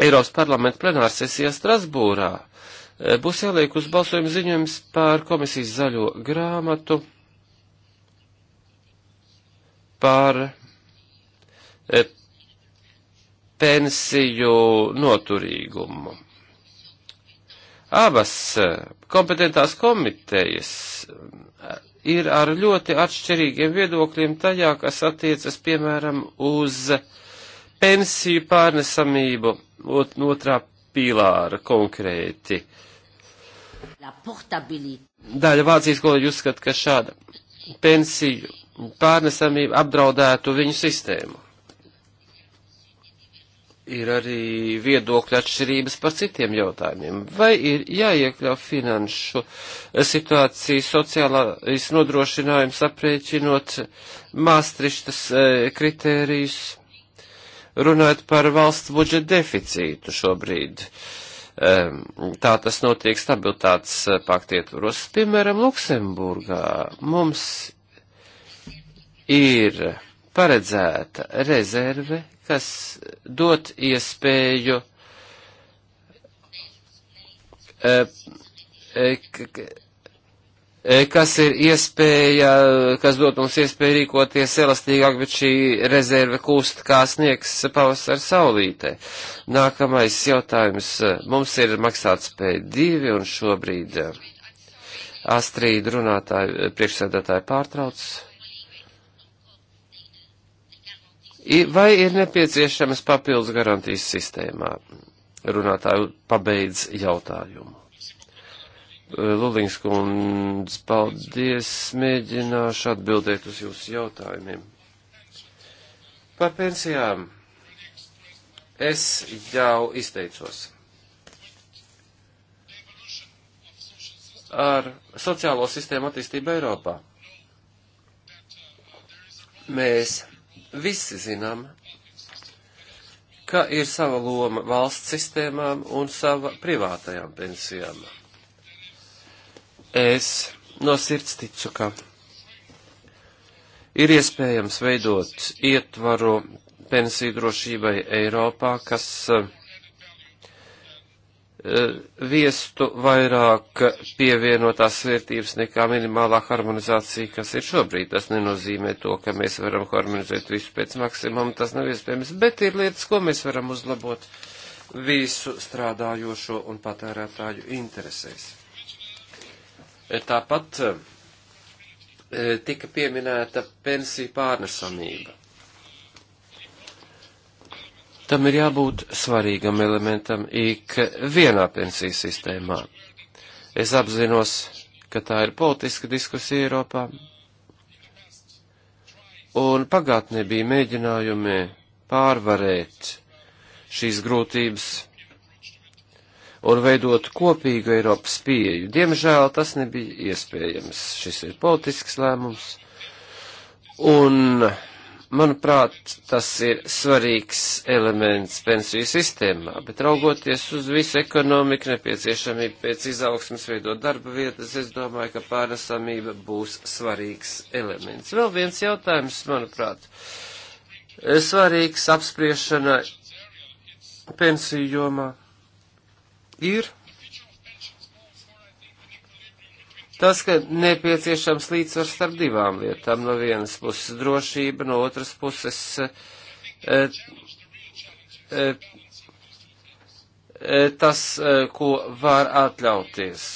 Eiropas parlamenta plenārsesijā Strasbūrā e, būs jāliek uz balsojumu ziņojums par komisijas zaļo grāmatu par e, pensiju noturīgumu. Abas e, kompetentās komitejas ir ar ļoti atšķirīgiem viedokļiem tajā, kas attiecas, piemēram, uz pensiju pārnesamību ot, otrā pīlāra konkrēti. Daļa Vācijas kolēģi uzskata, ka šāda pensiju pārnesamība apdraudētu viņu sistēmu ir arī viedokļa atšķirības par citiem jautājumiem. Vai ir jāiekļauj finanšu situācija sociālais nodrošinājums aprēķinot māstrištas e, kritērijus, runājot par valsts budžeta deficītu šobrīd? E, tā tas notiek stabilitātes e, paktietvaros. Piemēram, Luksemburgā mums ir paredzēta rezerve, kas dot iespēju e, e, e, kas ir iespēja, kas dot mums iespēju rīkoties elastīgāk, bet šī rezerve kūst kā sniegs pavasar saulītē. Nākamais jautājums. Mums ir maksātspēja divi un šobrīd Astrīd runātāju priekšsēdētāju pārtrauc. Vai ir nepieciešamas papildus garantijas sistēmā? Runātāju pabeidz jautājumu. E, Lulīņš kundz, paldies, mēģināšu atbildēt uz jūsu jautājumiem. Par pensijām es jau izteicos. Ar sociālo sistēmu attīstību Eiropā mēs Visi zinām, ka ir sava loma valsts sistēmām un sava privātajām pensijām. Es no sirds ticu, ka ir iespējams veidot ietvaru pensiju drošībai Eiropā, kas uh, Eh, viestu vairāk pievienotās vērtības nekā minimālā harmonizācija, kas ir šobrīd. Tas nenozīmē to, ka mēs varam harmonizēt visu pēc maksimuma, tas nav iespējams, bet ir lietas, ko mēs varam uzlabot visu strādājošo un patērētāju interesēs. Eh, tāpat eh, tika pieminēta pensiju pārnesamība. Tam ir jābūt svarīgam elementam ik vienā pensijas sistēmā. Es apzinos, ka tā ir politiska diskusija Eiropā, un pagātnē bija mēģinājumi pārvarēt šīs grūtības un veidot kopīgu Eiropas pieeju. Diemžēl tas nebija iespējams. Šis ir politisks lēmums. Un Manuprāt, tas ir svarīgs elements pensiju sistēmā, bet raugoties uz visu ekonomiku nepieciešamību pēc izaugsmas veidot darba vietas, es domāju, ka pārnesamība būs svarīgs elements. Vēl viens jautājums, manuprāt, svarīgs apspriešana pensiju jomā ir Tas, ka nepieciešams līdzsvars starp divām lietām, no vienas puses drošība, no otras puses e, e, tas, ko var atļauties.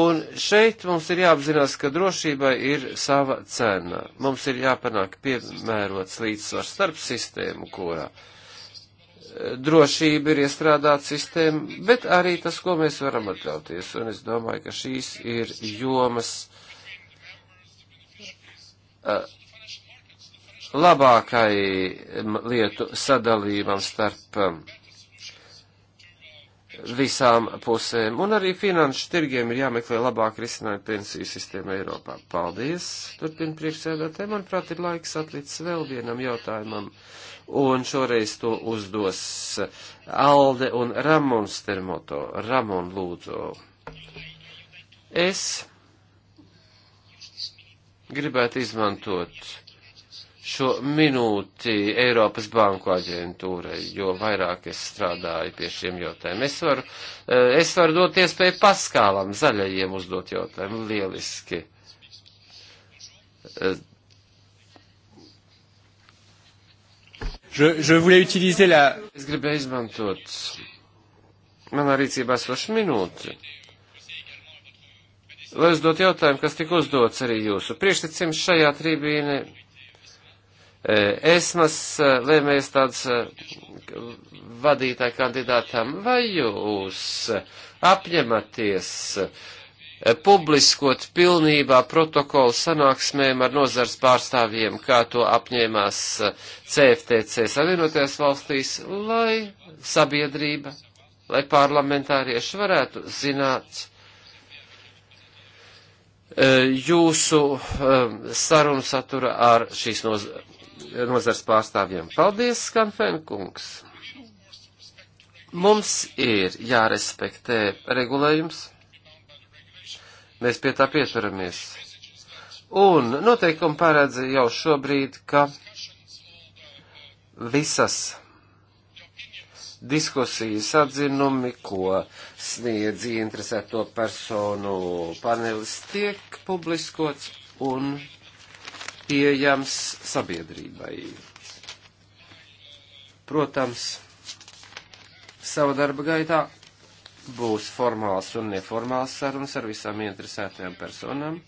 Un šeit mums ir jāapzinās, ka drošībai ir sava cena. Mums ir jāpanāk piemērots līdzsvars starp sistēmu, kurā uh, drošība ir iestrādāta sistēma, bet arī tas, ko mēs varam atļauties. Un es domāju, ka šīs ir jomas labākai lietu sadalījumam starp visām pusēm, un arī finanšu tirgiem ir jāmeklē labāk risinājumi pensiju sistēma Eiropā. Paldies, turpin priekšsēdētē. Manuprāt, ir laiks atlicis vēl vienam jautājumam un šoreiz to uzdos Alde un Ramons Termoto. Ramon lūdzu. Es gribētu izmantot šo minūti Eiropas Banku aģentūrai, jo vairāk es strādāju pie šiem jautājumiem. Es varu, eh, es varu dot iespēju paskālam zaļajiem uzdot jautājumu. Lieliski eh, Je, je voulais utiliser la... Es gribēju izmantot manā rīcībā esošu minūti, lai uzdot jautājumu, kas tika uzdots arī jūsu priekšticim šajā trībīne. Esmas e, lēmējas tāds e, vadītāja kandidātam, vai jūs apņematies uh, publiskot pilnībā protokolu sanāksmēm ar nozars pārstāvjiem, kā to apņēmās CFTC eh, Savienotajās valstīs, lai sabiedrība, lai parlamentārieši varētu zināt eh, jūsu eh, sarunu satura ar šīs noz nozars pārstāvjiem. Paldies, Skanfenkungs! Mums ir jārespektē regulējums Mēs pie tā pieturamies. Un noteikumi paredz jau šobrīd, ka visas diskusijas atzinumi, ko sniedz interesēto personu panelis, tiek publiskots un pieejams sabiedrībai. Protams, savu darba gaitā būs formāls un neformāls sarunas ar visām interesētajām personām.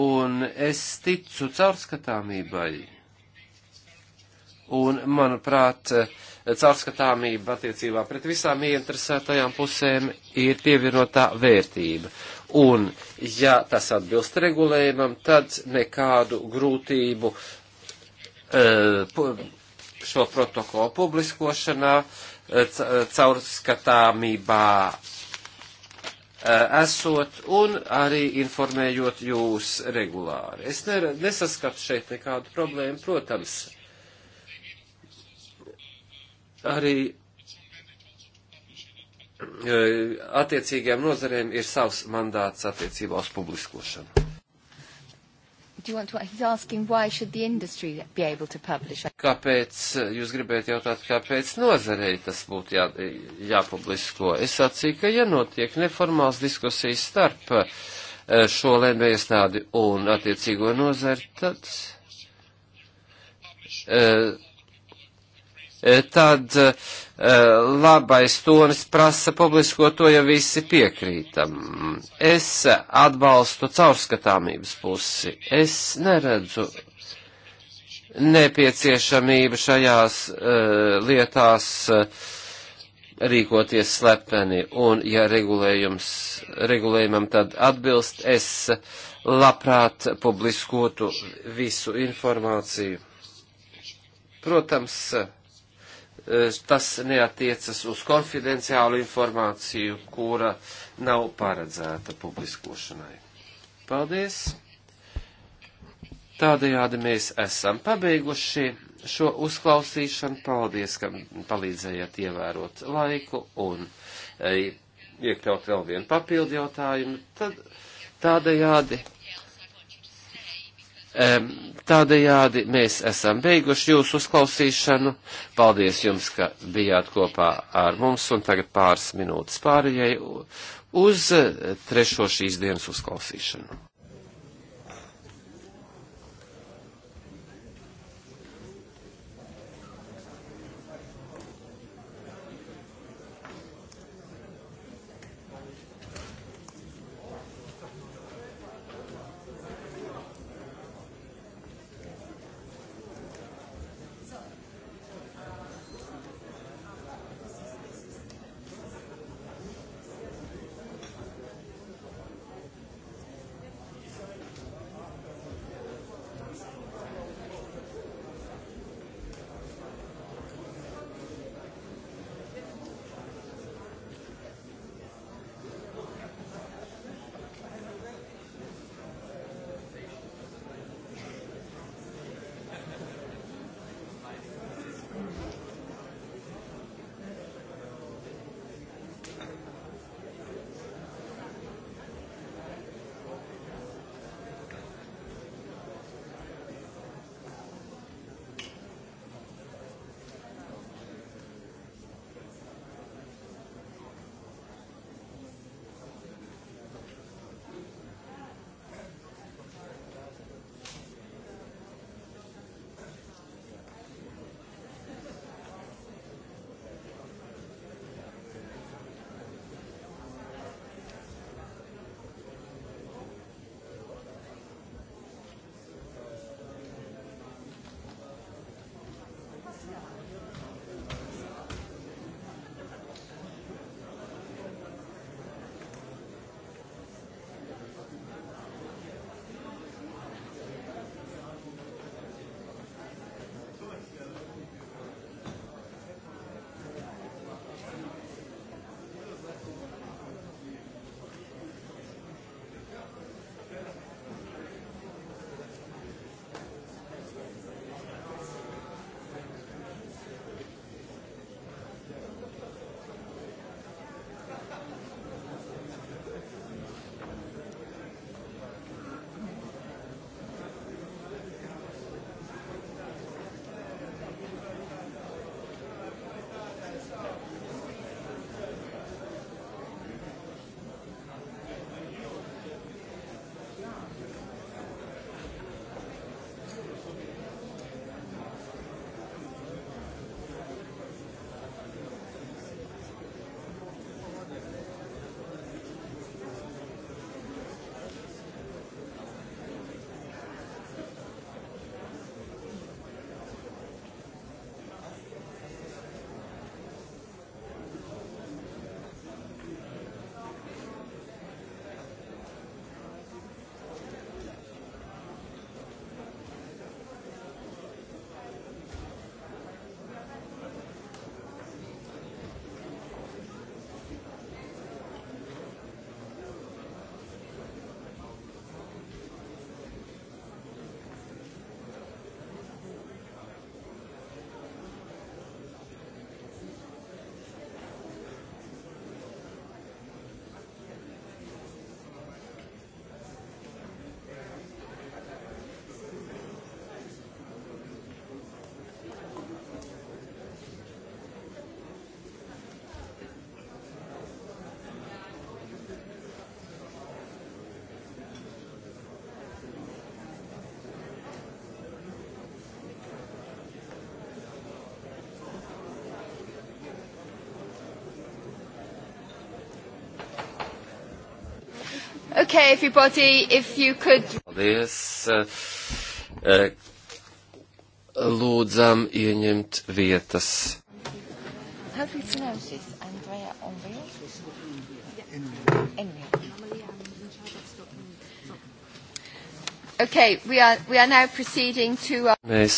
Un es ticu caurskatāmībai. Un, manuprāt, caurskatāmība attiecībā pret visām ieinteresētajām pusēm ir pievienotā vērtība. Un, ja tas atbilst regulējumam, tad nekādu grūtību uh, šo protokolu publiskošanā uh, caurskatāmībā eh, esot un arī informējot jūs regulāri. Es nesaskatu šeit nekādu problēmu, protams. Arī eh, attiecīgajām nozarēm ir savs mandāts attiecībā uz publiskošanu do you want to, he's asking why should the industry be able to publish? Kāpēc, eh, jūs gribētu jautāt, kāpēc nozarei tas būtu jā, eh, jāpublisko? Es sacīju, ka ja notiek neformāls diskusijas starp eh, šo lēmējiestādi un attiecīgo nozari, tad. Uh, tad Eh, labais tonis prasa publisko, to jau visi piekrītam. Es atbalstu caurskatāmības pusi. Es neredzu nepieciešamību šajās uh, lietās uh, rīkoties slepeni, un ja regulējums, regulējumam tad atbilst, es labprāt publiskotu visu informāciju. Protams, uh, Eh, tas neatiecas uz konfidenciālu informāciju, kura nav paredzēta publiskošanai. Paldies! Tādējādi mēs esam pabeiguši šo uzklausīšanu. Paldies, ka palīdzējāt ievērot laiku un eh, iekļaut vēl vienu papildu jautājumu. Tad tādējādi um, Tādējādi mēs esam beiguši jūsu uzklausīšanu. Paldies jums, ka bijāt kopā ar mums un tagad pāris minūtes pārējai uz trešo šīs dienas uzklausīšanu. Okay, everybody, if you could. Paldies. Eh, eh, lūdzam ieņemt vietas. How do you pronounce this? Andrea Onville? Okay, we are, we are now proceeding to... Our... Uh- Mēs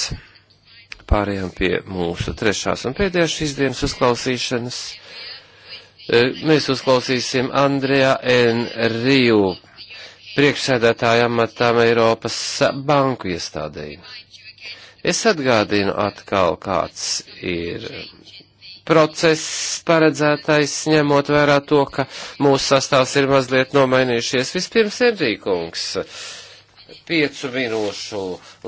pārējām pie mūsu trešās un pēdējās šīs dienas uzklausīšanas Eh, mēs uzklausīsim Andrejā Enriju, priekšsēdētāja amatām Eiropas banku iestādēji. Es atgādinu atkal, kāds ir process paredzētais, ņemot vērā to, ka mūsu sastāvs ir mazliet nomainījušies. Vispirms Enrīkungs piecu minūšu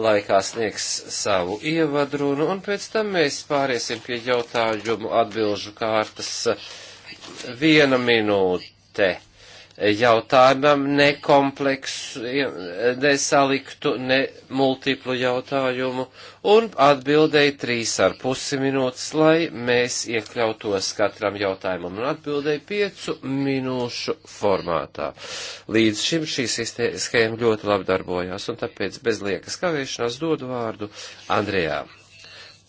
laikā sniegs savu ievadrunu, un pēc tam mēs pāriesim pie jautājumu atbilžu kārtas viena minūte jautājumam, ne kompleksu, nesaliktu, ne multiplu jautājumu, un atbildēja trīs ar pusi minūtes, lai mēs iekļautos katram jautājumam, un atbildēja piecu minūšu formātā. Līdz šim šī schēma ļoti labi darbojās, un tāpēc bez liekas kavēšanās dodu vārdu Andrejā.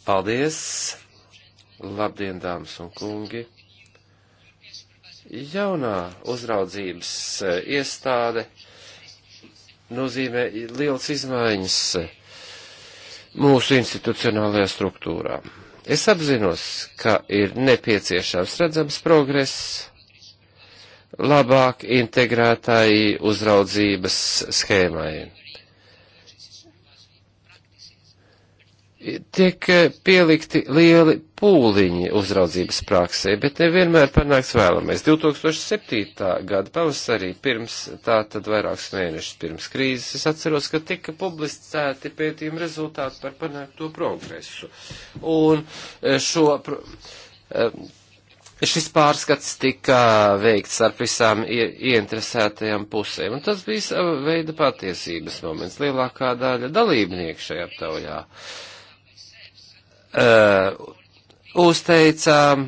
Paldies! Labdien, dāmas un kungi! Jaunā uzraudzības e, iestāde nozīmē liels izmaiņas e, mūsu institucionālajā struktūrā. Es apzinos, ka ir nepieciešams redzams progress, labāk integrētāji uzraudzības schēmai. tiek eh, pielikti lieli pūliņi uzraudzības praksē, bet nevienmēr panāks vēlamais. 2007. gada pavasarī, pirms tā tad vairākus mēnešus pirms krīzes, es atceros, ka tika publicēti pētījuma rezultāti par panākto progresu. Un eh, šo, eh, šis pārskats tika veikts ar visām ieinteresētajām pusēm, un tas bija sava veida patiesības moments. Lielākā daļa dalībnieku šajā aptaujā. Uh, uh, uzteicām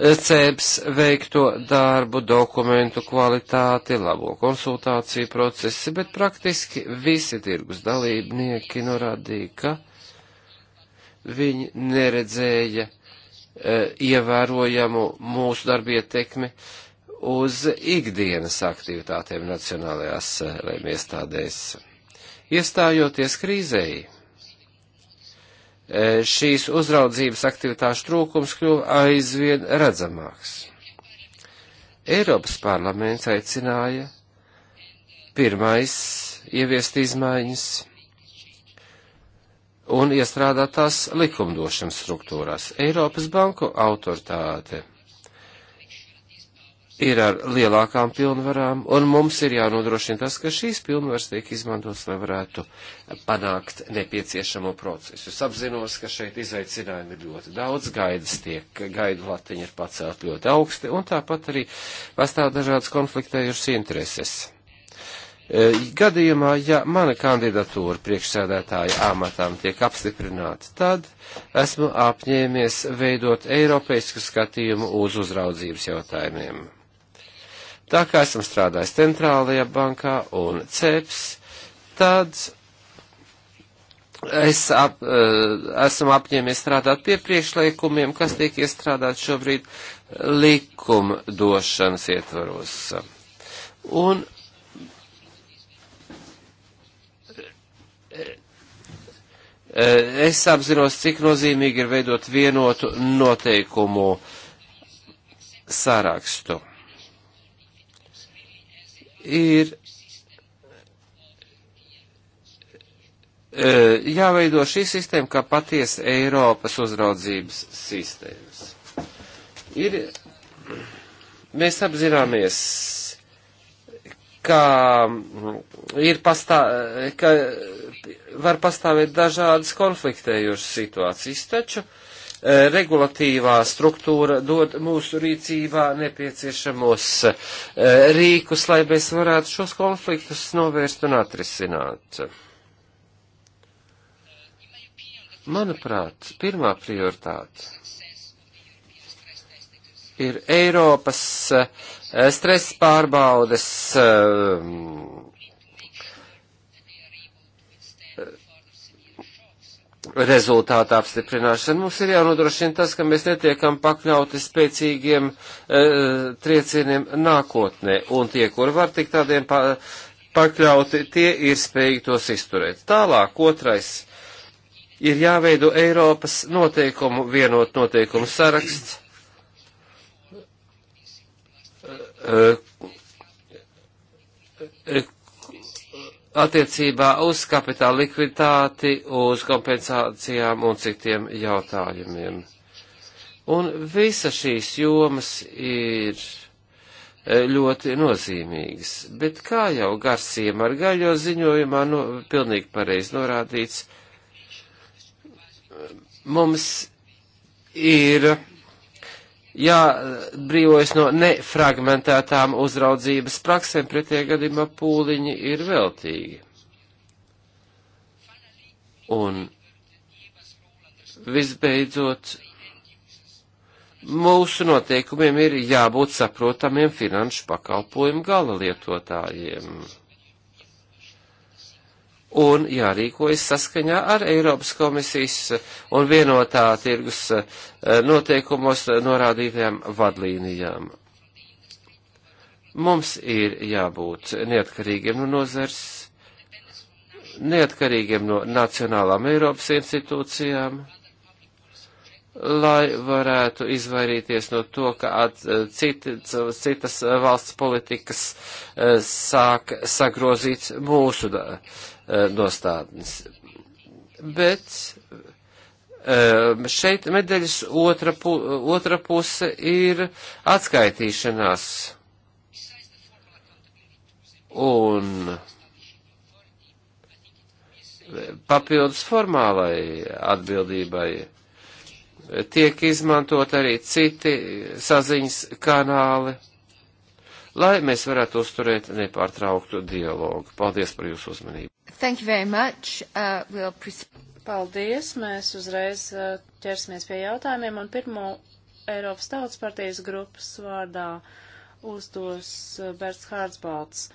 uh, CEPS veikto darbu, dokumentu kvalitāti, labo konsultāciju procesi, bet praktiski visi tirgus dalībnieki norādīja, ka viņi neredzēja e, ievērojamu mūsu darbu ietekmi uz ikdienas aktivitātēm nacionālajās uh, lēmiestādēs. Iestājoties krīzēji, E, šīs uzraudzības aktivitāšu trūkums kļuva aizvien redzamāks. Eiropas parlaments aicināja pirmais ieviest izmaiņas un iestrādāt tās likumdošanas struktūrās. Eiropas banku autoritāte ir ar lielākām pilnvarām, un mums ir jānodrošina tas, ka šīs pilnvaras tiek izmantotas, lai varētu panākt nepieciešamo procesu. Es apzinos, ka šeit izaicinājumi ir ļoti daudz, gaidas tiek, gaidu latiņi ir pacelt ļoti augsti, un tāpat arī pastāv dažādas konfliktējušas intereses. E, gadījumā, ja mana kandidatūra priekšsēdētāja amatām tiek apstiprināta, tad esmu apņēmies veidot eiropeisku skatījumu uz uzraudzības jautājumiem Tā kā esam strādājis centrālajā bankā un CEPS, tad es ap, eh, esmu apņēmies strādāt pie priekšlaikumiem, kas tiek iestrādāt šobrīd likumdošanas ietvaros. Un es apzinos, cik nozīmīgi ir veidot vienotu noteikumu sarakstu ir eh, jāveido šī sistēma kā patiesa Eiropas uzraudzības sistēmas. Ir, mēs apzināmies, ka ir pastā, ka var pastāvēt dažādas konfliktējošas situācijas, taču uh, Eh, regulatīvā struktūra dod mūsu rīcībā nepieciešamos eh, rīkus, lai mēs varētu šos konfliktus novērst un atrisināt. Manuprāt, pirmā prioritāte ir Eiropas eh, stresa pārbaudes rezultātu apstiprināšanu. Mums ir jānodrošina tas, ka mēs netiekam pakļauti spēcīgiem e, triecieniem nākotnē, un tie, kur var tik tādiem pa, pakļauti, tie ir spējīgi tos izturēt. Tālāk, otrais, ir jāveido Eiropas noteikumu, vienot noteikumu saraksts, e, e, attiecībā uz kapitāla likviditāti, uz kompensācijām un citiem jautājumiem. Un visa šīs jomas ir e, ļoti nozīmīgas, bet kā jau Garsiem ar gaļo ziņojumā no, pilnīgi pareizi norādīts, mums ir jābrīvojas no nefragmentētām uzraudzības praksēm, pretie gadījumā pūliņi ir veltīgi. Un visbeidzot, mūsu noteikumiem ir jābūt saprotamiem finanšu pakalpojumu gala lietotājiem un jārīkojas saskaņā ar Eiropas komisijas un vienotā tirgus eh, noteikumos norādītajām vadlīnijām. Mums ir jābūt neatkarīgiem no nozars, neatkarīgiem no nacionālām Eiropas institūcijām, lai varētu izvairīties no to, ka at, citi, citas valsts politikas eh, sāk sagrozīt mūsu da, Eh, nostādnes. Bet eh, šeit medaļas otra, pu, otra puse ir atskaitīšanās. Un papildus formālai atbildībai tiek izmantot arī citi saziņas kanāli lai mēs varētu uzturēt nepārtrauktu dialogu. Paldies par jūsu uzmanību. Thank you very much. Uh, we'll Paldies. Mēs uzreiz uh, ķersimies pie jautājumiem un pirmo Eiropas Tautas partijas grupas vārdā uzdos uh, Berts Hārdsbalts.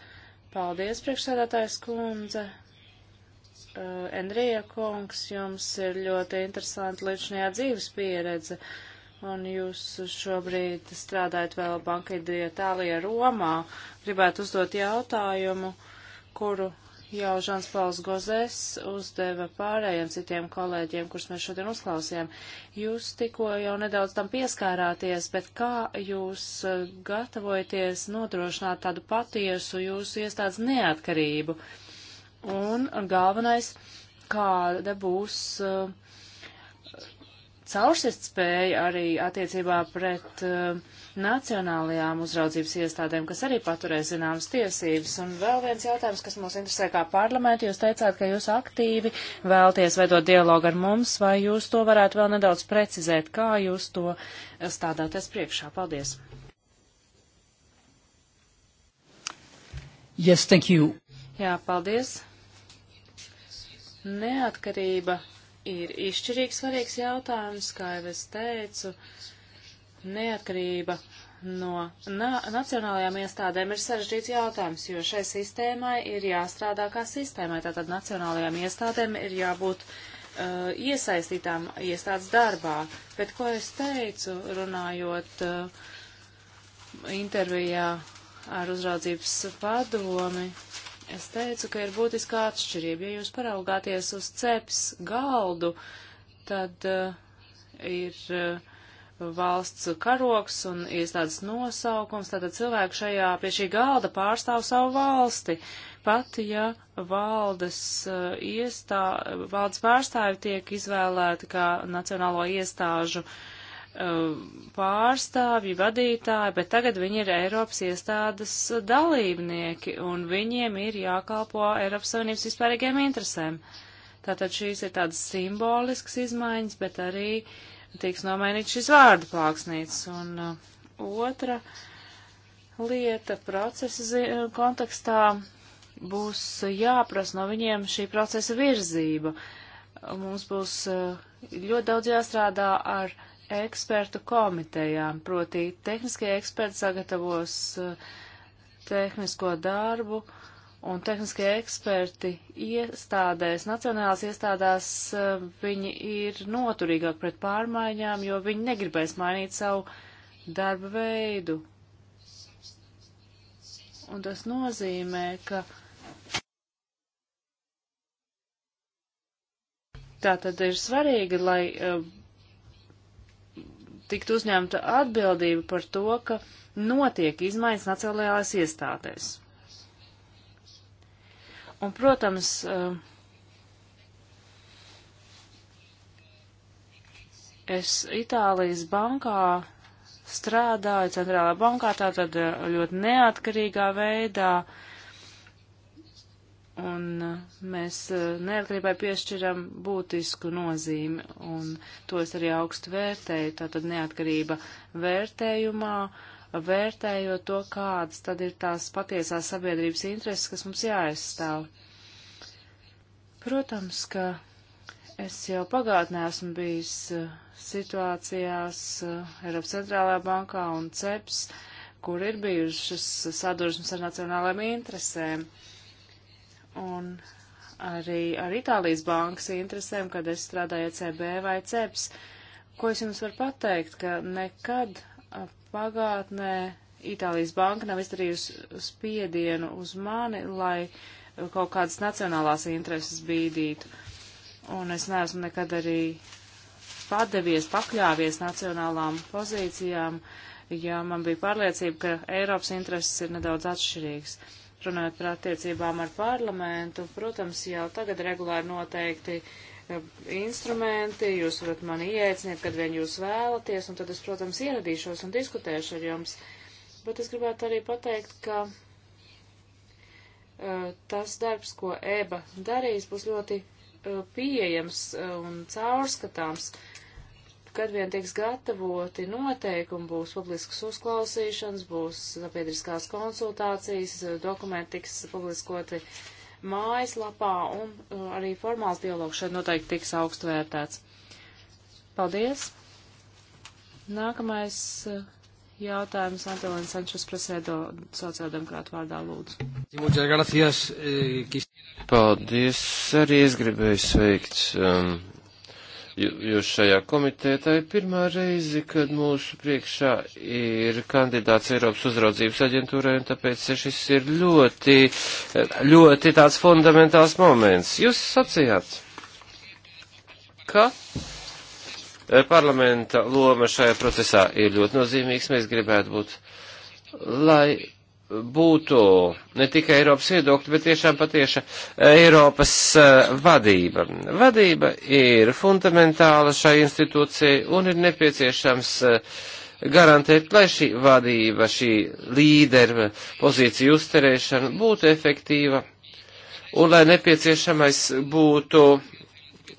Paldies, priekšsēdētājs kundze. Uh, Enrija kungs, jums ir ļoti interesanti līdz šajā dzīves pieredze. Uh, un jūs šobrīd strādājat vēl Banka Itālijā Romā. Gribētu uzdot jautājumu, kuru jau Žans Pauls Gozes uzdeva pārējiem citiem kolēģiem, kurus mēs šodien uzklausījām. Jūs tikko jau nedaudz tam pieskārāties, bet kā jūs eh, gatavojaties nodrošināt tādu patiesu jūsu iestādes neatkarību? Un, un galvenais, kāda būs uh, caursirdspēja arī attiecībā pret uh, nacionālajām uzraudzības iestādēm, kas arī paturēs zināmas tiesības. Un vēl viens jautājums, kas mūs interesē kā parlamentu, jūs teicāt, ka jūs aktīvi vēlties veidot dialogu ar mums, vai jūs to varētu vēl nedaudz precizēt, kā jūs to stādāties priekšā. Paldies! Yes, thank you. Jā, paldies. Neatkarība ir izšķirīgs svarīgs jautājums, kā jau es teicu, neatkarība no na nacionālajām iestādēm ir sarežģīts jautājums, jo šai sistēmai ir jāstrādā kā sistēmai, tātad nacionālajām iestādēm ir jābūt uh, iesaistītām iestādes darbā. Bet, ko es teicu, runājot uh, intervijā ar uzraudzības padomi, Es teicu, ka ir būtiska atšķirība. Ja jūs paraugāties uz ceps galdu, tad uh, ir uh, valsts karoks un iestādes nosaukums, tātad cilvēki šajā pie šī galda pārstāv savu valsti. Pat ja valdes, uh, iestā, valdes pārstāvi tiek izvēlēti kā nacionālo iestāžu uh, Uh, pārstāvji, vadītāji, bet tagad viņi ir Eiropas iestādes dalībnieki, un viņiem ir jākalpo Eiropas Savienības vispārīgiem interesēm. Tātad šīs ir tādas simboliskas izmaiņas, bet arī tiks nomainīts šis vārdu plāksnīts. Un uh, otra lieta procesa kontekstā būs jāprasa no viņiem šī procesa virzība. Mums būs uh, ļoti daudz jāstrādā ar uh, ekspertu komitejām, proti tehniskie eksperti sagatavos eh, tehnisko darbu, un tehniskie eksperti iestādēs, nacionālās iestādās, eh, viņi ir noturīgāk pret pārmaiņām, jo viņi negribēs mainīt savu darba veidu. Un tas nozīmē, ka tā tad ir svarīgi, lai eh, tikt uzņemta atbildība par to, ka notiek izmaiņas nacionālajās iestādēs. Un, protams, eh, es Itālijas bankā strādāju, centrālā bankā, tātad eh, ļoti neatkarīgā veidā, uh, un uh, mēs uh, neatkarībai piešķiram būtisku nozīmi, un to es arī augstu vērtēju, tātad neatkarība vērtējumā, vērtējot to, kādas tad ir tās patiesās sabiedrības intereses, kas mums jāaizstāv. Protams, ka es jau pagātnē esmu bijis uh, situācijās Eiropas centrālajā bankā un CEPS, kur ir bijušas sadursmes ar nacionālajām interesēm. Uh, un arī ar Itālijas bankas interesēm, kad es strādāju ECB vai CEPS. Ko es jums varu pateikt, ka nekad pagātnē Itālijas banka nav izdarījusi spiedienu uz mani, lai kaut kādas nacionālās intereses bīdītu. Un es neesmu nekad arī padevies, pakļāvies nacionālām pozīcijām, ja man bija pārliecība, ka Eiropas intereses ir nedaudz atšķirīgas. Uh, runājot par attiecībām ar parlamentu, protams, jau tagad regulāri noteikti eh, instrumenti, jūs varat mani ieaicināt, kad vien jūs vēlaties, un tad es, protams, ieradīšos un diskutēšu ar jums. Bet es gribētu arī pateikt, ka uh, tas darbs, ko EBA darīs, būs ļoti uh, pieejams uh, un caurskatāms. Uh, kad vien tiks gatavoti noteikumi, būs publiskas uzklausīšanas, būs sabiedriskās konsultācijas, dokumenti tiks publiskoti mājaslapā un uh, arī formāls dialogs šeit noteikti tiks augstu vērtēts. Paldies! Nākamais uh, jautājums Antolīna Sančes Prasēdo sociāldemokrātu vārdā lūdzu. Eh, Paldies! Arī es gribēju sveikt um, jūs šajā komitētā ir pirmā reize, kad mūsu priekšā ir kandidāts Eiropas uzraudzības aģentūrai, un tāpēc šis ir ļoti, ļoti tāds fundamentāls moments. Jūs sacījāt, ka parlamenta loma šajā procesā ir ļoti nozīmīgs. Mēs gribētu būt, lai būtu ne tikai Eiropas viedokļi, bet tiešām patieša Eiropas eh, vadība. Vadība ir fundamentāla šai institūcijai un ir nepieciešams eh, garantēt, lai šī vadība, šī līdera pozīcija uzturēšana būtu efektīva un lai nepieciešamais būtu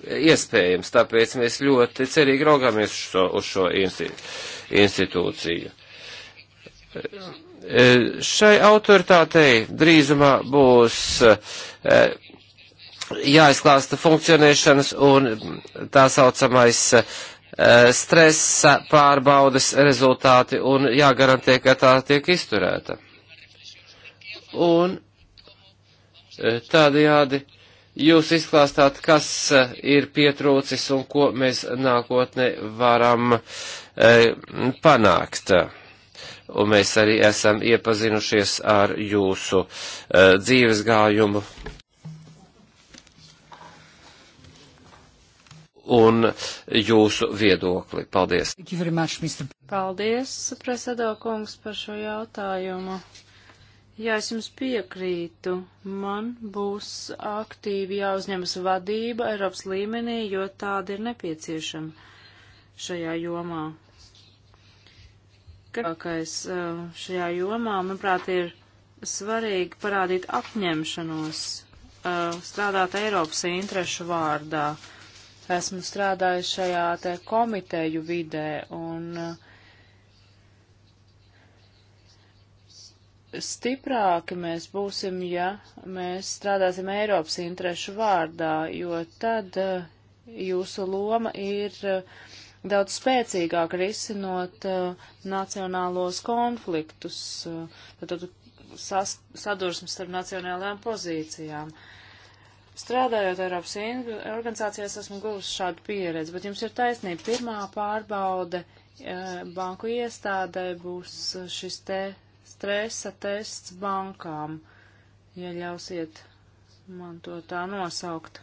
iespējams. Tāpēc mēs ļoti cerīgi raugāmies uz šo, uz šo institūciju. E, šai autoritātei drīzumā būs e, jāizklāsta funkcionēšanas un tā saucamais e, stresa pārbaudes rezultāti un jāgarantē, ka tā tiek izturēta. Un tādajādi jūs izklāstāt, kas ir pietrūcis un ko mēs nākotnē varam panākt un mēs arī esam iepazinušies ar jūsu uh, dzīves gājumu. Un jūsu viedokli. Paldies. Much, Paldies, Presedo kungs, par šo jautājumu. Jā, es jums piekrītu. Man būs aktīvi jāuzņemas vadība Eiropas līmenī, jo tāda ir nepieciešama šajā jomā. Kākais uh, šajā jomā, manuprāt, ir svarīgi parādīt apņemšanos uh, strādāt Eiropas interešu vārdā. Esmu strādājis šajā te komiteju vidē un uh, stiprāki mēs būsim, ja mēs strādāsim Eiropas interešu vārdā, jo tad jūsu loma ir uh, daudz spēcīgāk risinot uh, nacionālos konfliktus, uh, tad sas, sadursmes starp nacionālajām pozīcijām. Strādājot Eiropas organizācijās, esmu guvis šādu pieredzi, bet jums ir taisnība. Pirmā pārbaude uh, banku iestādē būs uh, šis te stresa tests bankām, ja ļausiet man to tā nosaukt.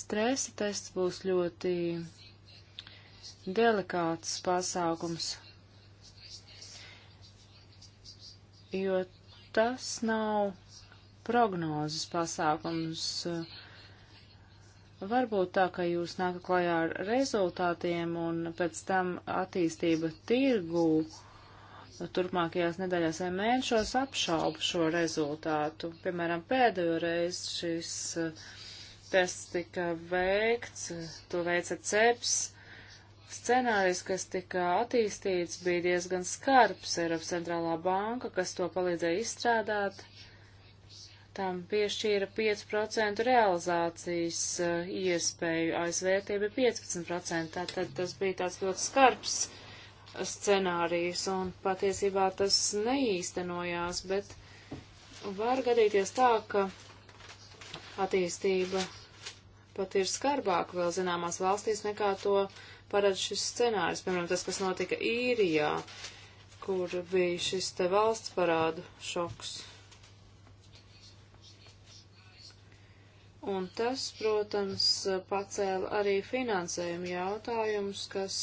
Stresa tests būs ļoti delikāts pasākums, jo tas nav prognozes pasākums. Varbūt tā, ka jūs nākat klajā ar rezultātiem un pēc tam attīstība tirgū turpmākajās nedēļās vai mēnešos apšauba šo rezultātu. Piemēram, pēdējo reizi šis tests tika veikts, to veica CEPS. Scenārijs, kas tika attīstīts, bija diezgan skarbs. Eiropas centrālā banka, kas to palīdzēja izstrādāt, tam piešķīra 5% realizācijas uh, iespēju, ASV tie bija 15%, tātad tas bija tāds ļoti skarbs scenārijs, un patiesībā tas neīstenojās, bet var gadīties tā, ka attīstība pat ir skarbāk vēl zināmās valstīs nekā to paredz šis scenārijs. Piemēram, tas, kas notika īrijā, kur bija šis te valsts parādu šoks. Un tas, protams, pacēla arī finansējumu jautājumus, kas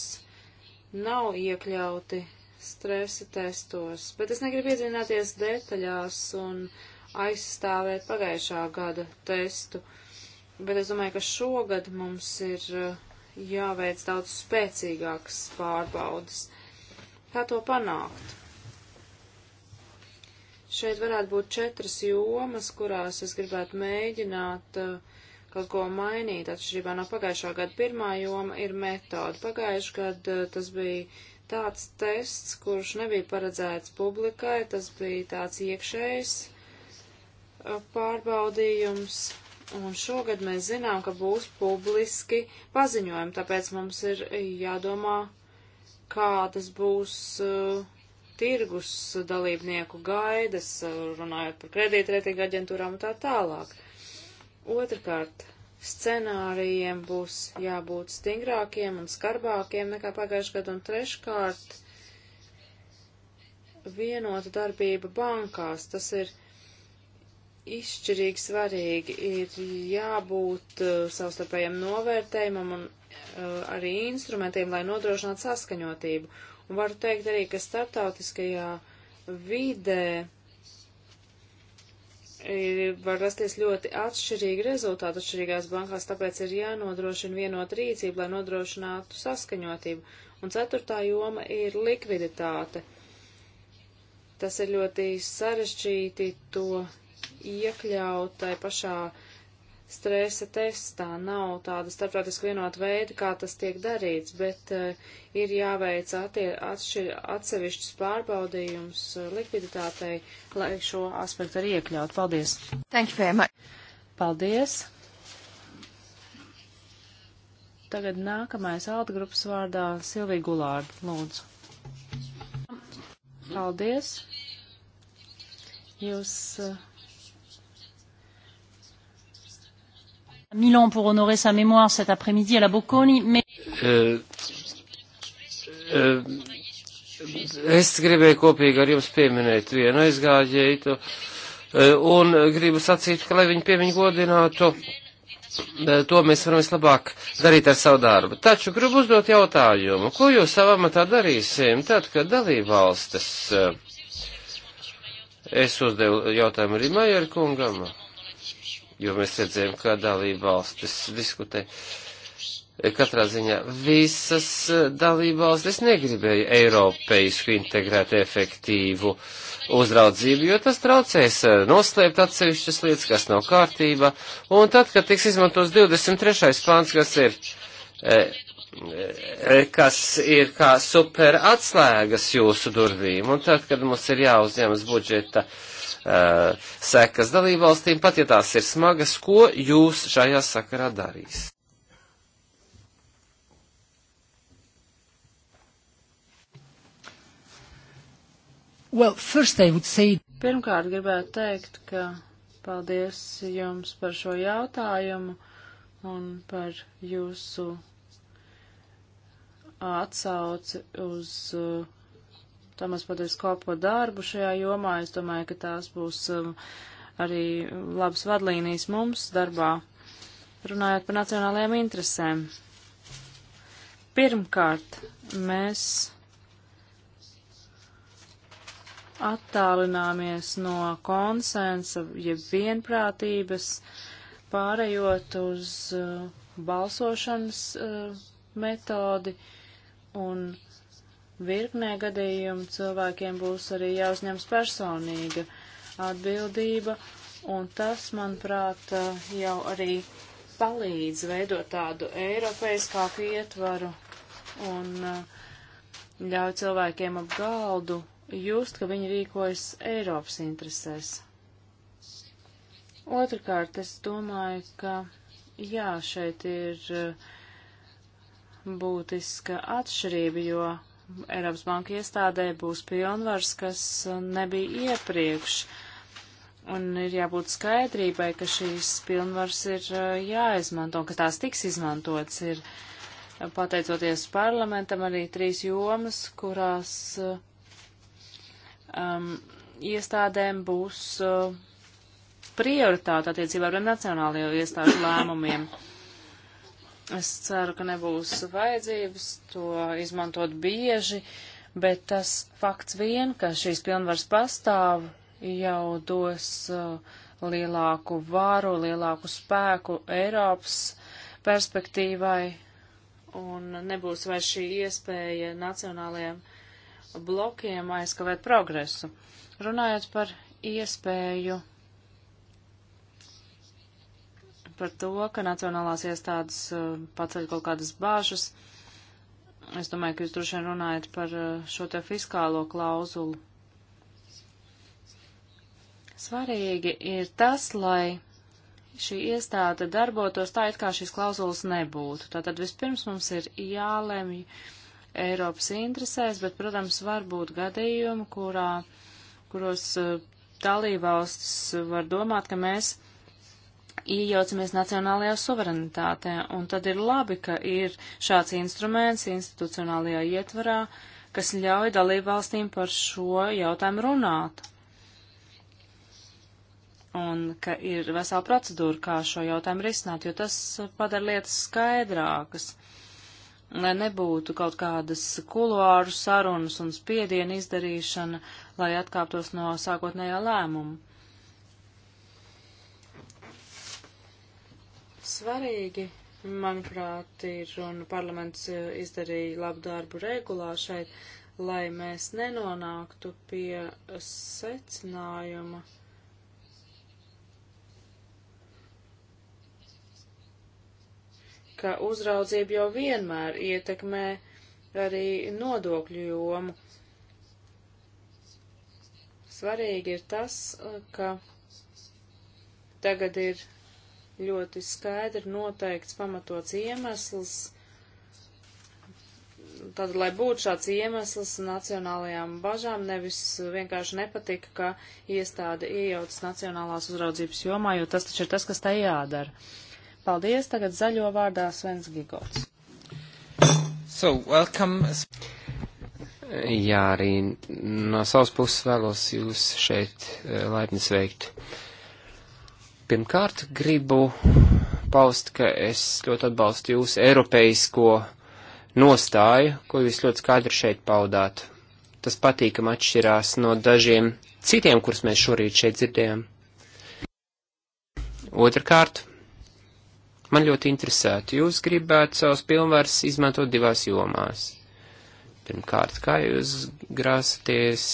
nav iekļauti stresa testos. Bet es negribu iedzināties detaļās un aizstāvēt pagājušā gada testu. Uh, bet es domāju, ka šogad mums ir eh, jāveic daudz spēcīgākas pārbaudas. Kā to panākt? Šeit varētu būt četras jomas, kurās es gribētu mēģināt eh, kaut ko mainīt. Atšķirībā no pagājušā gada pirmā joma ir metode. Pagājušā gada eh, tas bija tāds tests, kurš nebija paredzēts publikai, tas bija tāds iekšējs pārbaudījums, Un šogad mēs zinām, ka būs publiski paziņojumi, tāpēc mums ir jādomā, kādas būs uh, tirgus dalībnieku gaidas, uh, runājot par kredītreitīgu aģentūrām un tā tālāk. Otrakārt, scenārijiem būs jābūt stingrākiem un skarbākiem nekā pagājušajā gadā, un treškārt, vienota darbība bankās, tas ir izšķirīgi svarīgi. Ir jābūt uh, savstarpējiem novērtējumam un uh, arī instrumentiem, lai nodrošinātu saskaņotību. Un varu teikt arī, ka starptautiskajā vidē ir, var rasties ļoti atšķirīgi rezultāti atšķirīgās bankās, tāpēc ir jānodrošina vienot rīcību, lai nodrošinātu saskaņotību. Un ceturtā joma ir likviditāte. Tas ir ļoti sarežģīti to iekļautai pašā stresa testā. Nav tāda starptautiski vienota veida, kā tas tiek darīts, bet uh, ir jāveic attie, atšķir, atsevišķus pārbaudījumus uh, eh, likviditātei, lai šo aspektu arī iekļaut. Paldies! Thank you very much! Paldies! Tagad nākamais alta grupas vārdā Silvija Gulārda, lūdzu. Paldies! Jūs uh, Milan pour honorer sa mémoire cet après-midi à la Bocconi. Mais... Uh, uh, es gribēju kopīgi ar jums pieminēt vienu aizgājēju, eh, un gribu sacīt, ka, lai viņi piemiņu godinātu, to mēs varam vislabāk darīt ar savu darbu. Taču gribu uzdot jautājumu, ko jūs savā matā darīsim tad, kad dalībvalstis. Es uzdevu jautājumu arī Majer kungam jo mēs redzējām, kā dalība valstis diskutē. Katrā ziņā visas dalība valstis negribēja eiropeisku integrētu efektīvu uzraudzību, jo tas traucēs noslēpt atsevišķas lietas, kas nav kārtībā. Un tad, kad tiks izmantos 23. pāns, kas ir e, e, kas ir kā super atslēgas jūsu durvīm. Un tad, kad mums ir jāuzņemas budžeta uh, uh, sekas dalībvalstīm, pat ja tās ir smagas, ko jūs šajā sakarā darīs? Well, first I would say... Pirmkārt gribētu teikt, ka paldies jums par šo jautājumu un par jūsu atsauci uz uh, Tomas Padars kopo darbu šajā jomā. Es domāju, ka tās būs um, arī labas vadlīnijas mums darbā, runājot par nacionālajām interesēm. Pirmkārt, mēs attālināmies no konsensa, jeb ja vienprātības, pārējot uz uh, balsošanas uh, metodi un Virknē gadījumu cilvēkiem būs arī jāuzņems personīga atbildība, un tas, manuprāt, jau arī palīdz veidot tādu eiropeiskāku ietvaru un uh, ļauj cilvēkiem ap galdu just, ka viņi rīkojas Eiropas interesēs. Otrakārt, es domāju, ka jā, šeit ir uh, būtiska atšķirība, jo Eiropas Banka iestādē būs pilnvars, kas uh, nebija iepriekš. Un ir jābūt skaidrībai, ka šīs pilnvars ir uh, jāizmanto un ka tās tiks izmantots. Ir uh, pateicoties parlamentam arī trīs jomas, kurās um, iestādēm būs uh, prioritāte attiecībā ar nacionālajiem iestāžu lēmumiem. Uh, Es ceru, ka nebūs vajadzības to izmantot bieži, bet tas fakts vien, ka šīs pilnvaras pastāv, jau dos uh, lielāku varu, lielāku spēku Eiropas perspektīvai, un nebūs vairs šī iespēja nacionālajiem blokiem aizkavēt progresu. Runājot par iespēju par to, ka nacionālās iestādes eh, paceļ kaut kādas bāžas. Es domāju, ka jūs droši vien runājat par eh, šo te fiskālo klauzulu. Svarīgi ir tas, lai šī iestāde darbotos tā, it kā šīs klauzulas nebūtu. Tātad vispirms mums ir jālemj Eiropas interesēs, bet, protams, var būt gadījumi, kurā, kuros eh, dalībvalstis var domāt, ka mēs iejaucamies nacionālajā suverenitātē, un tad ir labi, ka ir šāds instruments institucionālajā ietvarā, kas ļauj dalībvalstīm par šo jautājumu runāt. Un ka ir vesela procedūra, kā šo jautājumu risināt, jo tas padara lietas skaidrākas, lai nebūtu kaut kādas kuluāru sarunas un spiedienu izdarīšana, lai atkāptos no sākotnējā lēmuma. Svarīgi, manuprāt, ir, un parlaments e, izdarīja labu darbu regulā šeit, lai mēs nenonāktu pie secinājuma, ka uzraudzība jau vienmēr ietekmē arī nodokļu jomu. Svarīgi ir tas, e, ka tagad ir ļoti skaidri noteikts pamatots iemesls, tad, lai būtu šāds iemesls nacionālajām bažām, nevis vienkārši nepatika, ka iestāde iejaucas nacionālās uzraudzības jomā, jo tas taču ir tas, kas tā jādara. Paldies, tagad zaļo vārdā Svens Gigots. So, welcome. Jā, arī no savas puses vēlos jūs šeit eh, laipni sveikt. Uh, Pirmkārt, gribu paust, ka es ļoti atbalstu jūsu eiropeisko nostāju, ko jūs ļoti skaidri šeit paudāt. Tas patīkam atšķirās no dažiem citiem, kurus mēs šorīt šeit dzirdējām. Otrakārt, man ļoti interesētu, jūs gribētu savus pilnvars izmantot divās jomās. Pirmkārt, kā jūs grāsaties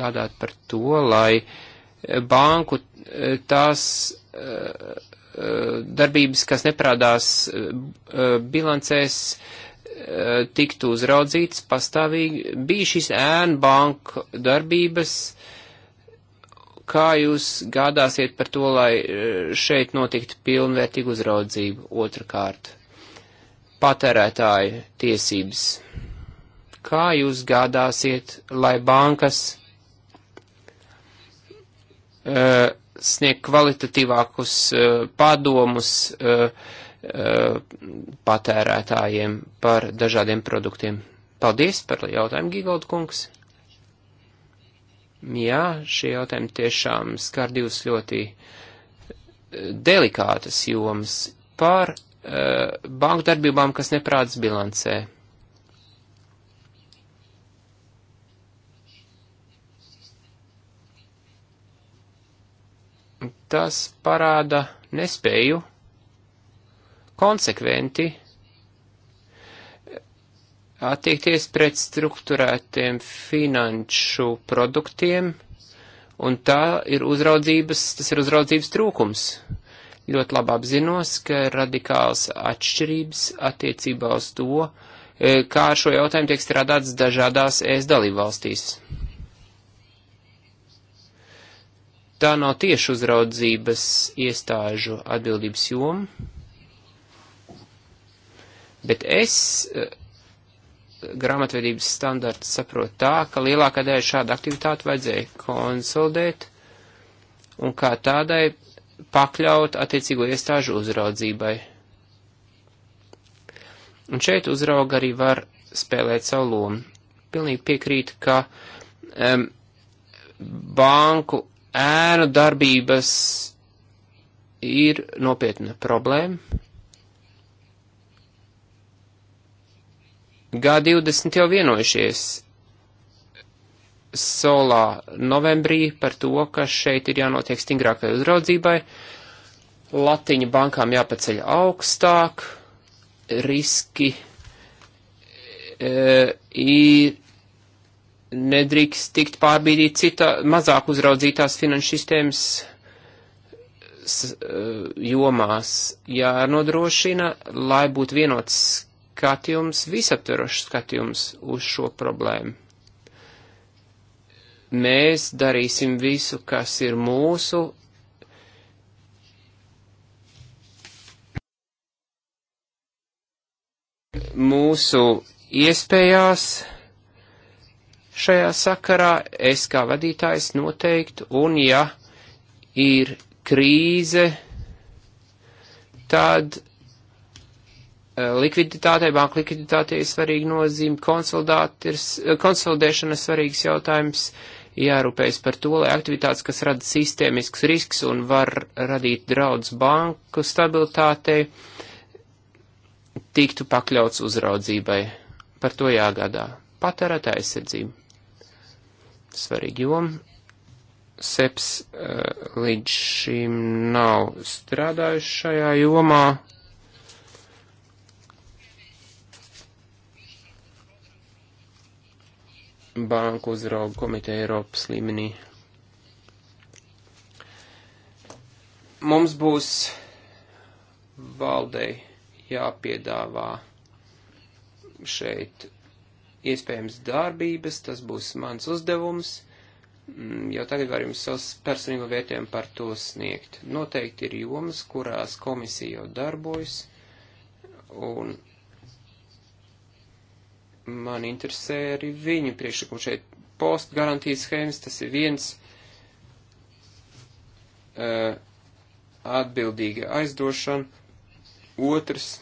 gādāt par to, lai banku eh, tās Eh, eh, darbības, kas neprādās eh, bilancēs, tiktu uzraudzītas pastāvīgi. Bija šis ēnu banku darbības, kā jūs gādāsiet par to, lai šeit notiktu pilnvērtīga uzraudzība otrkārt? Patērētāju tiesības. Kā jūs gādāsiet, lai bankas uh, sniegt kvalitatīvākus eh, padomus eh, eh, patērētājiem par dažādiem produktiem. Paldies par jautājumu, Gigold kungs. Jā, šie jautājumi tiešām skar divas ļoti delikātas jomas par uh, banku darbībām, kas neprātas bilancē. Uh, tas parāda nespēju konsekventi attiekties pret struktūrētiem finanšu produktiem, un tā ir uzraudzības, tas ir uzraudzības trūkums. Ļoti labi apzinos, ka ir radikāls atšķirības attiecībā uz to, e, kā ar šo jautājumu tiek strādāts dažādās ES dalībvalstīs. tā nav tieši uzraudzības iestāžu atbildības joma, bet es eh, grāmatvedības standartu saprotu tā, ka lielākā daļa šāda aktivitāte vajadzēja konsolidēt un kā tādai pakļaut attiecīgo iestāžu uzraudzībai. Un šeit uzrauga arī var spēlēt savu lomu. Pilnīgi piekrīt, ka um, banku ēnu darbības ir nopietna problēma. G20 jau vienojušies solā novembrī par to, ka šeit ir jānotiek stingrākai uzraudzībai, latiņu bankām jāpaceļ augstāk, riski e, ir nedrīkst tikt pārbīdīt cita, mazāk uzraudzītās finanšu sistēmas eh, jomās jānodrošina, lai būtu vienots skatījums, visaptverošs skatījums uz šo problēmu. Mēs darīsim visu, kas ir mūsu mūsu iespējās šajā sakarā, es kā vadītājs noteikti, un ja ir krīze, tad eh, likviditātei, banka likviditātei ir svarīga nozīme, eh, konsolidēšana svarīgs jautājums, jārūpējas par to, lai aktivitātes, kas rada sistēmisks risks un var radīt draudz banku stabilitātei, tiktu pakļauts uzraudzībai. Par to jāgādā. Patērētāja aizsardzība svarīga joma. SEPS uh, līdz šim nav strādājuši šajā jomā. Banku uzrauga komiteja Eiropas līmenī. Mums būs valdei jāpiedāvā šeit iespējams darbības, tas būs mans uzdevums, mm, jau tagad var jums savus personīgo vērtējumu par to sniegt. Noteikti ir jomas, kurās komisija jau darbojas, un man interesē arī viņu priekšlikumu šeit postgarantijas schēmas, tas ir viens uh, atbildīga aizdošana, otrs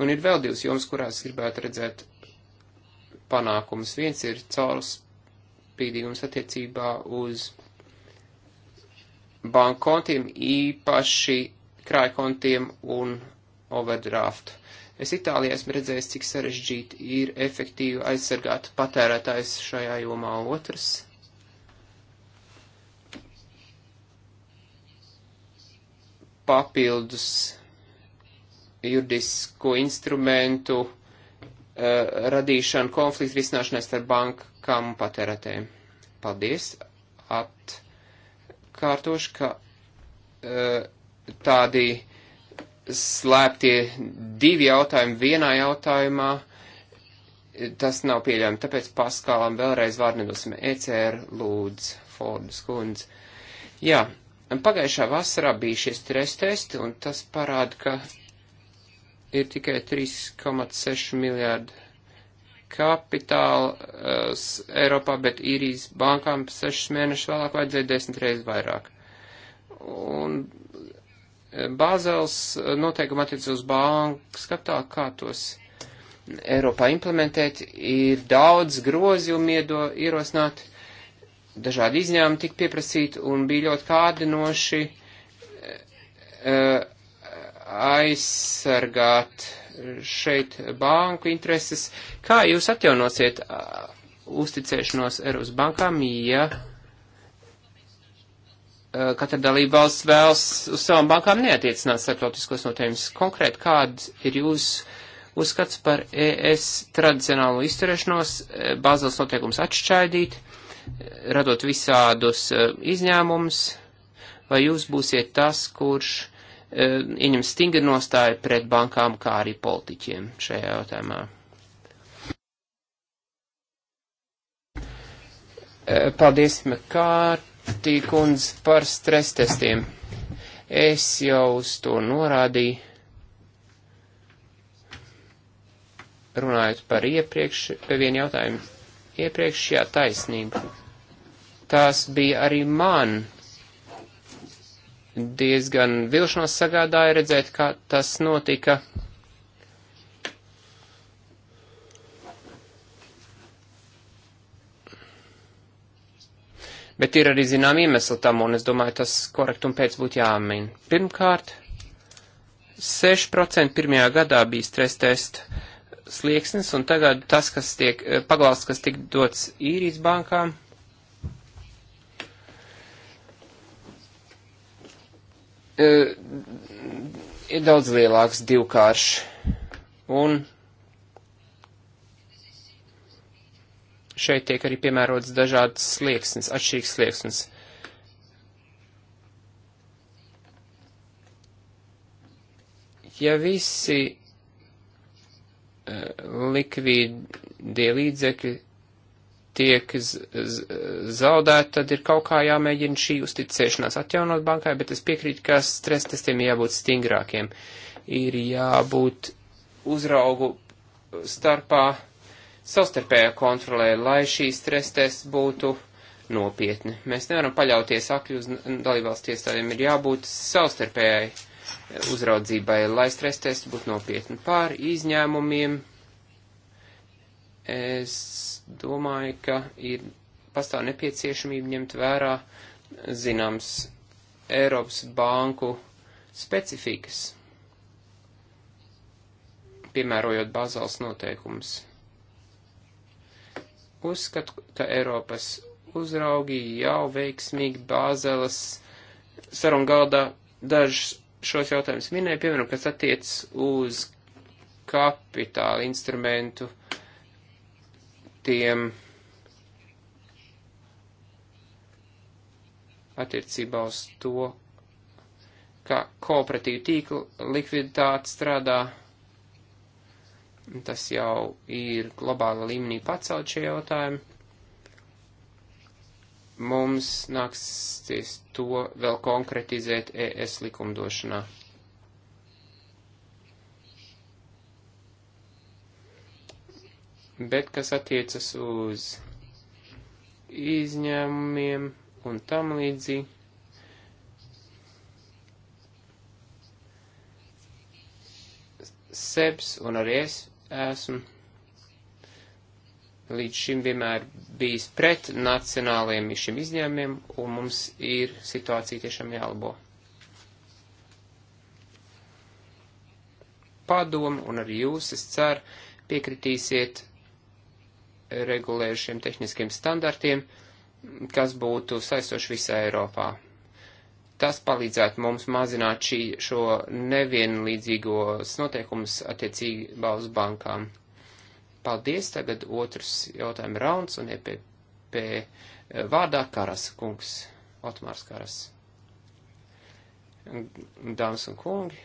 Un ir vēl divas jomas, kurās gribētu redzēt panākumus. Viens ir caurspīdīgums attiecībā uz bankkontiem, īpaši krājkontiem un overdraftu. Es Itālijā esmu redzējis, cik sarežģīti ir efektīvi aizsargāt patērētājs šajā jomā otrs. Papildus juridisko instrumentu uh, radīšanu konfliktu risināšanai starp bankām un patērētēm. Paldies! Atkārtošu, ka uh, tādi slēptie divi jautājumi vienā jautājumā, eh, tas nav pieļaujami. Tāpēc paskālam vēlreiz vārdu nedosim. ECR lūdz, Fordas kundze. Jā, pagājušā vasarā bija šie stres testi, un tas parāda, ka ir tikai 3,6 miljārdi kapitāla uh, Eiropā, bet īrijas bankām 6 mēnešus vēlāk vajadzēja 10 reizes vairāk. Un eh, Bāzels eh, noteikumi attiec uz banku skatā, kā tos Eiropā implementēt, ir daudz grozījumi ierosināt, dažādi izņēmumi tika pieprasīti un bija ļoti kārdinoši. Uh, aizsargāt šeit banku intereses. Kā jūs atjaunosiet uzticēšanos Eiropas bankām, ja katra dalība valsts vēlas uz savām bankām neatiecināt starptautiskos noteikumus? Konkrēti, kāds ir jūsu uzskats par ES tradicionālo izturēšanos, bāzels noteikums atšķaidīt, radot visādus izņēmumus, vai jūs būsiet tas, kurš uh, E, ieņem stingri nostāju pret bankām, kā arī politiķiem šajā jautājumā. E, paldies, Mekārtī kundz, par stres testiem. Es jau uz to norādīju, runājot par iepriekš, vienu jautājumu. Iepriekšējā taisnība. Tās bija arī man diezgan vilšanos sagādāja redzēt, kā tas notika. Bet ir arī zinām iemesli tam, un es domāju, tas korekt un pēc būtu jāmin. Pirmkārt, 6% pirmajā gadā bija stres testa slieksnis, un tagad tas, kas tiek eh, paglāsts, kas tiek dots īrijas bankām, 0,5% Eh, ir daudz lielāks divkāršs. Un šeit tiek arī piemērots dažādas slieksnes, atšķirīgs slieksnes. Ja visi eh, likvīdie līdzekļi tiek zaudēta, tad ir kaut kā jāmēģina šī uzticēšanās atjaunot bankai, bet es piekrītu, ka stres testiem jābūt stingrākiem. Ir jābūt uzraugu starpā savstarpējā kontrolē, lai šī stres tests būtu nopietni. Mēs nevaram paļauties akļu uz dalībvalstu iestādēm, ir jābūt savstarpējai uzraudzībai, lai stres tests būtu nopietni. Pār izņēmumiem es domāju, ka ir pastāv nepieciešamība ņemt vērā zināms Eiropas banku specifikas, piemērojot bazāls noteikumus. Uzskatu, ka Eiropas uzraugi jau veiksmīgi bāzeles sarungaldā dažus šos jautājumus minēja, piemēram, kas attiec uz kapitāla instrumentu tiem attiecībā uz to, ka kooperatīva tīkla likviditāte strādā. Tas jau ir globāla līmenī pacelt šie jautājumi. Mums nāksies to vēl konkretizēt ES likumdošanā. bet kas attiecas uz izņēmumiem un tam līdzīgi. Sebs un arī es esmu līdz šim vienmēr bijis pret nacionāliem šiem izņēmumiem, un mums ir situācija tiešām jālabo. Padomu un arī jūs, es ceru, piekritīsiet regulējušiem tehniskiem standartiem, kas būtu saistoši visā Eiropā. Tas palīdzētu mums mazināt šī, šo nevienlīdzīgos noteikumus attiecībā uz bankām. Paldies, tagad otrs jautājuma rauns un EPP eh, vārdā Karas kungs, Otmārs Karas. Dāmas un kungi,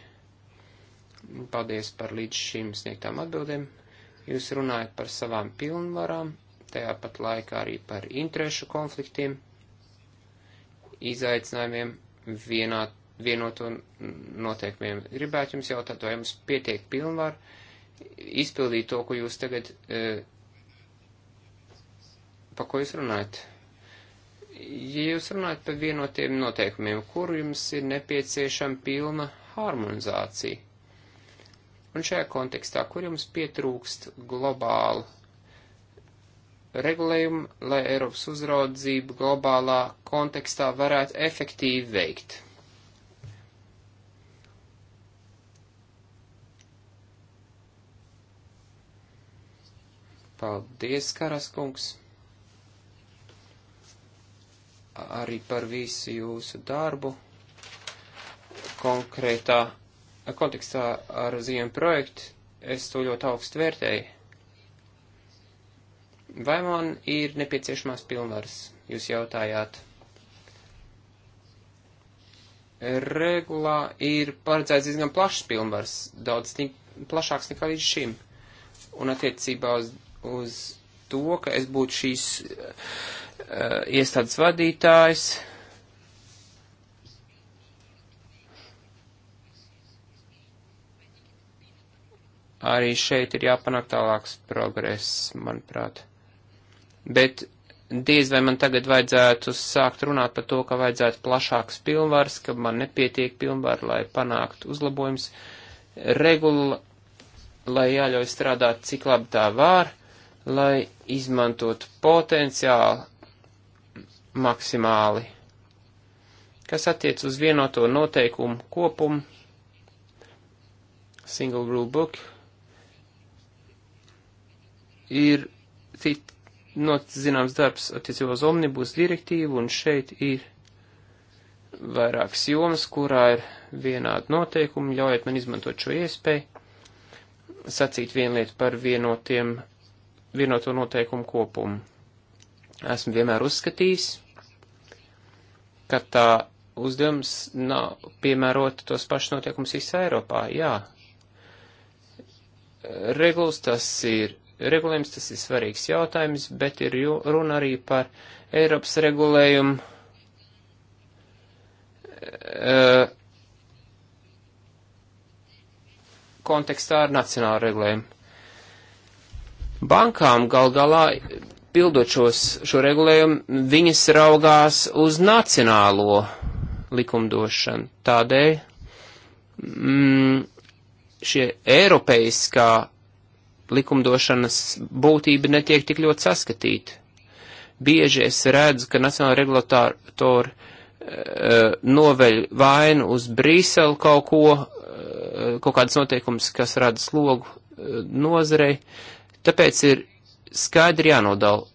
paldies par līdz šim sniegtām atbildēm. Jūs runājat par savām pilnvarām, tajā pat laikā arī par interešu konfliktiem, izaicinājumiem, vienā, vienoto noteikumiem. Gribētu jums jautāt, vai jums pietiek pilnvar izpildīt to, ko jūs tagad, e, pa ko jūs runājat? Ja jūs runājat par vienotiem noteikumiem, kur jums ir nepieciešama pilna harmonizācija? Un šajā kontekstā, kur jums pietrūkst globālu regulējumu, lai Eiropas uzraudzību globālā kontekstā varētu efektīvi veikt? Paldies, Karaskungs, arī par visu jūsu darbu konkrētā kontekstā ar ziemu projektu es to ļoti augstu vērtēju. Vai man ir nepieciešamās pilnvaras, jūs jautājāt? Regulā ir paredzēts diezgan plašs pilnvars, daudz plašāks nekā līdz šim. Un attiecībā uz, uz to, ka es būtu šīs uh, iestādes vadītājs, uh, Arī šeit ir jāpanāk tālāks progress, manuprāt. Bet diez vai man tagad vajadzētu sākt runāt par to, ka vajadzētu plašāks pilnvars, ka man nepietiek pilnvaru, lai panāktu uzlabojums. Regula, lai jāļauj strādāt, cik labi tā var, lai izmantot potenciāli maksimāli. Kas attiec uz vienoto noteikumu kopumu, single rule book, ir noticis zināms darbs attiecībā uz omnibus direktīvu, un šeit ir vairākas jomas, kurā ir vienādi noteikumi, ļaujiet man izmantot šo iespēju sacīt vienu lietu par vienotiem, vienoto noteikumu kopumu. Esmu vienmēr uzskatījis, ka tā uzdevums nav piemērot tos pašus noteikumus visā Eiropā. Jā, regulas tas ir regulējums, tas ir svarīgs jautājums, bet ir runa arī par Eiropas regulējumu. Uh, kontekstā ar nacionālu regulējumu. Bankām gal galā, pildot šos, šo regulējumu, viņas raugās uz nacionālo likumdošanu. Tādēļ mm, šie eiropeiskā likumdošanas būtība netiek tik ļoti saskatīta. Bieži es redzu, ka nacionāla regulatori uh, eh, noveļ vainu uz Brīseli kaut ko, uh, kaut kādas noteikumas, kas rada slogu uh, nozarei. Tāpēc ir skaidri jānodala,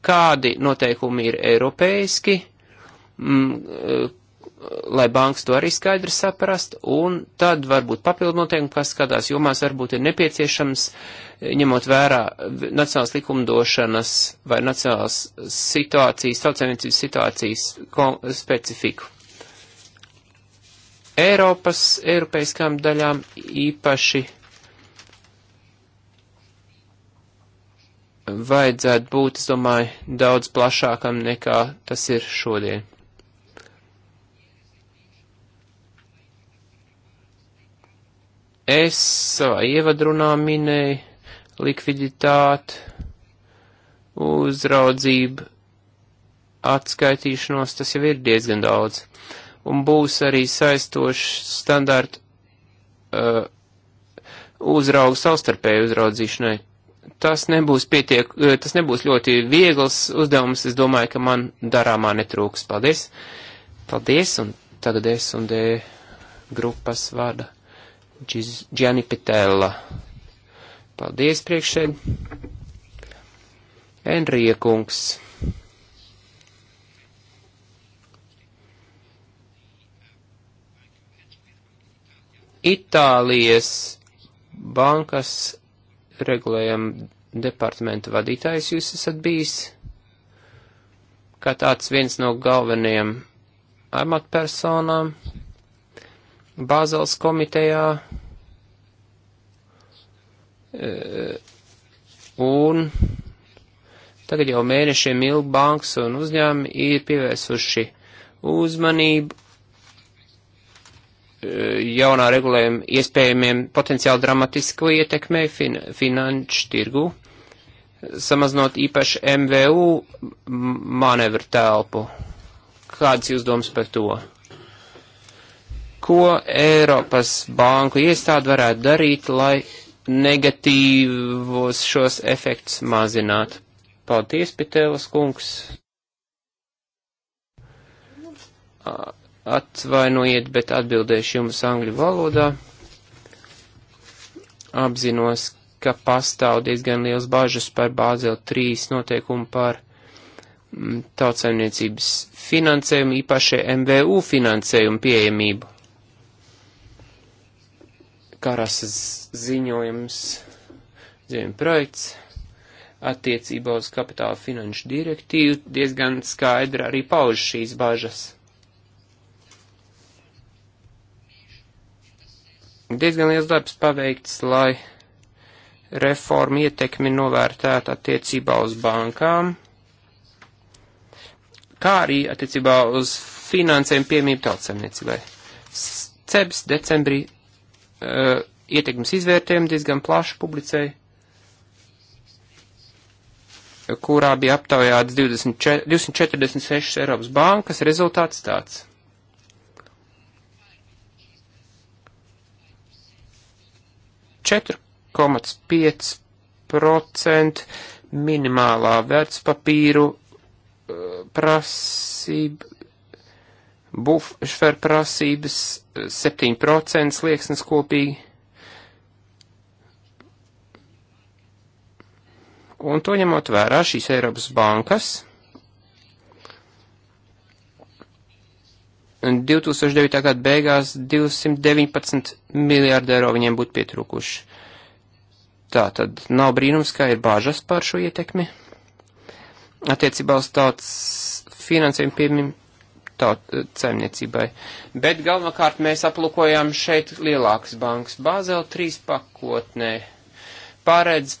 kādi noteikumi ir eiropeiski, mm, lai banks to arī skaidri saprast, un tad varbūt papildu noteikumi, kas kādās jomās varbūt ir nepieciešams, ņemot vērā nacionālas likumdošanas vai nacionālas situācijas, tautsēmniecības situācijas specifiku. Eiropas, Eiropeiskām daļām īpaši vajadzētu būt, es domāju, daudz plašākam nekā tas ir šodien. Es savā ievadrunā minēju likviditāti, uzraudzību, atskaitīšanos, tas jau ir diezgan daudz. Un būs arī saistoši standarti uh, uzraugu savstarpēju uzraudzīšanai. Tas nebūs, pietiek, uh, tas nebūs ļoti viegls uzdevums, es domāju, ka man darāmā netrūks. Paldies! Paldies, un tagad es un D grupas vada. Gianni Pitella. Paldies priekšēd. Enrija kungs. Itālijas bankas regulējuma departamenta vadītājs jūs esat bijis, kā tāds viens no galvenajiem amatpersonām. Bāzels komitejā e, un tagad jau mēnešiem ilgi bankas un uzņēmumi ir pievērsuši uzmanību e, jaunā regulējuma iespējamiem potenciāli dramatisko ietekmei fin finanšu tirgu, samaznot īpaši MVU manevru telpu. Kādas jūs domas par to? ko Eiropas banku iestādi varētu darīt, lai negatīvos šos efektus mazinātu. Paldies, Pitēlas kungs. Atvainojiet, bet atbildēšu jums angļu valodā. Apzinos, ka pastāv diezgan liels bažas par Bāzeli 3 noteikumu par mm, tautsaimniecības finansējumu, īpaši MVU finansējumu pieejamību. Karasas ziņojums, ziņojuma projekts attiecībā uz kapitāla finanšu direktīvu diezgan skaidri arī pauž šīs bažas. Diezgan liels darbs paveikts, lai reforma ietekmi novērtētu attiecībā uz bankām, kā arī attiecībā uz finansēm piemību tautsemniecībai. CEBS decembrī uh, ietekmes izvērtējumu diezgan plašu publicēja, kurā bija aptaujāts 24, 246 Eiropas bankas rezultāts tāds. Četru 0,5% minimālā vērtspapīru eh, prasība, buferprasības 7% liekas kopīgi. Un to ņemot vērā šīs Eiropas bankas 2009. gada beigās 219 miljārdu eiro viņiem būtu pietrūkuši. Tā tad nav brīnums, ka ir bāžas pār šo ietekmi. Attiecībā uz tāds finansējumu taut saimniecībai. Bet galvenokārt mēs aplūkojam šeit lielākas bankas. Bāzel 3 pakotnē paredz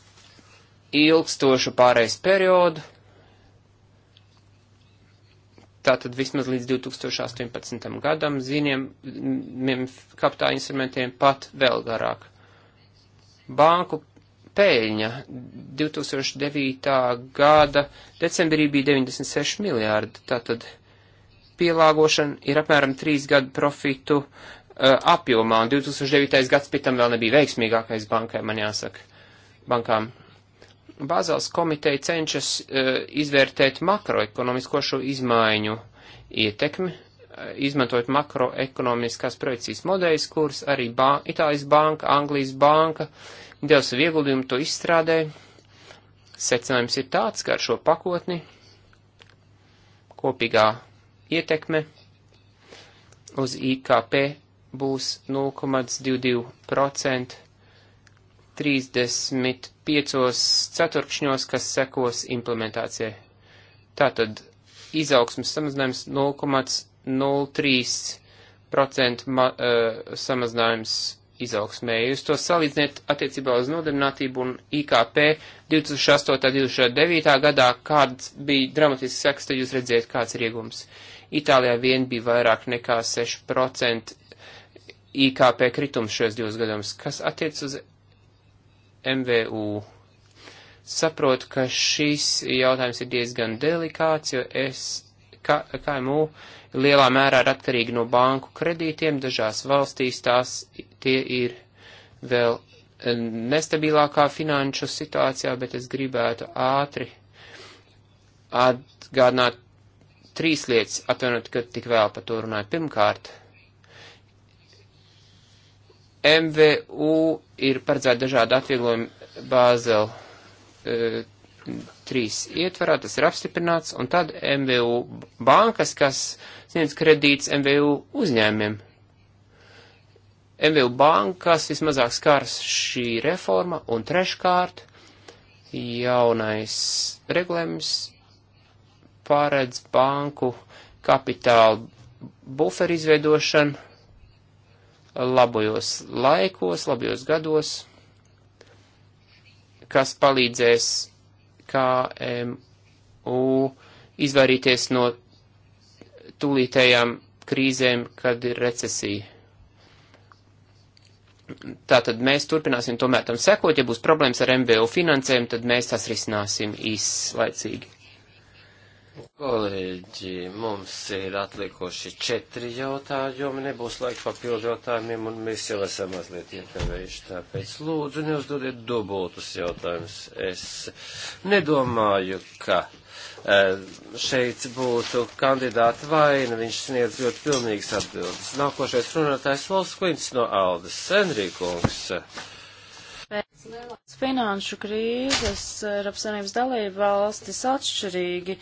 ilgstošu pārējais periodu, tātad vismaz līdz 2018. gadam ziniem kapitāla instrumentiem pat vēl garāk. Banku pēļņa 2009. gada decembrī bija 96 miljārdi, tātad pielāgošana ir apmēram 3 gadu profitu uh, apjomā, un 2009. gads pēc tam vēl nebija veiksmīgākais bankai, man jāsaka, bankām. Bāzels komiteja cenšas uh, izvērtēt makroekonomisko šo izmaiņu ietekmi, uh, izmantojot makroekonomiskās projekcijas modeļus, kuras arī ba Itālijas banka, Anglijas banka deva savu ieguldījumu to izstrādē. Secinājums ir tāds, ka ar šo pakotni kopīgā ietekme uz IKP būs 0,22% 35 ceturkšņos, kas sekos implementācijai. Tātad izaugsmas samazinājums 0,03% ma, uh, samazinājums izaugsmē. Jūs to salīdziniet attiecībā uz nodarbinātību un IKP 2008. 2009. gadā, kāds bija dramatisks seks, tad jūs redzējat, kāds ir iegums. Uh, Itālijā vien bija vairāk nekā 6% IKP kritums šajos divos gados, kas attiec uz MVU. Saprotu, ka šis jautājums ir diezgan delikāts, jo es, ka, KMU lielā mērā ir atkarīgi no banku kredītiem, dažās valstīs tās tie ir vēl eh, nestabilākā finanšu situācijā, bet es gribētu ātri atgādināt trīs lietas, atvainot, ka tik vēl par to runāju. Pirmkārt, MVU ir paredzēta dažādi atvieglojumi Bāzel e, 3 ietvarā, tas ir apstiprināts, un tad MVU bankas, kas sniedz kredīts MVU uzņēmiem. MVU bankas vismazāk skars šī reforma, un treškārt jaunais regulējums pārēdz banku kapitālu buferu izveidošanu labojos laikos, labojos gados, kas palīdzēs KMU izvairīties no tūlītējām krīzēm, kad ir recesija. Tātad mēs turpināsim tomēr tam sekot, ja būs problēmas ar MVU finansēm, tad mēs tās risināsim īslaicīgi. Kolēģi, mums ir atlikuši četri jautājumi, nebūs laika papildu jautājumiem, un mēs jau esam mazliet iekavējuši, tāpēc lūdzu neuzdodiet dubultus jautājumus. Es nedomāju, ka e, šeit būtu kandidāta vaina, viņš sniedz ļoti pilnīgas atbildes. Nākošais runātājs Valsts Klints no Aldas Senrīkungs. Pēc lielās finanšu krīzes Eiropas Savienības dalība valstis atšķirīgi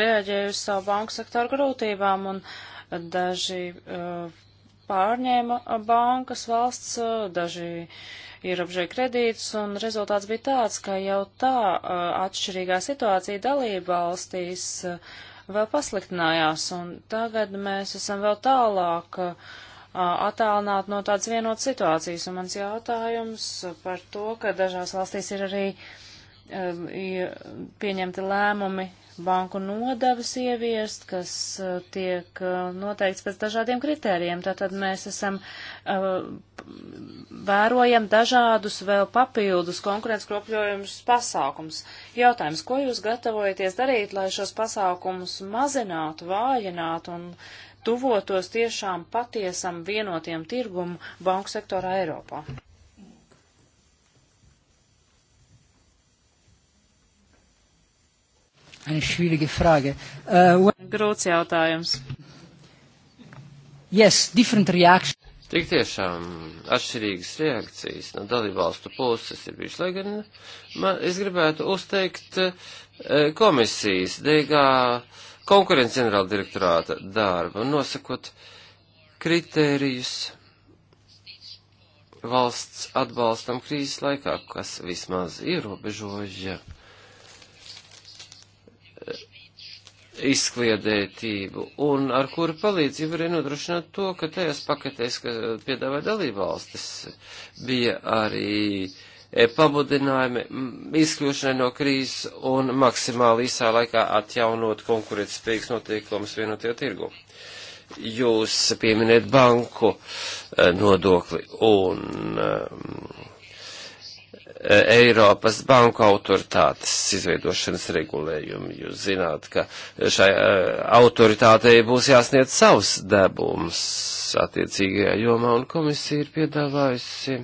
reaģēja uz savu banku sektoru grūtībām un daži uh, pārņēma bankas valsts, uh, daži ierobežoja kredītus, un rezultāts bija tāds, ka jau tā uh, atšķirīgā situācija dalība valstīs uh, vēl pasliktinājās, un tagad mēs esam vēl tālāk uh, attālināt no tādas vienotas situācijas. Un mans jautājums par to, ka dažās valstīs ir arī pieņemti lēmumi banku nodevas ieviest, kas tiek noteikts pēc dažādiem kritērijiem. Tātad mēs esam vērojam dažādus vēl papildus konkurences kropļojumus pasākums. Jautājums, ko jūs gatavojaties darīt, lai šos pasākumus mazinātu, vājinātu un uh, tuvotos tiešām patiesam vienotiem tirgumu banku sektorā Eiropā. Äh, Grūts jautājums. Yes, different reaction. Tik tiešām atšķirīgas reakcijas no dalībvalstu puses ir bijušas, lai gan man, es gribētu uzteikt äh, komisijas DG konkurences ģenerāla direktorāta darba, nosakot kritērijus valsts atbalstam krīzes laikā, kas vismaz ierobežoja eh, izkliedētību, un ar kuru palīdzību arī nodrošināt to, ka tajās paketēs, kas piedāvāja dalībvalstis, bija arī uh, E, pamudinājumi izkļūšanai no krīzes un maksimāli īsā laikā atjaunot konkurētspējīgas notiekumus vienotajā tirgu. Jūs pieminēt banku e, nodokli un e, Eiropas banku autoritātes izveidošanas regulējumu. Jūs zināt, ka šai autoritātei būs jāsniedz savs debums attiecīgajā jomā, un komisija ir piedāvājusi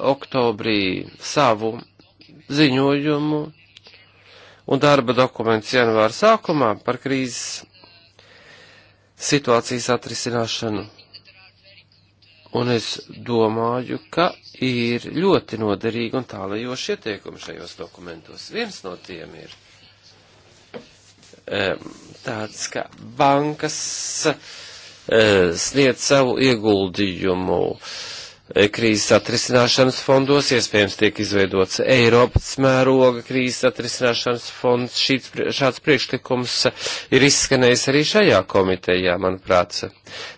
oktobrī savu ziņojumu un darba dokuments janvāra sākumā par krīzes situācijas atrisināšanu. Un es domāju, ka ir ļoti noderīgi un tālajoši ieteikumi šajos dokumentos. Viens no tiem ir tāds, ka bankas eh, sniedz savu ieguldījumu uh, E, krīzes atrisināšanas fondos, iespējams tiek izveidots Eiropas mēroga krīzes atrisināšanas fonds. Šīts, šāds priekšlikums ir izskanējis arī šajā komitejā, manuprāt.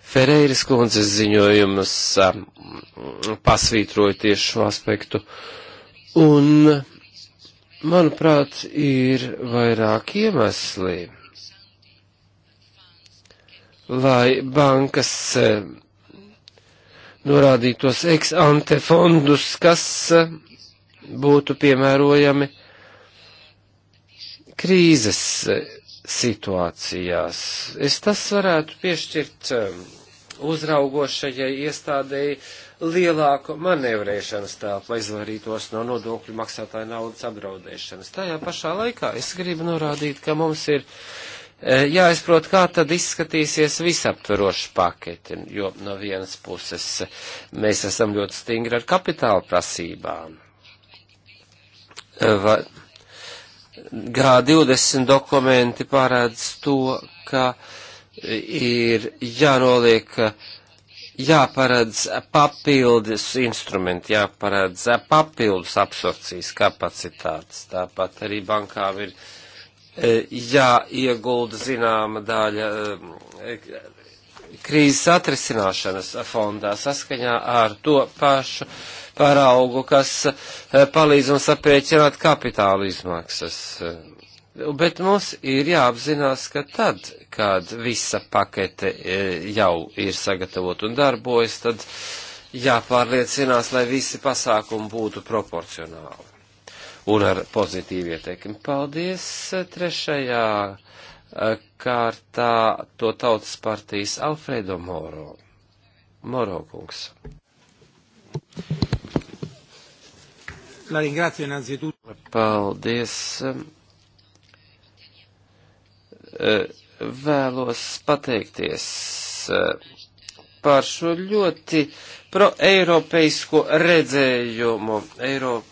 Ferreiras kundzes ziņojumus um, pasvītroja tieši šo aspektu. Un, manuprāt, ir vairāk iemesli, lai bankas um, norādītos ex ante fondus, kas eh, būtu piemērojami krīzes eh, situācijās. Es tas varētu piešķirt eh, uzraugošajai iestādēji lielāku manevrēšanas telpu, lai izvairītos no nodokļu maksātāju naudas apdraudēšanas. Tajā pašā laikā es gribu norādīt, ka mums ir E, jāizprot, kā tad izskatīsies visaptveroša pakete, jo no vienas puses mēs esam ļoti stingri ar kapitāla prasībām. E, va, G20 dokumenti parāds to, ka ir jānoliek, jāparedz papildus instrumenti, jāparedz papildus absorpcijas kapacitātes. Tāpat arī bankām ir uh, Eh, jāiegulda zināma daļa eh, krīzes atrisināšanas fondā saskaņā ar to pašu paraugu, kas eh, palīdz mums aprēķināt kapitāla izmaksas. Bet mums ir jāapzinās, ka tad, kad visa pakete jau ir sagatavot un darbojas, tad jāpārliecinās, lai visi pasākumi būtu proporcionāli un ar pozitīvu ieteikumu. Paldies! Eh, trešajā eh, kārtā to tautas partijas Alfredo Moro. Moro kungs. Paldies! Eh, vēlos pateikties par šo ļoti proeiropeisko redzējumu. Eiropa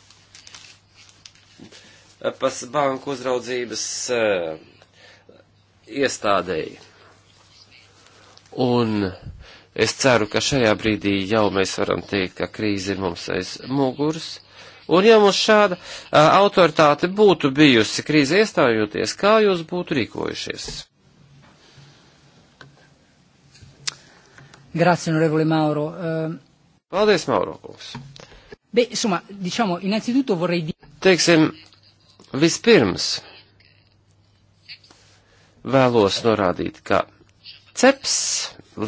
pas banku uzraudzības eh, iestādēji. Un es ceru, ka šajā brīdī jau mēs varam teikt, ka krīze ir mums aiz muguras. Un ja mums šāda a, eh, autoritāte būtu bijusi krīze iestājoties, kā jūs būtu rīkojušies? Grazie, onorevole Mauro. Eh, Paldies, Mauro kungs. Beh, insomma, diciamo, innanzitutto vorrei dire... Teiksim, Vispirms vēlos norādīt, ka ceps,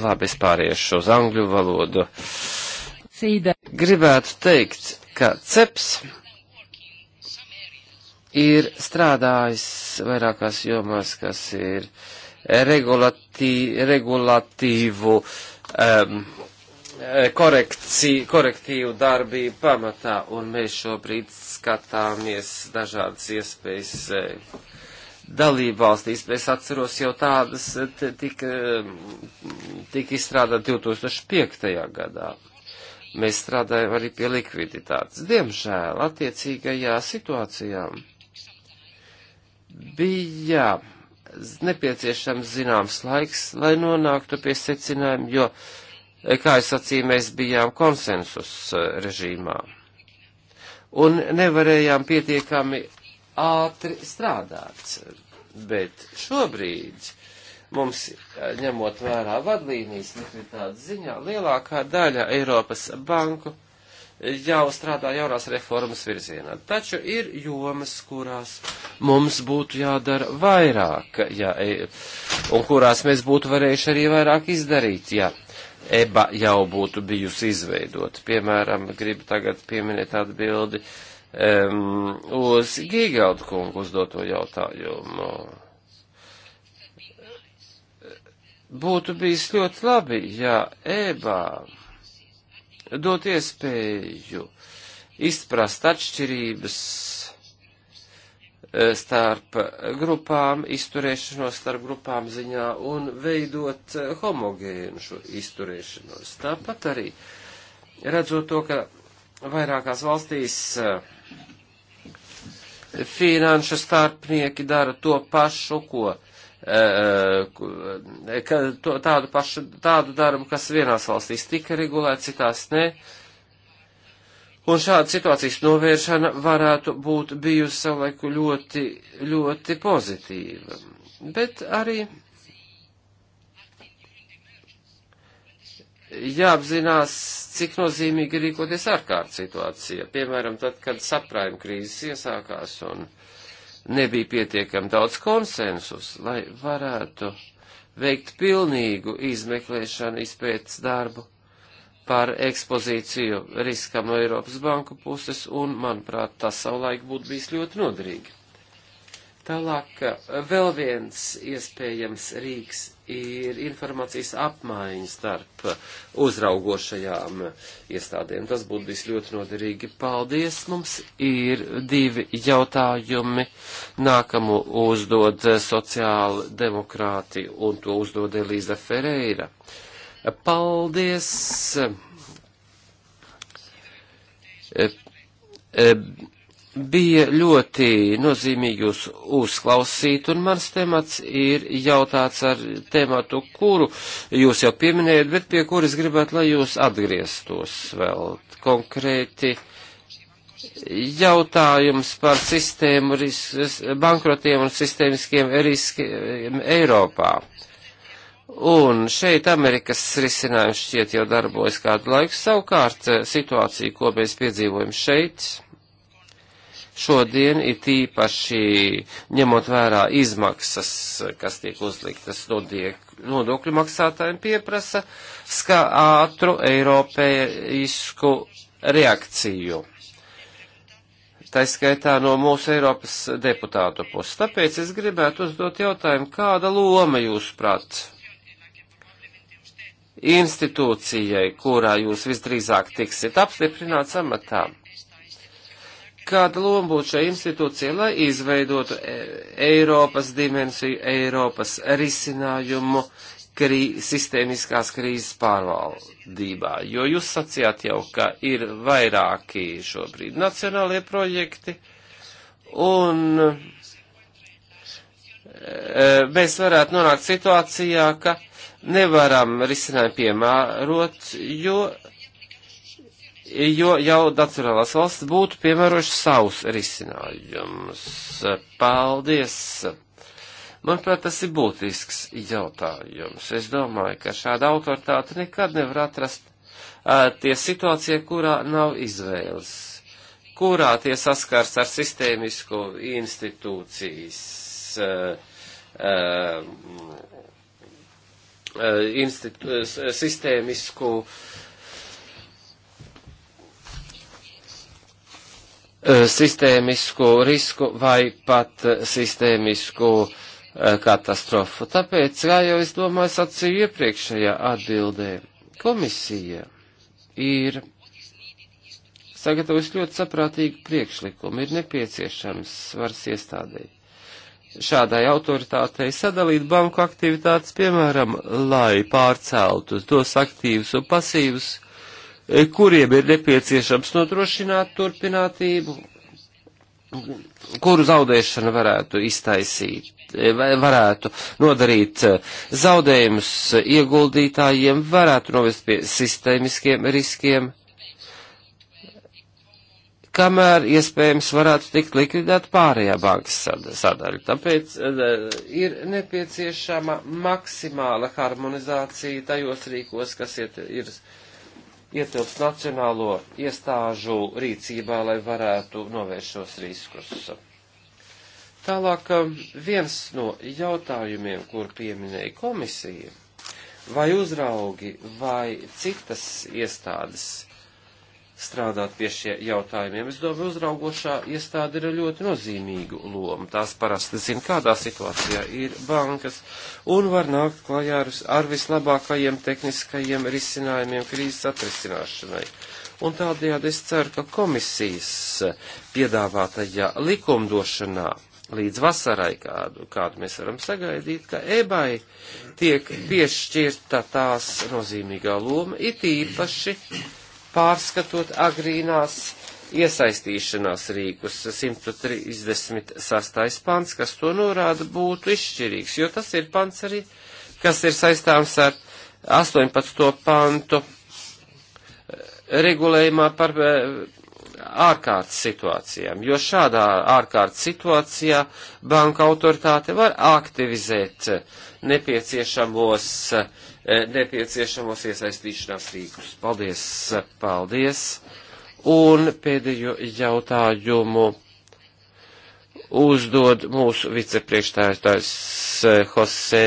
labi, es pāriešu uz angļu valodu. Cīda. Gribētu teikt, ka ceps ir strādājis vairākās jomās, kas ir regulatī, regulatīvu um, korekci, korektīvu darbību pamatā, un mēs šobrīd skatāmies dažādas iespējas eh, dalībvalstīs. Es atceros jau tādas tika, tika izstrādāt 2005. gadā. Mēs strādājam arī pie likviditātes. Diemžēl attiecīgajā situācijā bija nepieciešams zināms laiks, lai nonāktu pie secinājuma, jo uh, kā es sacīju, mēs bijām konsensus eh, režīmā un nevarējām pietiekami ātri strādāt. Bet šobrīd mums, eh, ņemot vērā vadlīnijas likviditātes ziņā, lielākā daļa Eiropas banku jau strādā jaunās reformas virzienā. Taču ir jomas, kurās mums būtu jādara vairāk, ja, e, un kurās mēs būtu varējuši arī vairāk izdarīt, ja EBA jau būtu bijusi izveidota. Piemēram, gribu tagad pieminēt atbildi um, uz Gīgaldu kungu uzdoto jautājumu. Būtu bijis ļoti labi, ja EBA dot iespēju izprast atšķirības starp grupām, izturēšanos starp grupām ziņā un veidot homogēnu šo izturēšanos. Tāpat arī redzot to, ka vairākās valstīs eh, finanšu starpnieki dara to pašu, ko eh, eh, ka, to, tādu pašu, tādu darbu, kas vienās valstīs tika regulēts, citās ne. Uh, Un šāda situācijas novēršana varētu būt bijusi savulaiku ļoti, ļoti pozitīva. Bet arī jāapzinās, cik nozīmīgi rīkoties ārkārtas situācijā. Piemēram, tad, kad saprājuma krīzes iesākās un nebija pietiekami daudz konsensus, lai varētu veikt pilnīgu izmeklēšanu, izpētes darbu par ekspozīciju riskam no Eiropas banku puses, un, manuprāt, tas savulaik būtu bijis ļoti noderīgi. Tālāk, vēl viens iespējams rīks ir informācijas apmaiņa starp uzraugošajām iestādēm. Tas būtu bijis ļoti noderīgi. Paldies! Mums ir divi jautājumi. Nākamu uzdod sociāla demokrāti un to uzdod Elīza Ferreira. Uh, Paldies! E, e, bija ļoti nozīmīgi jūs uzklausīt, un mans temats ir jautāts ar tēmatu, kuru jūs jau pieminējat, bet pie kuras gribētu, lai jūs atgrieztos vēl konkrēti. Jautājums par sistēmu, bankrotiem un sistēmiskiem riskiem Eiropā. Uh, Un šeit Amerikas risinājums šķiet jau darbojas kādu laiku. Savukārt eh, situācija, ko mēs piedzīvojam šeit, šodien ir tīpaši ņemot vērā izmaksas, kas tiek uzliktas nodiek, nodokļu maksātājiem, pieprasa skā ātru eiropeisku reakciju. Tā skaitā no mūsu Eiropas deputātu puses. Tāpēc es gribētu uzdot jautājumu, kāda loma jūs prāt institūcijai, kurā jūs visdrīzāk tiksiet apstiprināts amatā. Kāda loma būtu šai institūcijai, lai izveidotu e- Eiropas dimensiju, Eiropas risinājumu krī, sistēmiskās krīzes pārvaldībā? Jo jūs sacījāt jau, ka ir vairāki šobrīd nacionālie projekti un e, mēs varētu nonākt situācijā, ka nevaram risinājumu piemērot, jo, jo jau nacionālās valsts būtu piemērojuši savus risinājumus. Paldies! Manuprāt, tas ir būtisks jautājums. Es domāju, ka šāda autoritāte nekad nevar atrast uh, tie situācija, kurā nav izvēles, kurā tie saskars ar sistēmisko institūcijas. Uh, uh, Eh, institu, eh, sistēmisku eh, sistēmisku risku vai pat sistēmisku katastrofu. Tāpēc, kā jau es domāju, sacīju iepriekšējā atbildē, komisija ir sagatavojusi ļoti saprātīgu priekšlikumu. Ir nepieciešams svars iestādēji šādai autoritātei sadalīt banku aktivitātes, piemēram, lai pārceltu tos aktīvus un pasīvus, e, kuriem ir nepieciešams nodrošināt turpinātību, kuru zaudēšana varētu iztaisīt, e, varētu nodarīt e, zaudējumus ieguldītājiem, varētu novest pie sistēmiskiem riskiem kamēr iespējams varētu tikt likvidēta pārējā bankas sadaļa. Tāpēc e, ir nepieciešama maksimāla harmonizācija tajos rīkos, kas iet, ir ietilpst nacionālo iestāžu rīcībā, lai varētu novērst šos riskus. Tālāk e, viens no jautājumiem, kur pieminēja komisija, vai uzraugi vai citas iestādes strādāt pie šie jautājumiem. Es domāju, uzraugošā iestāde ir ļoti nozīmīgu lomu. Tās parasti zina, kādā situācijā ir bankas un var nākt klajā ar, ar vislabākajiem tehniskajiem risinājumiem krīzes atrisināšanai. Un tādējādi es ceru, ka komisijas piedāvātajā likumdošanā līdz vasarai, kādu, kādu mēs varam sagaidīt, ka ebai tiek piešķirta tās nozīmīgā loma, it īpaši pārskatot agrīnās iesaistīšanās rīkus. 136. pants, kas to norāda, būtu izšķirīgs, jo tas ir pants arī, kas ir saistāms ar 18. pantu eh, regulējumā par eh, ārkārtas situācijām, jo šādā ārkārtas situācijā banka autoritāte var aktivizēt eh, nepieciešamos uh, E, nepieciešamos iesaistīšanās rīkus. Paldies, e, paldies. Un pēdējo jautājumu uzdod mūsu vicepriekšstājotājs e, Jose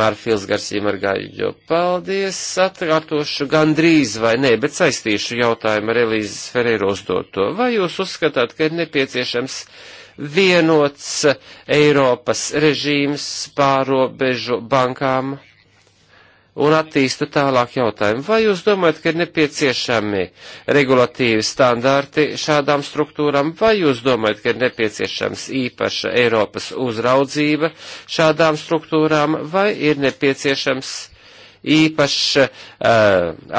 Marfils Garcija Margaļo. Paldies, atkārtošu gandrīz vai nē, bet saistīšu jautājumu ar Elīzes Ferēru uzdoto. Vai jūs uzskatāt, ka ir nepieciešams vienots Eiropas režīms pārobežu bankām? un attīstu tālāk jautājumu. Vai jūs domājat, ka ir nepieciešami regulatīvi standarti šādām struktūrām, vai jūs domājat, ka ir nepieciešams īpaša Eiropas uzraudzība šādām struktūrām, vai ir nepieciešams īpašs uh,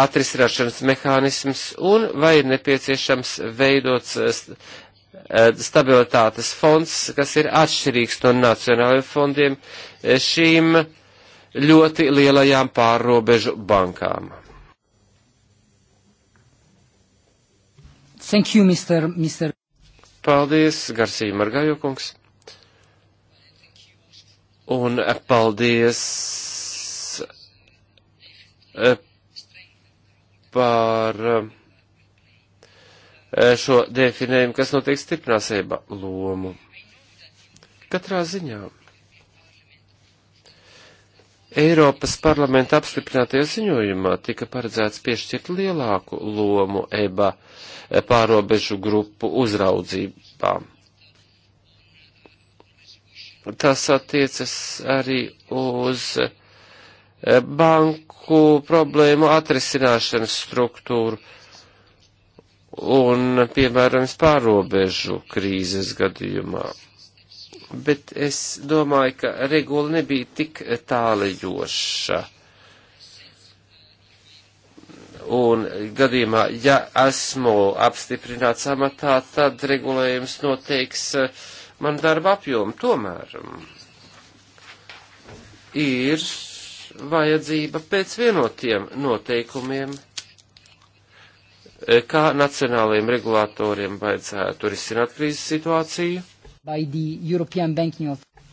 atrisināšanas mehānisms, un vai ir nepieciešams veidots eh, st eh, stabilitātes fonds, kas ir atšķirīgs no nacionālajiem fondiem, šīm uh, ļoti lielajām pārrobežu bankām. Thank you, Mr. Mr. Paldies, Garsija Margajokungs. Un paldies eh, par eh, šo definējumu, kas noteikti stiprinās eba lomu. Katrā ziņā Eiropas parlamenta apstiprinātajā ziņojumā tika paredzēts piešķirt lielāku lomu EBA pārobežu grupu uzraudzībā. Tas attiecas arī uz e, banku problēmu atrisināšanas struktūru un, piemēram, pārobežu krīzes gadījumā bet es domāju, ka regula nebija tik tālajoša. Un gadījumā, ja esmu apstiprināts amatā, tad regulējums noteiks eh, man darba apjomu. Tomēr mm, ir vajadzība pēc vienotiem noteikumiem, eh, kā nacionālajiem regulātoriem vajadzētu risināt krīzes situāciju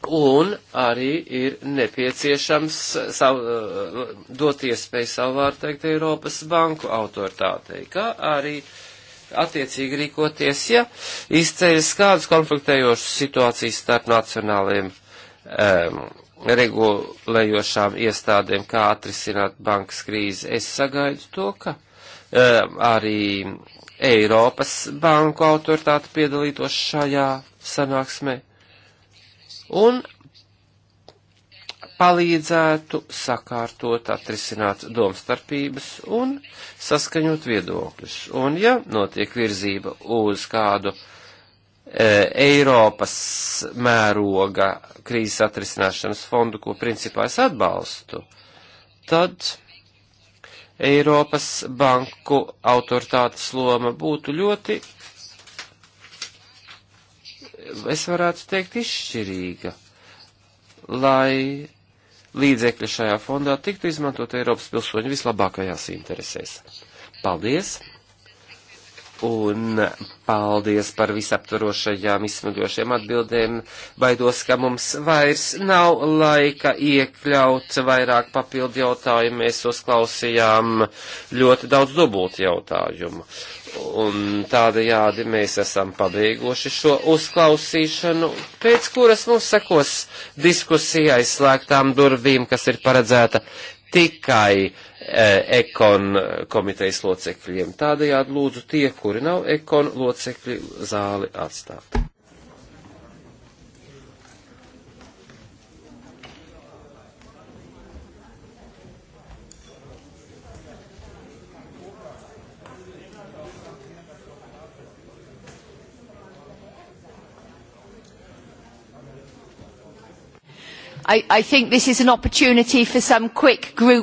Un arī ir nepieciešams sav, eh, dot iespēju savvārt teikt Eiropas banku autoritātei, kā arī attiecīgi rīkoties, ja izceļas kādas konfliktējošas situācijas starp nacionāliem um, regulējošām iestādēm, kā atrisināt bankas krīzi. Es sagaidu to, ka um, arī Eiropas banku autoritāte piedalītos šajā sanāksmē un palīdzētu sakārtot, atrisināt domstarpības un saskaņot viedokļus. Un ja notiek virzība uz kādu e, Eiropas mēroga krīzes atrisināšanas fondu, ko principā es atbalstu, tad Eiropas banku autoritātes loma būtu ļoti es varētu teikt, izšķirīga, lai līdzekļi šajā fondā tiktu izmantot Eiropas pilsoņu vislabākajās interesēs. Paldies! un paldies par visaptvarošajām izsmeļošajām atbildēm. Baidos, ka mums vairs nav laika iekļaut vairāk papildu jautājumu. Mēs uzklausījām ļoti daudz dubultu jautājumu. Un tādajādi mēs esam pabeiguši šo uzklausīšanu, pēc kuras mums sekos diskusija aizslēgtām durvīm, kas ir paredzēta tikai Eh, ekon komitejas locekļiem. Tādējādi lūdzu tie, kuri nav ekon locekļi, zāli atstāt. I, I think this is an opportunity for some quick group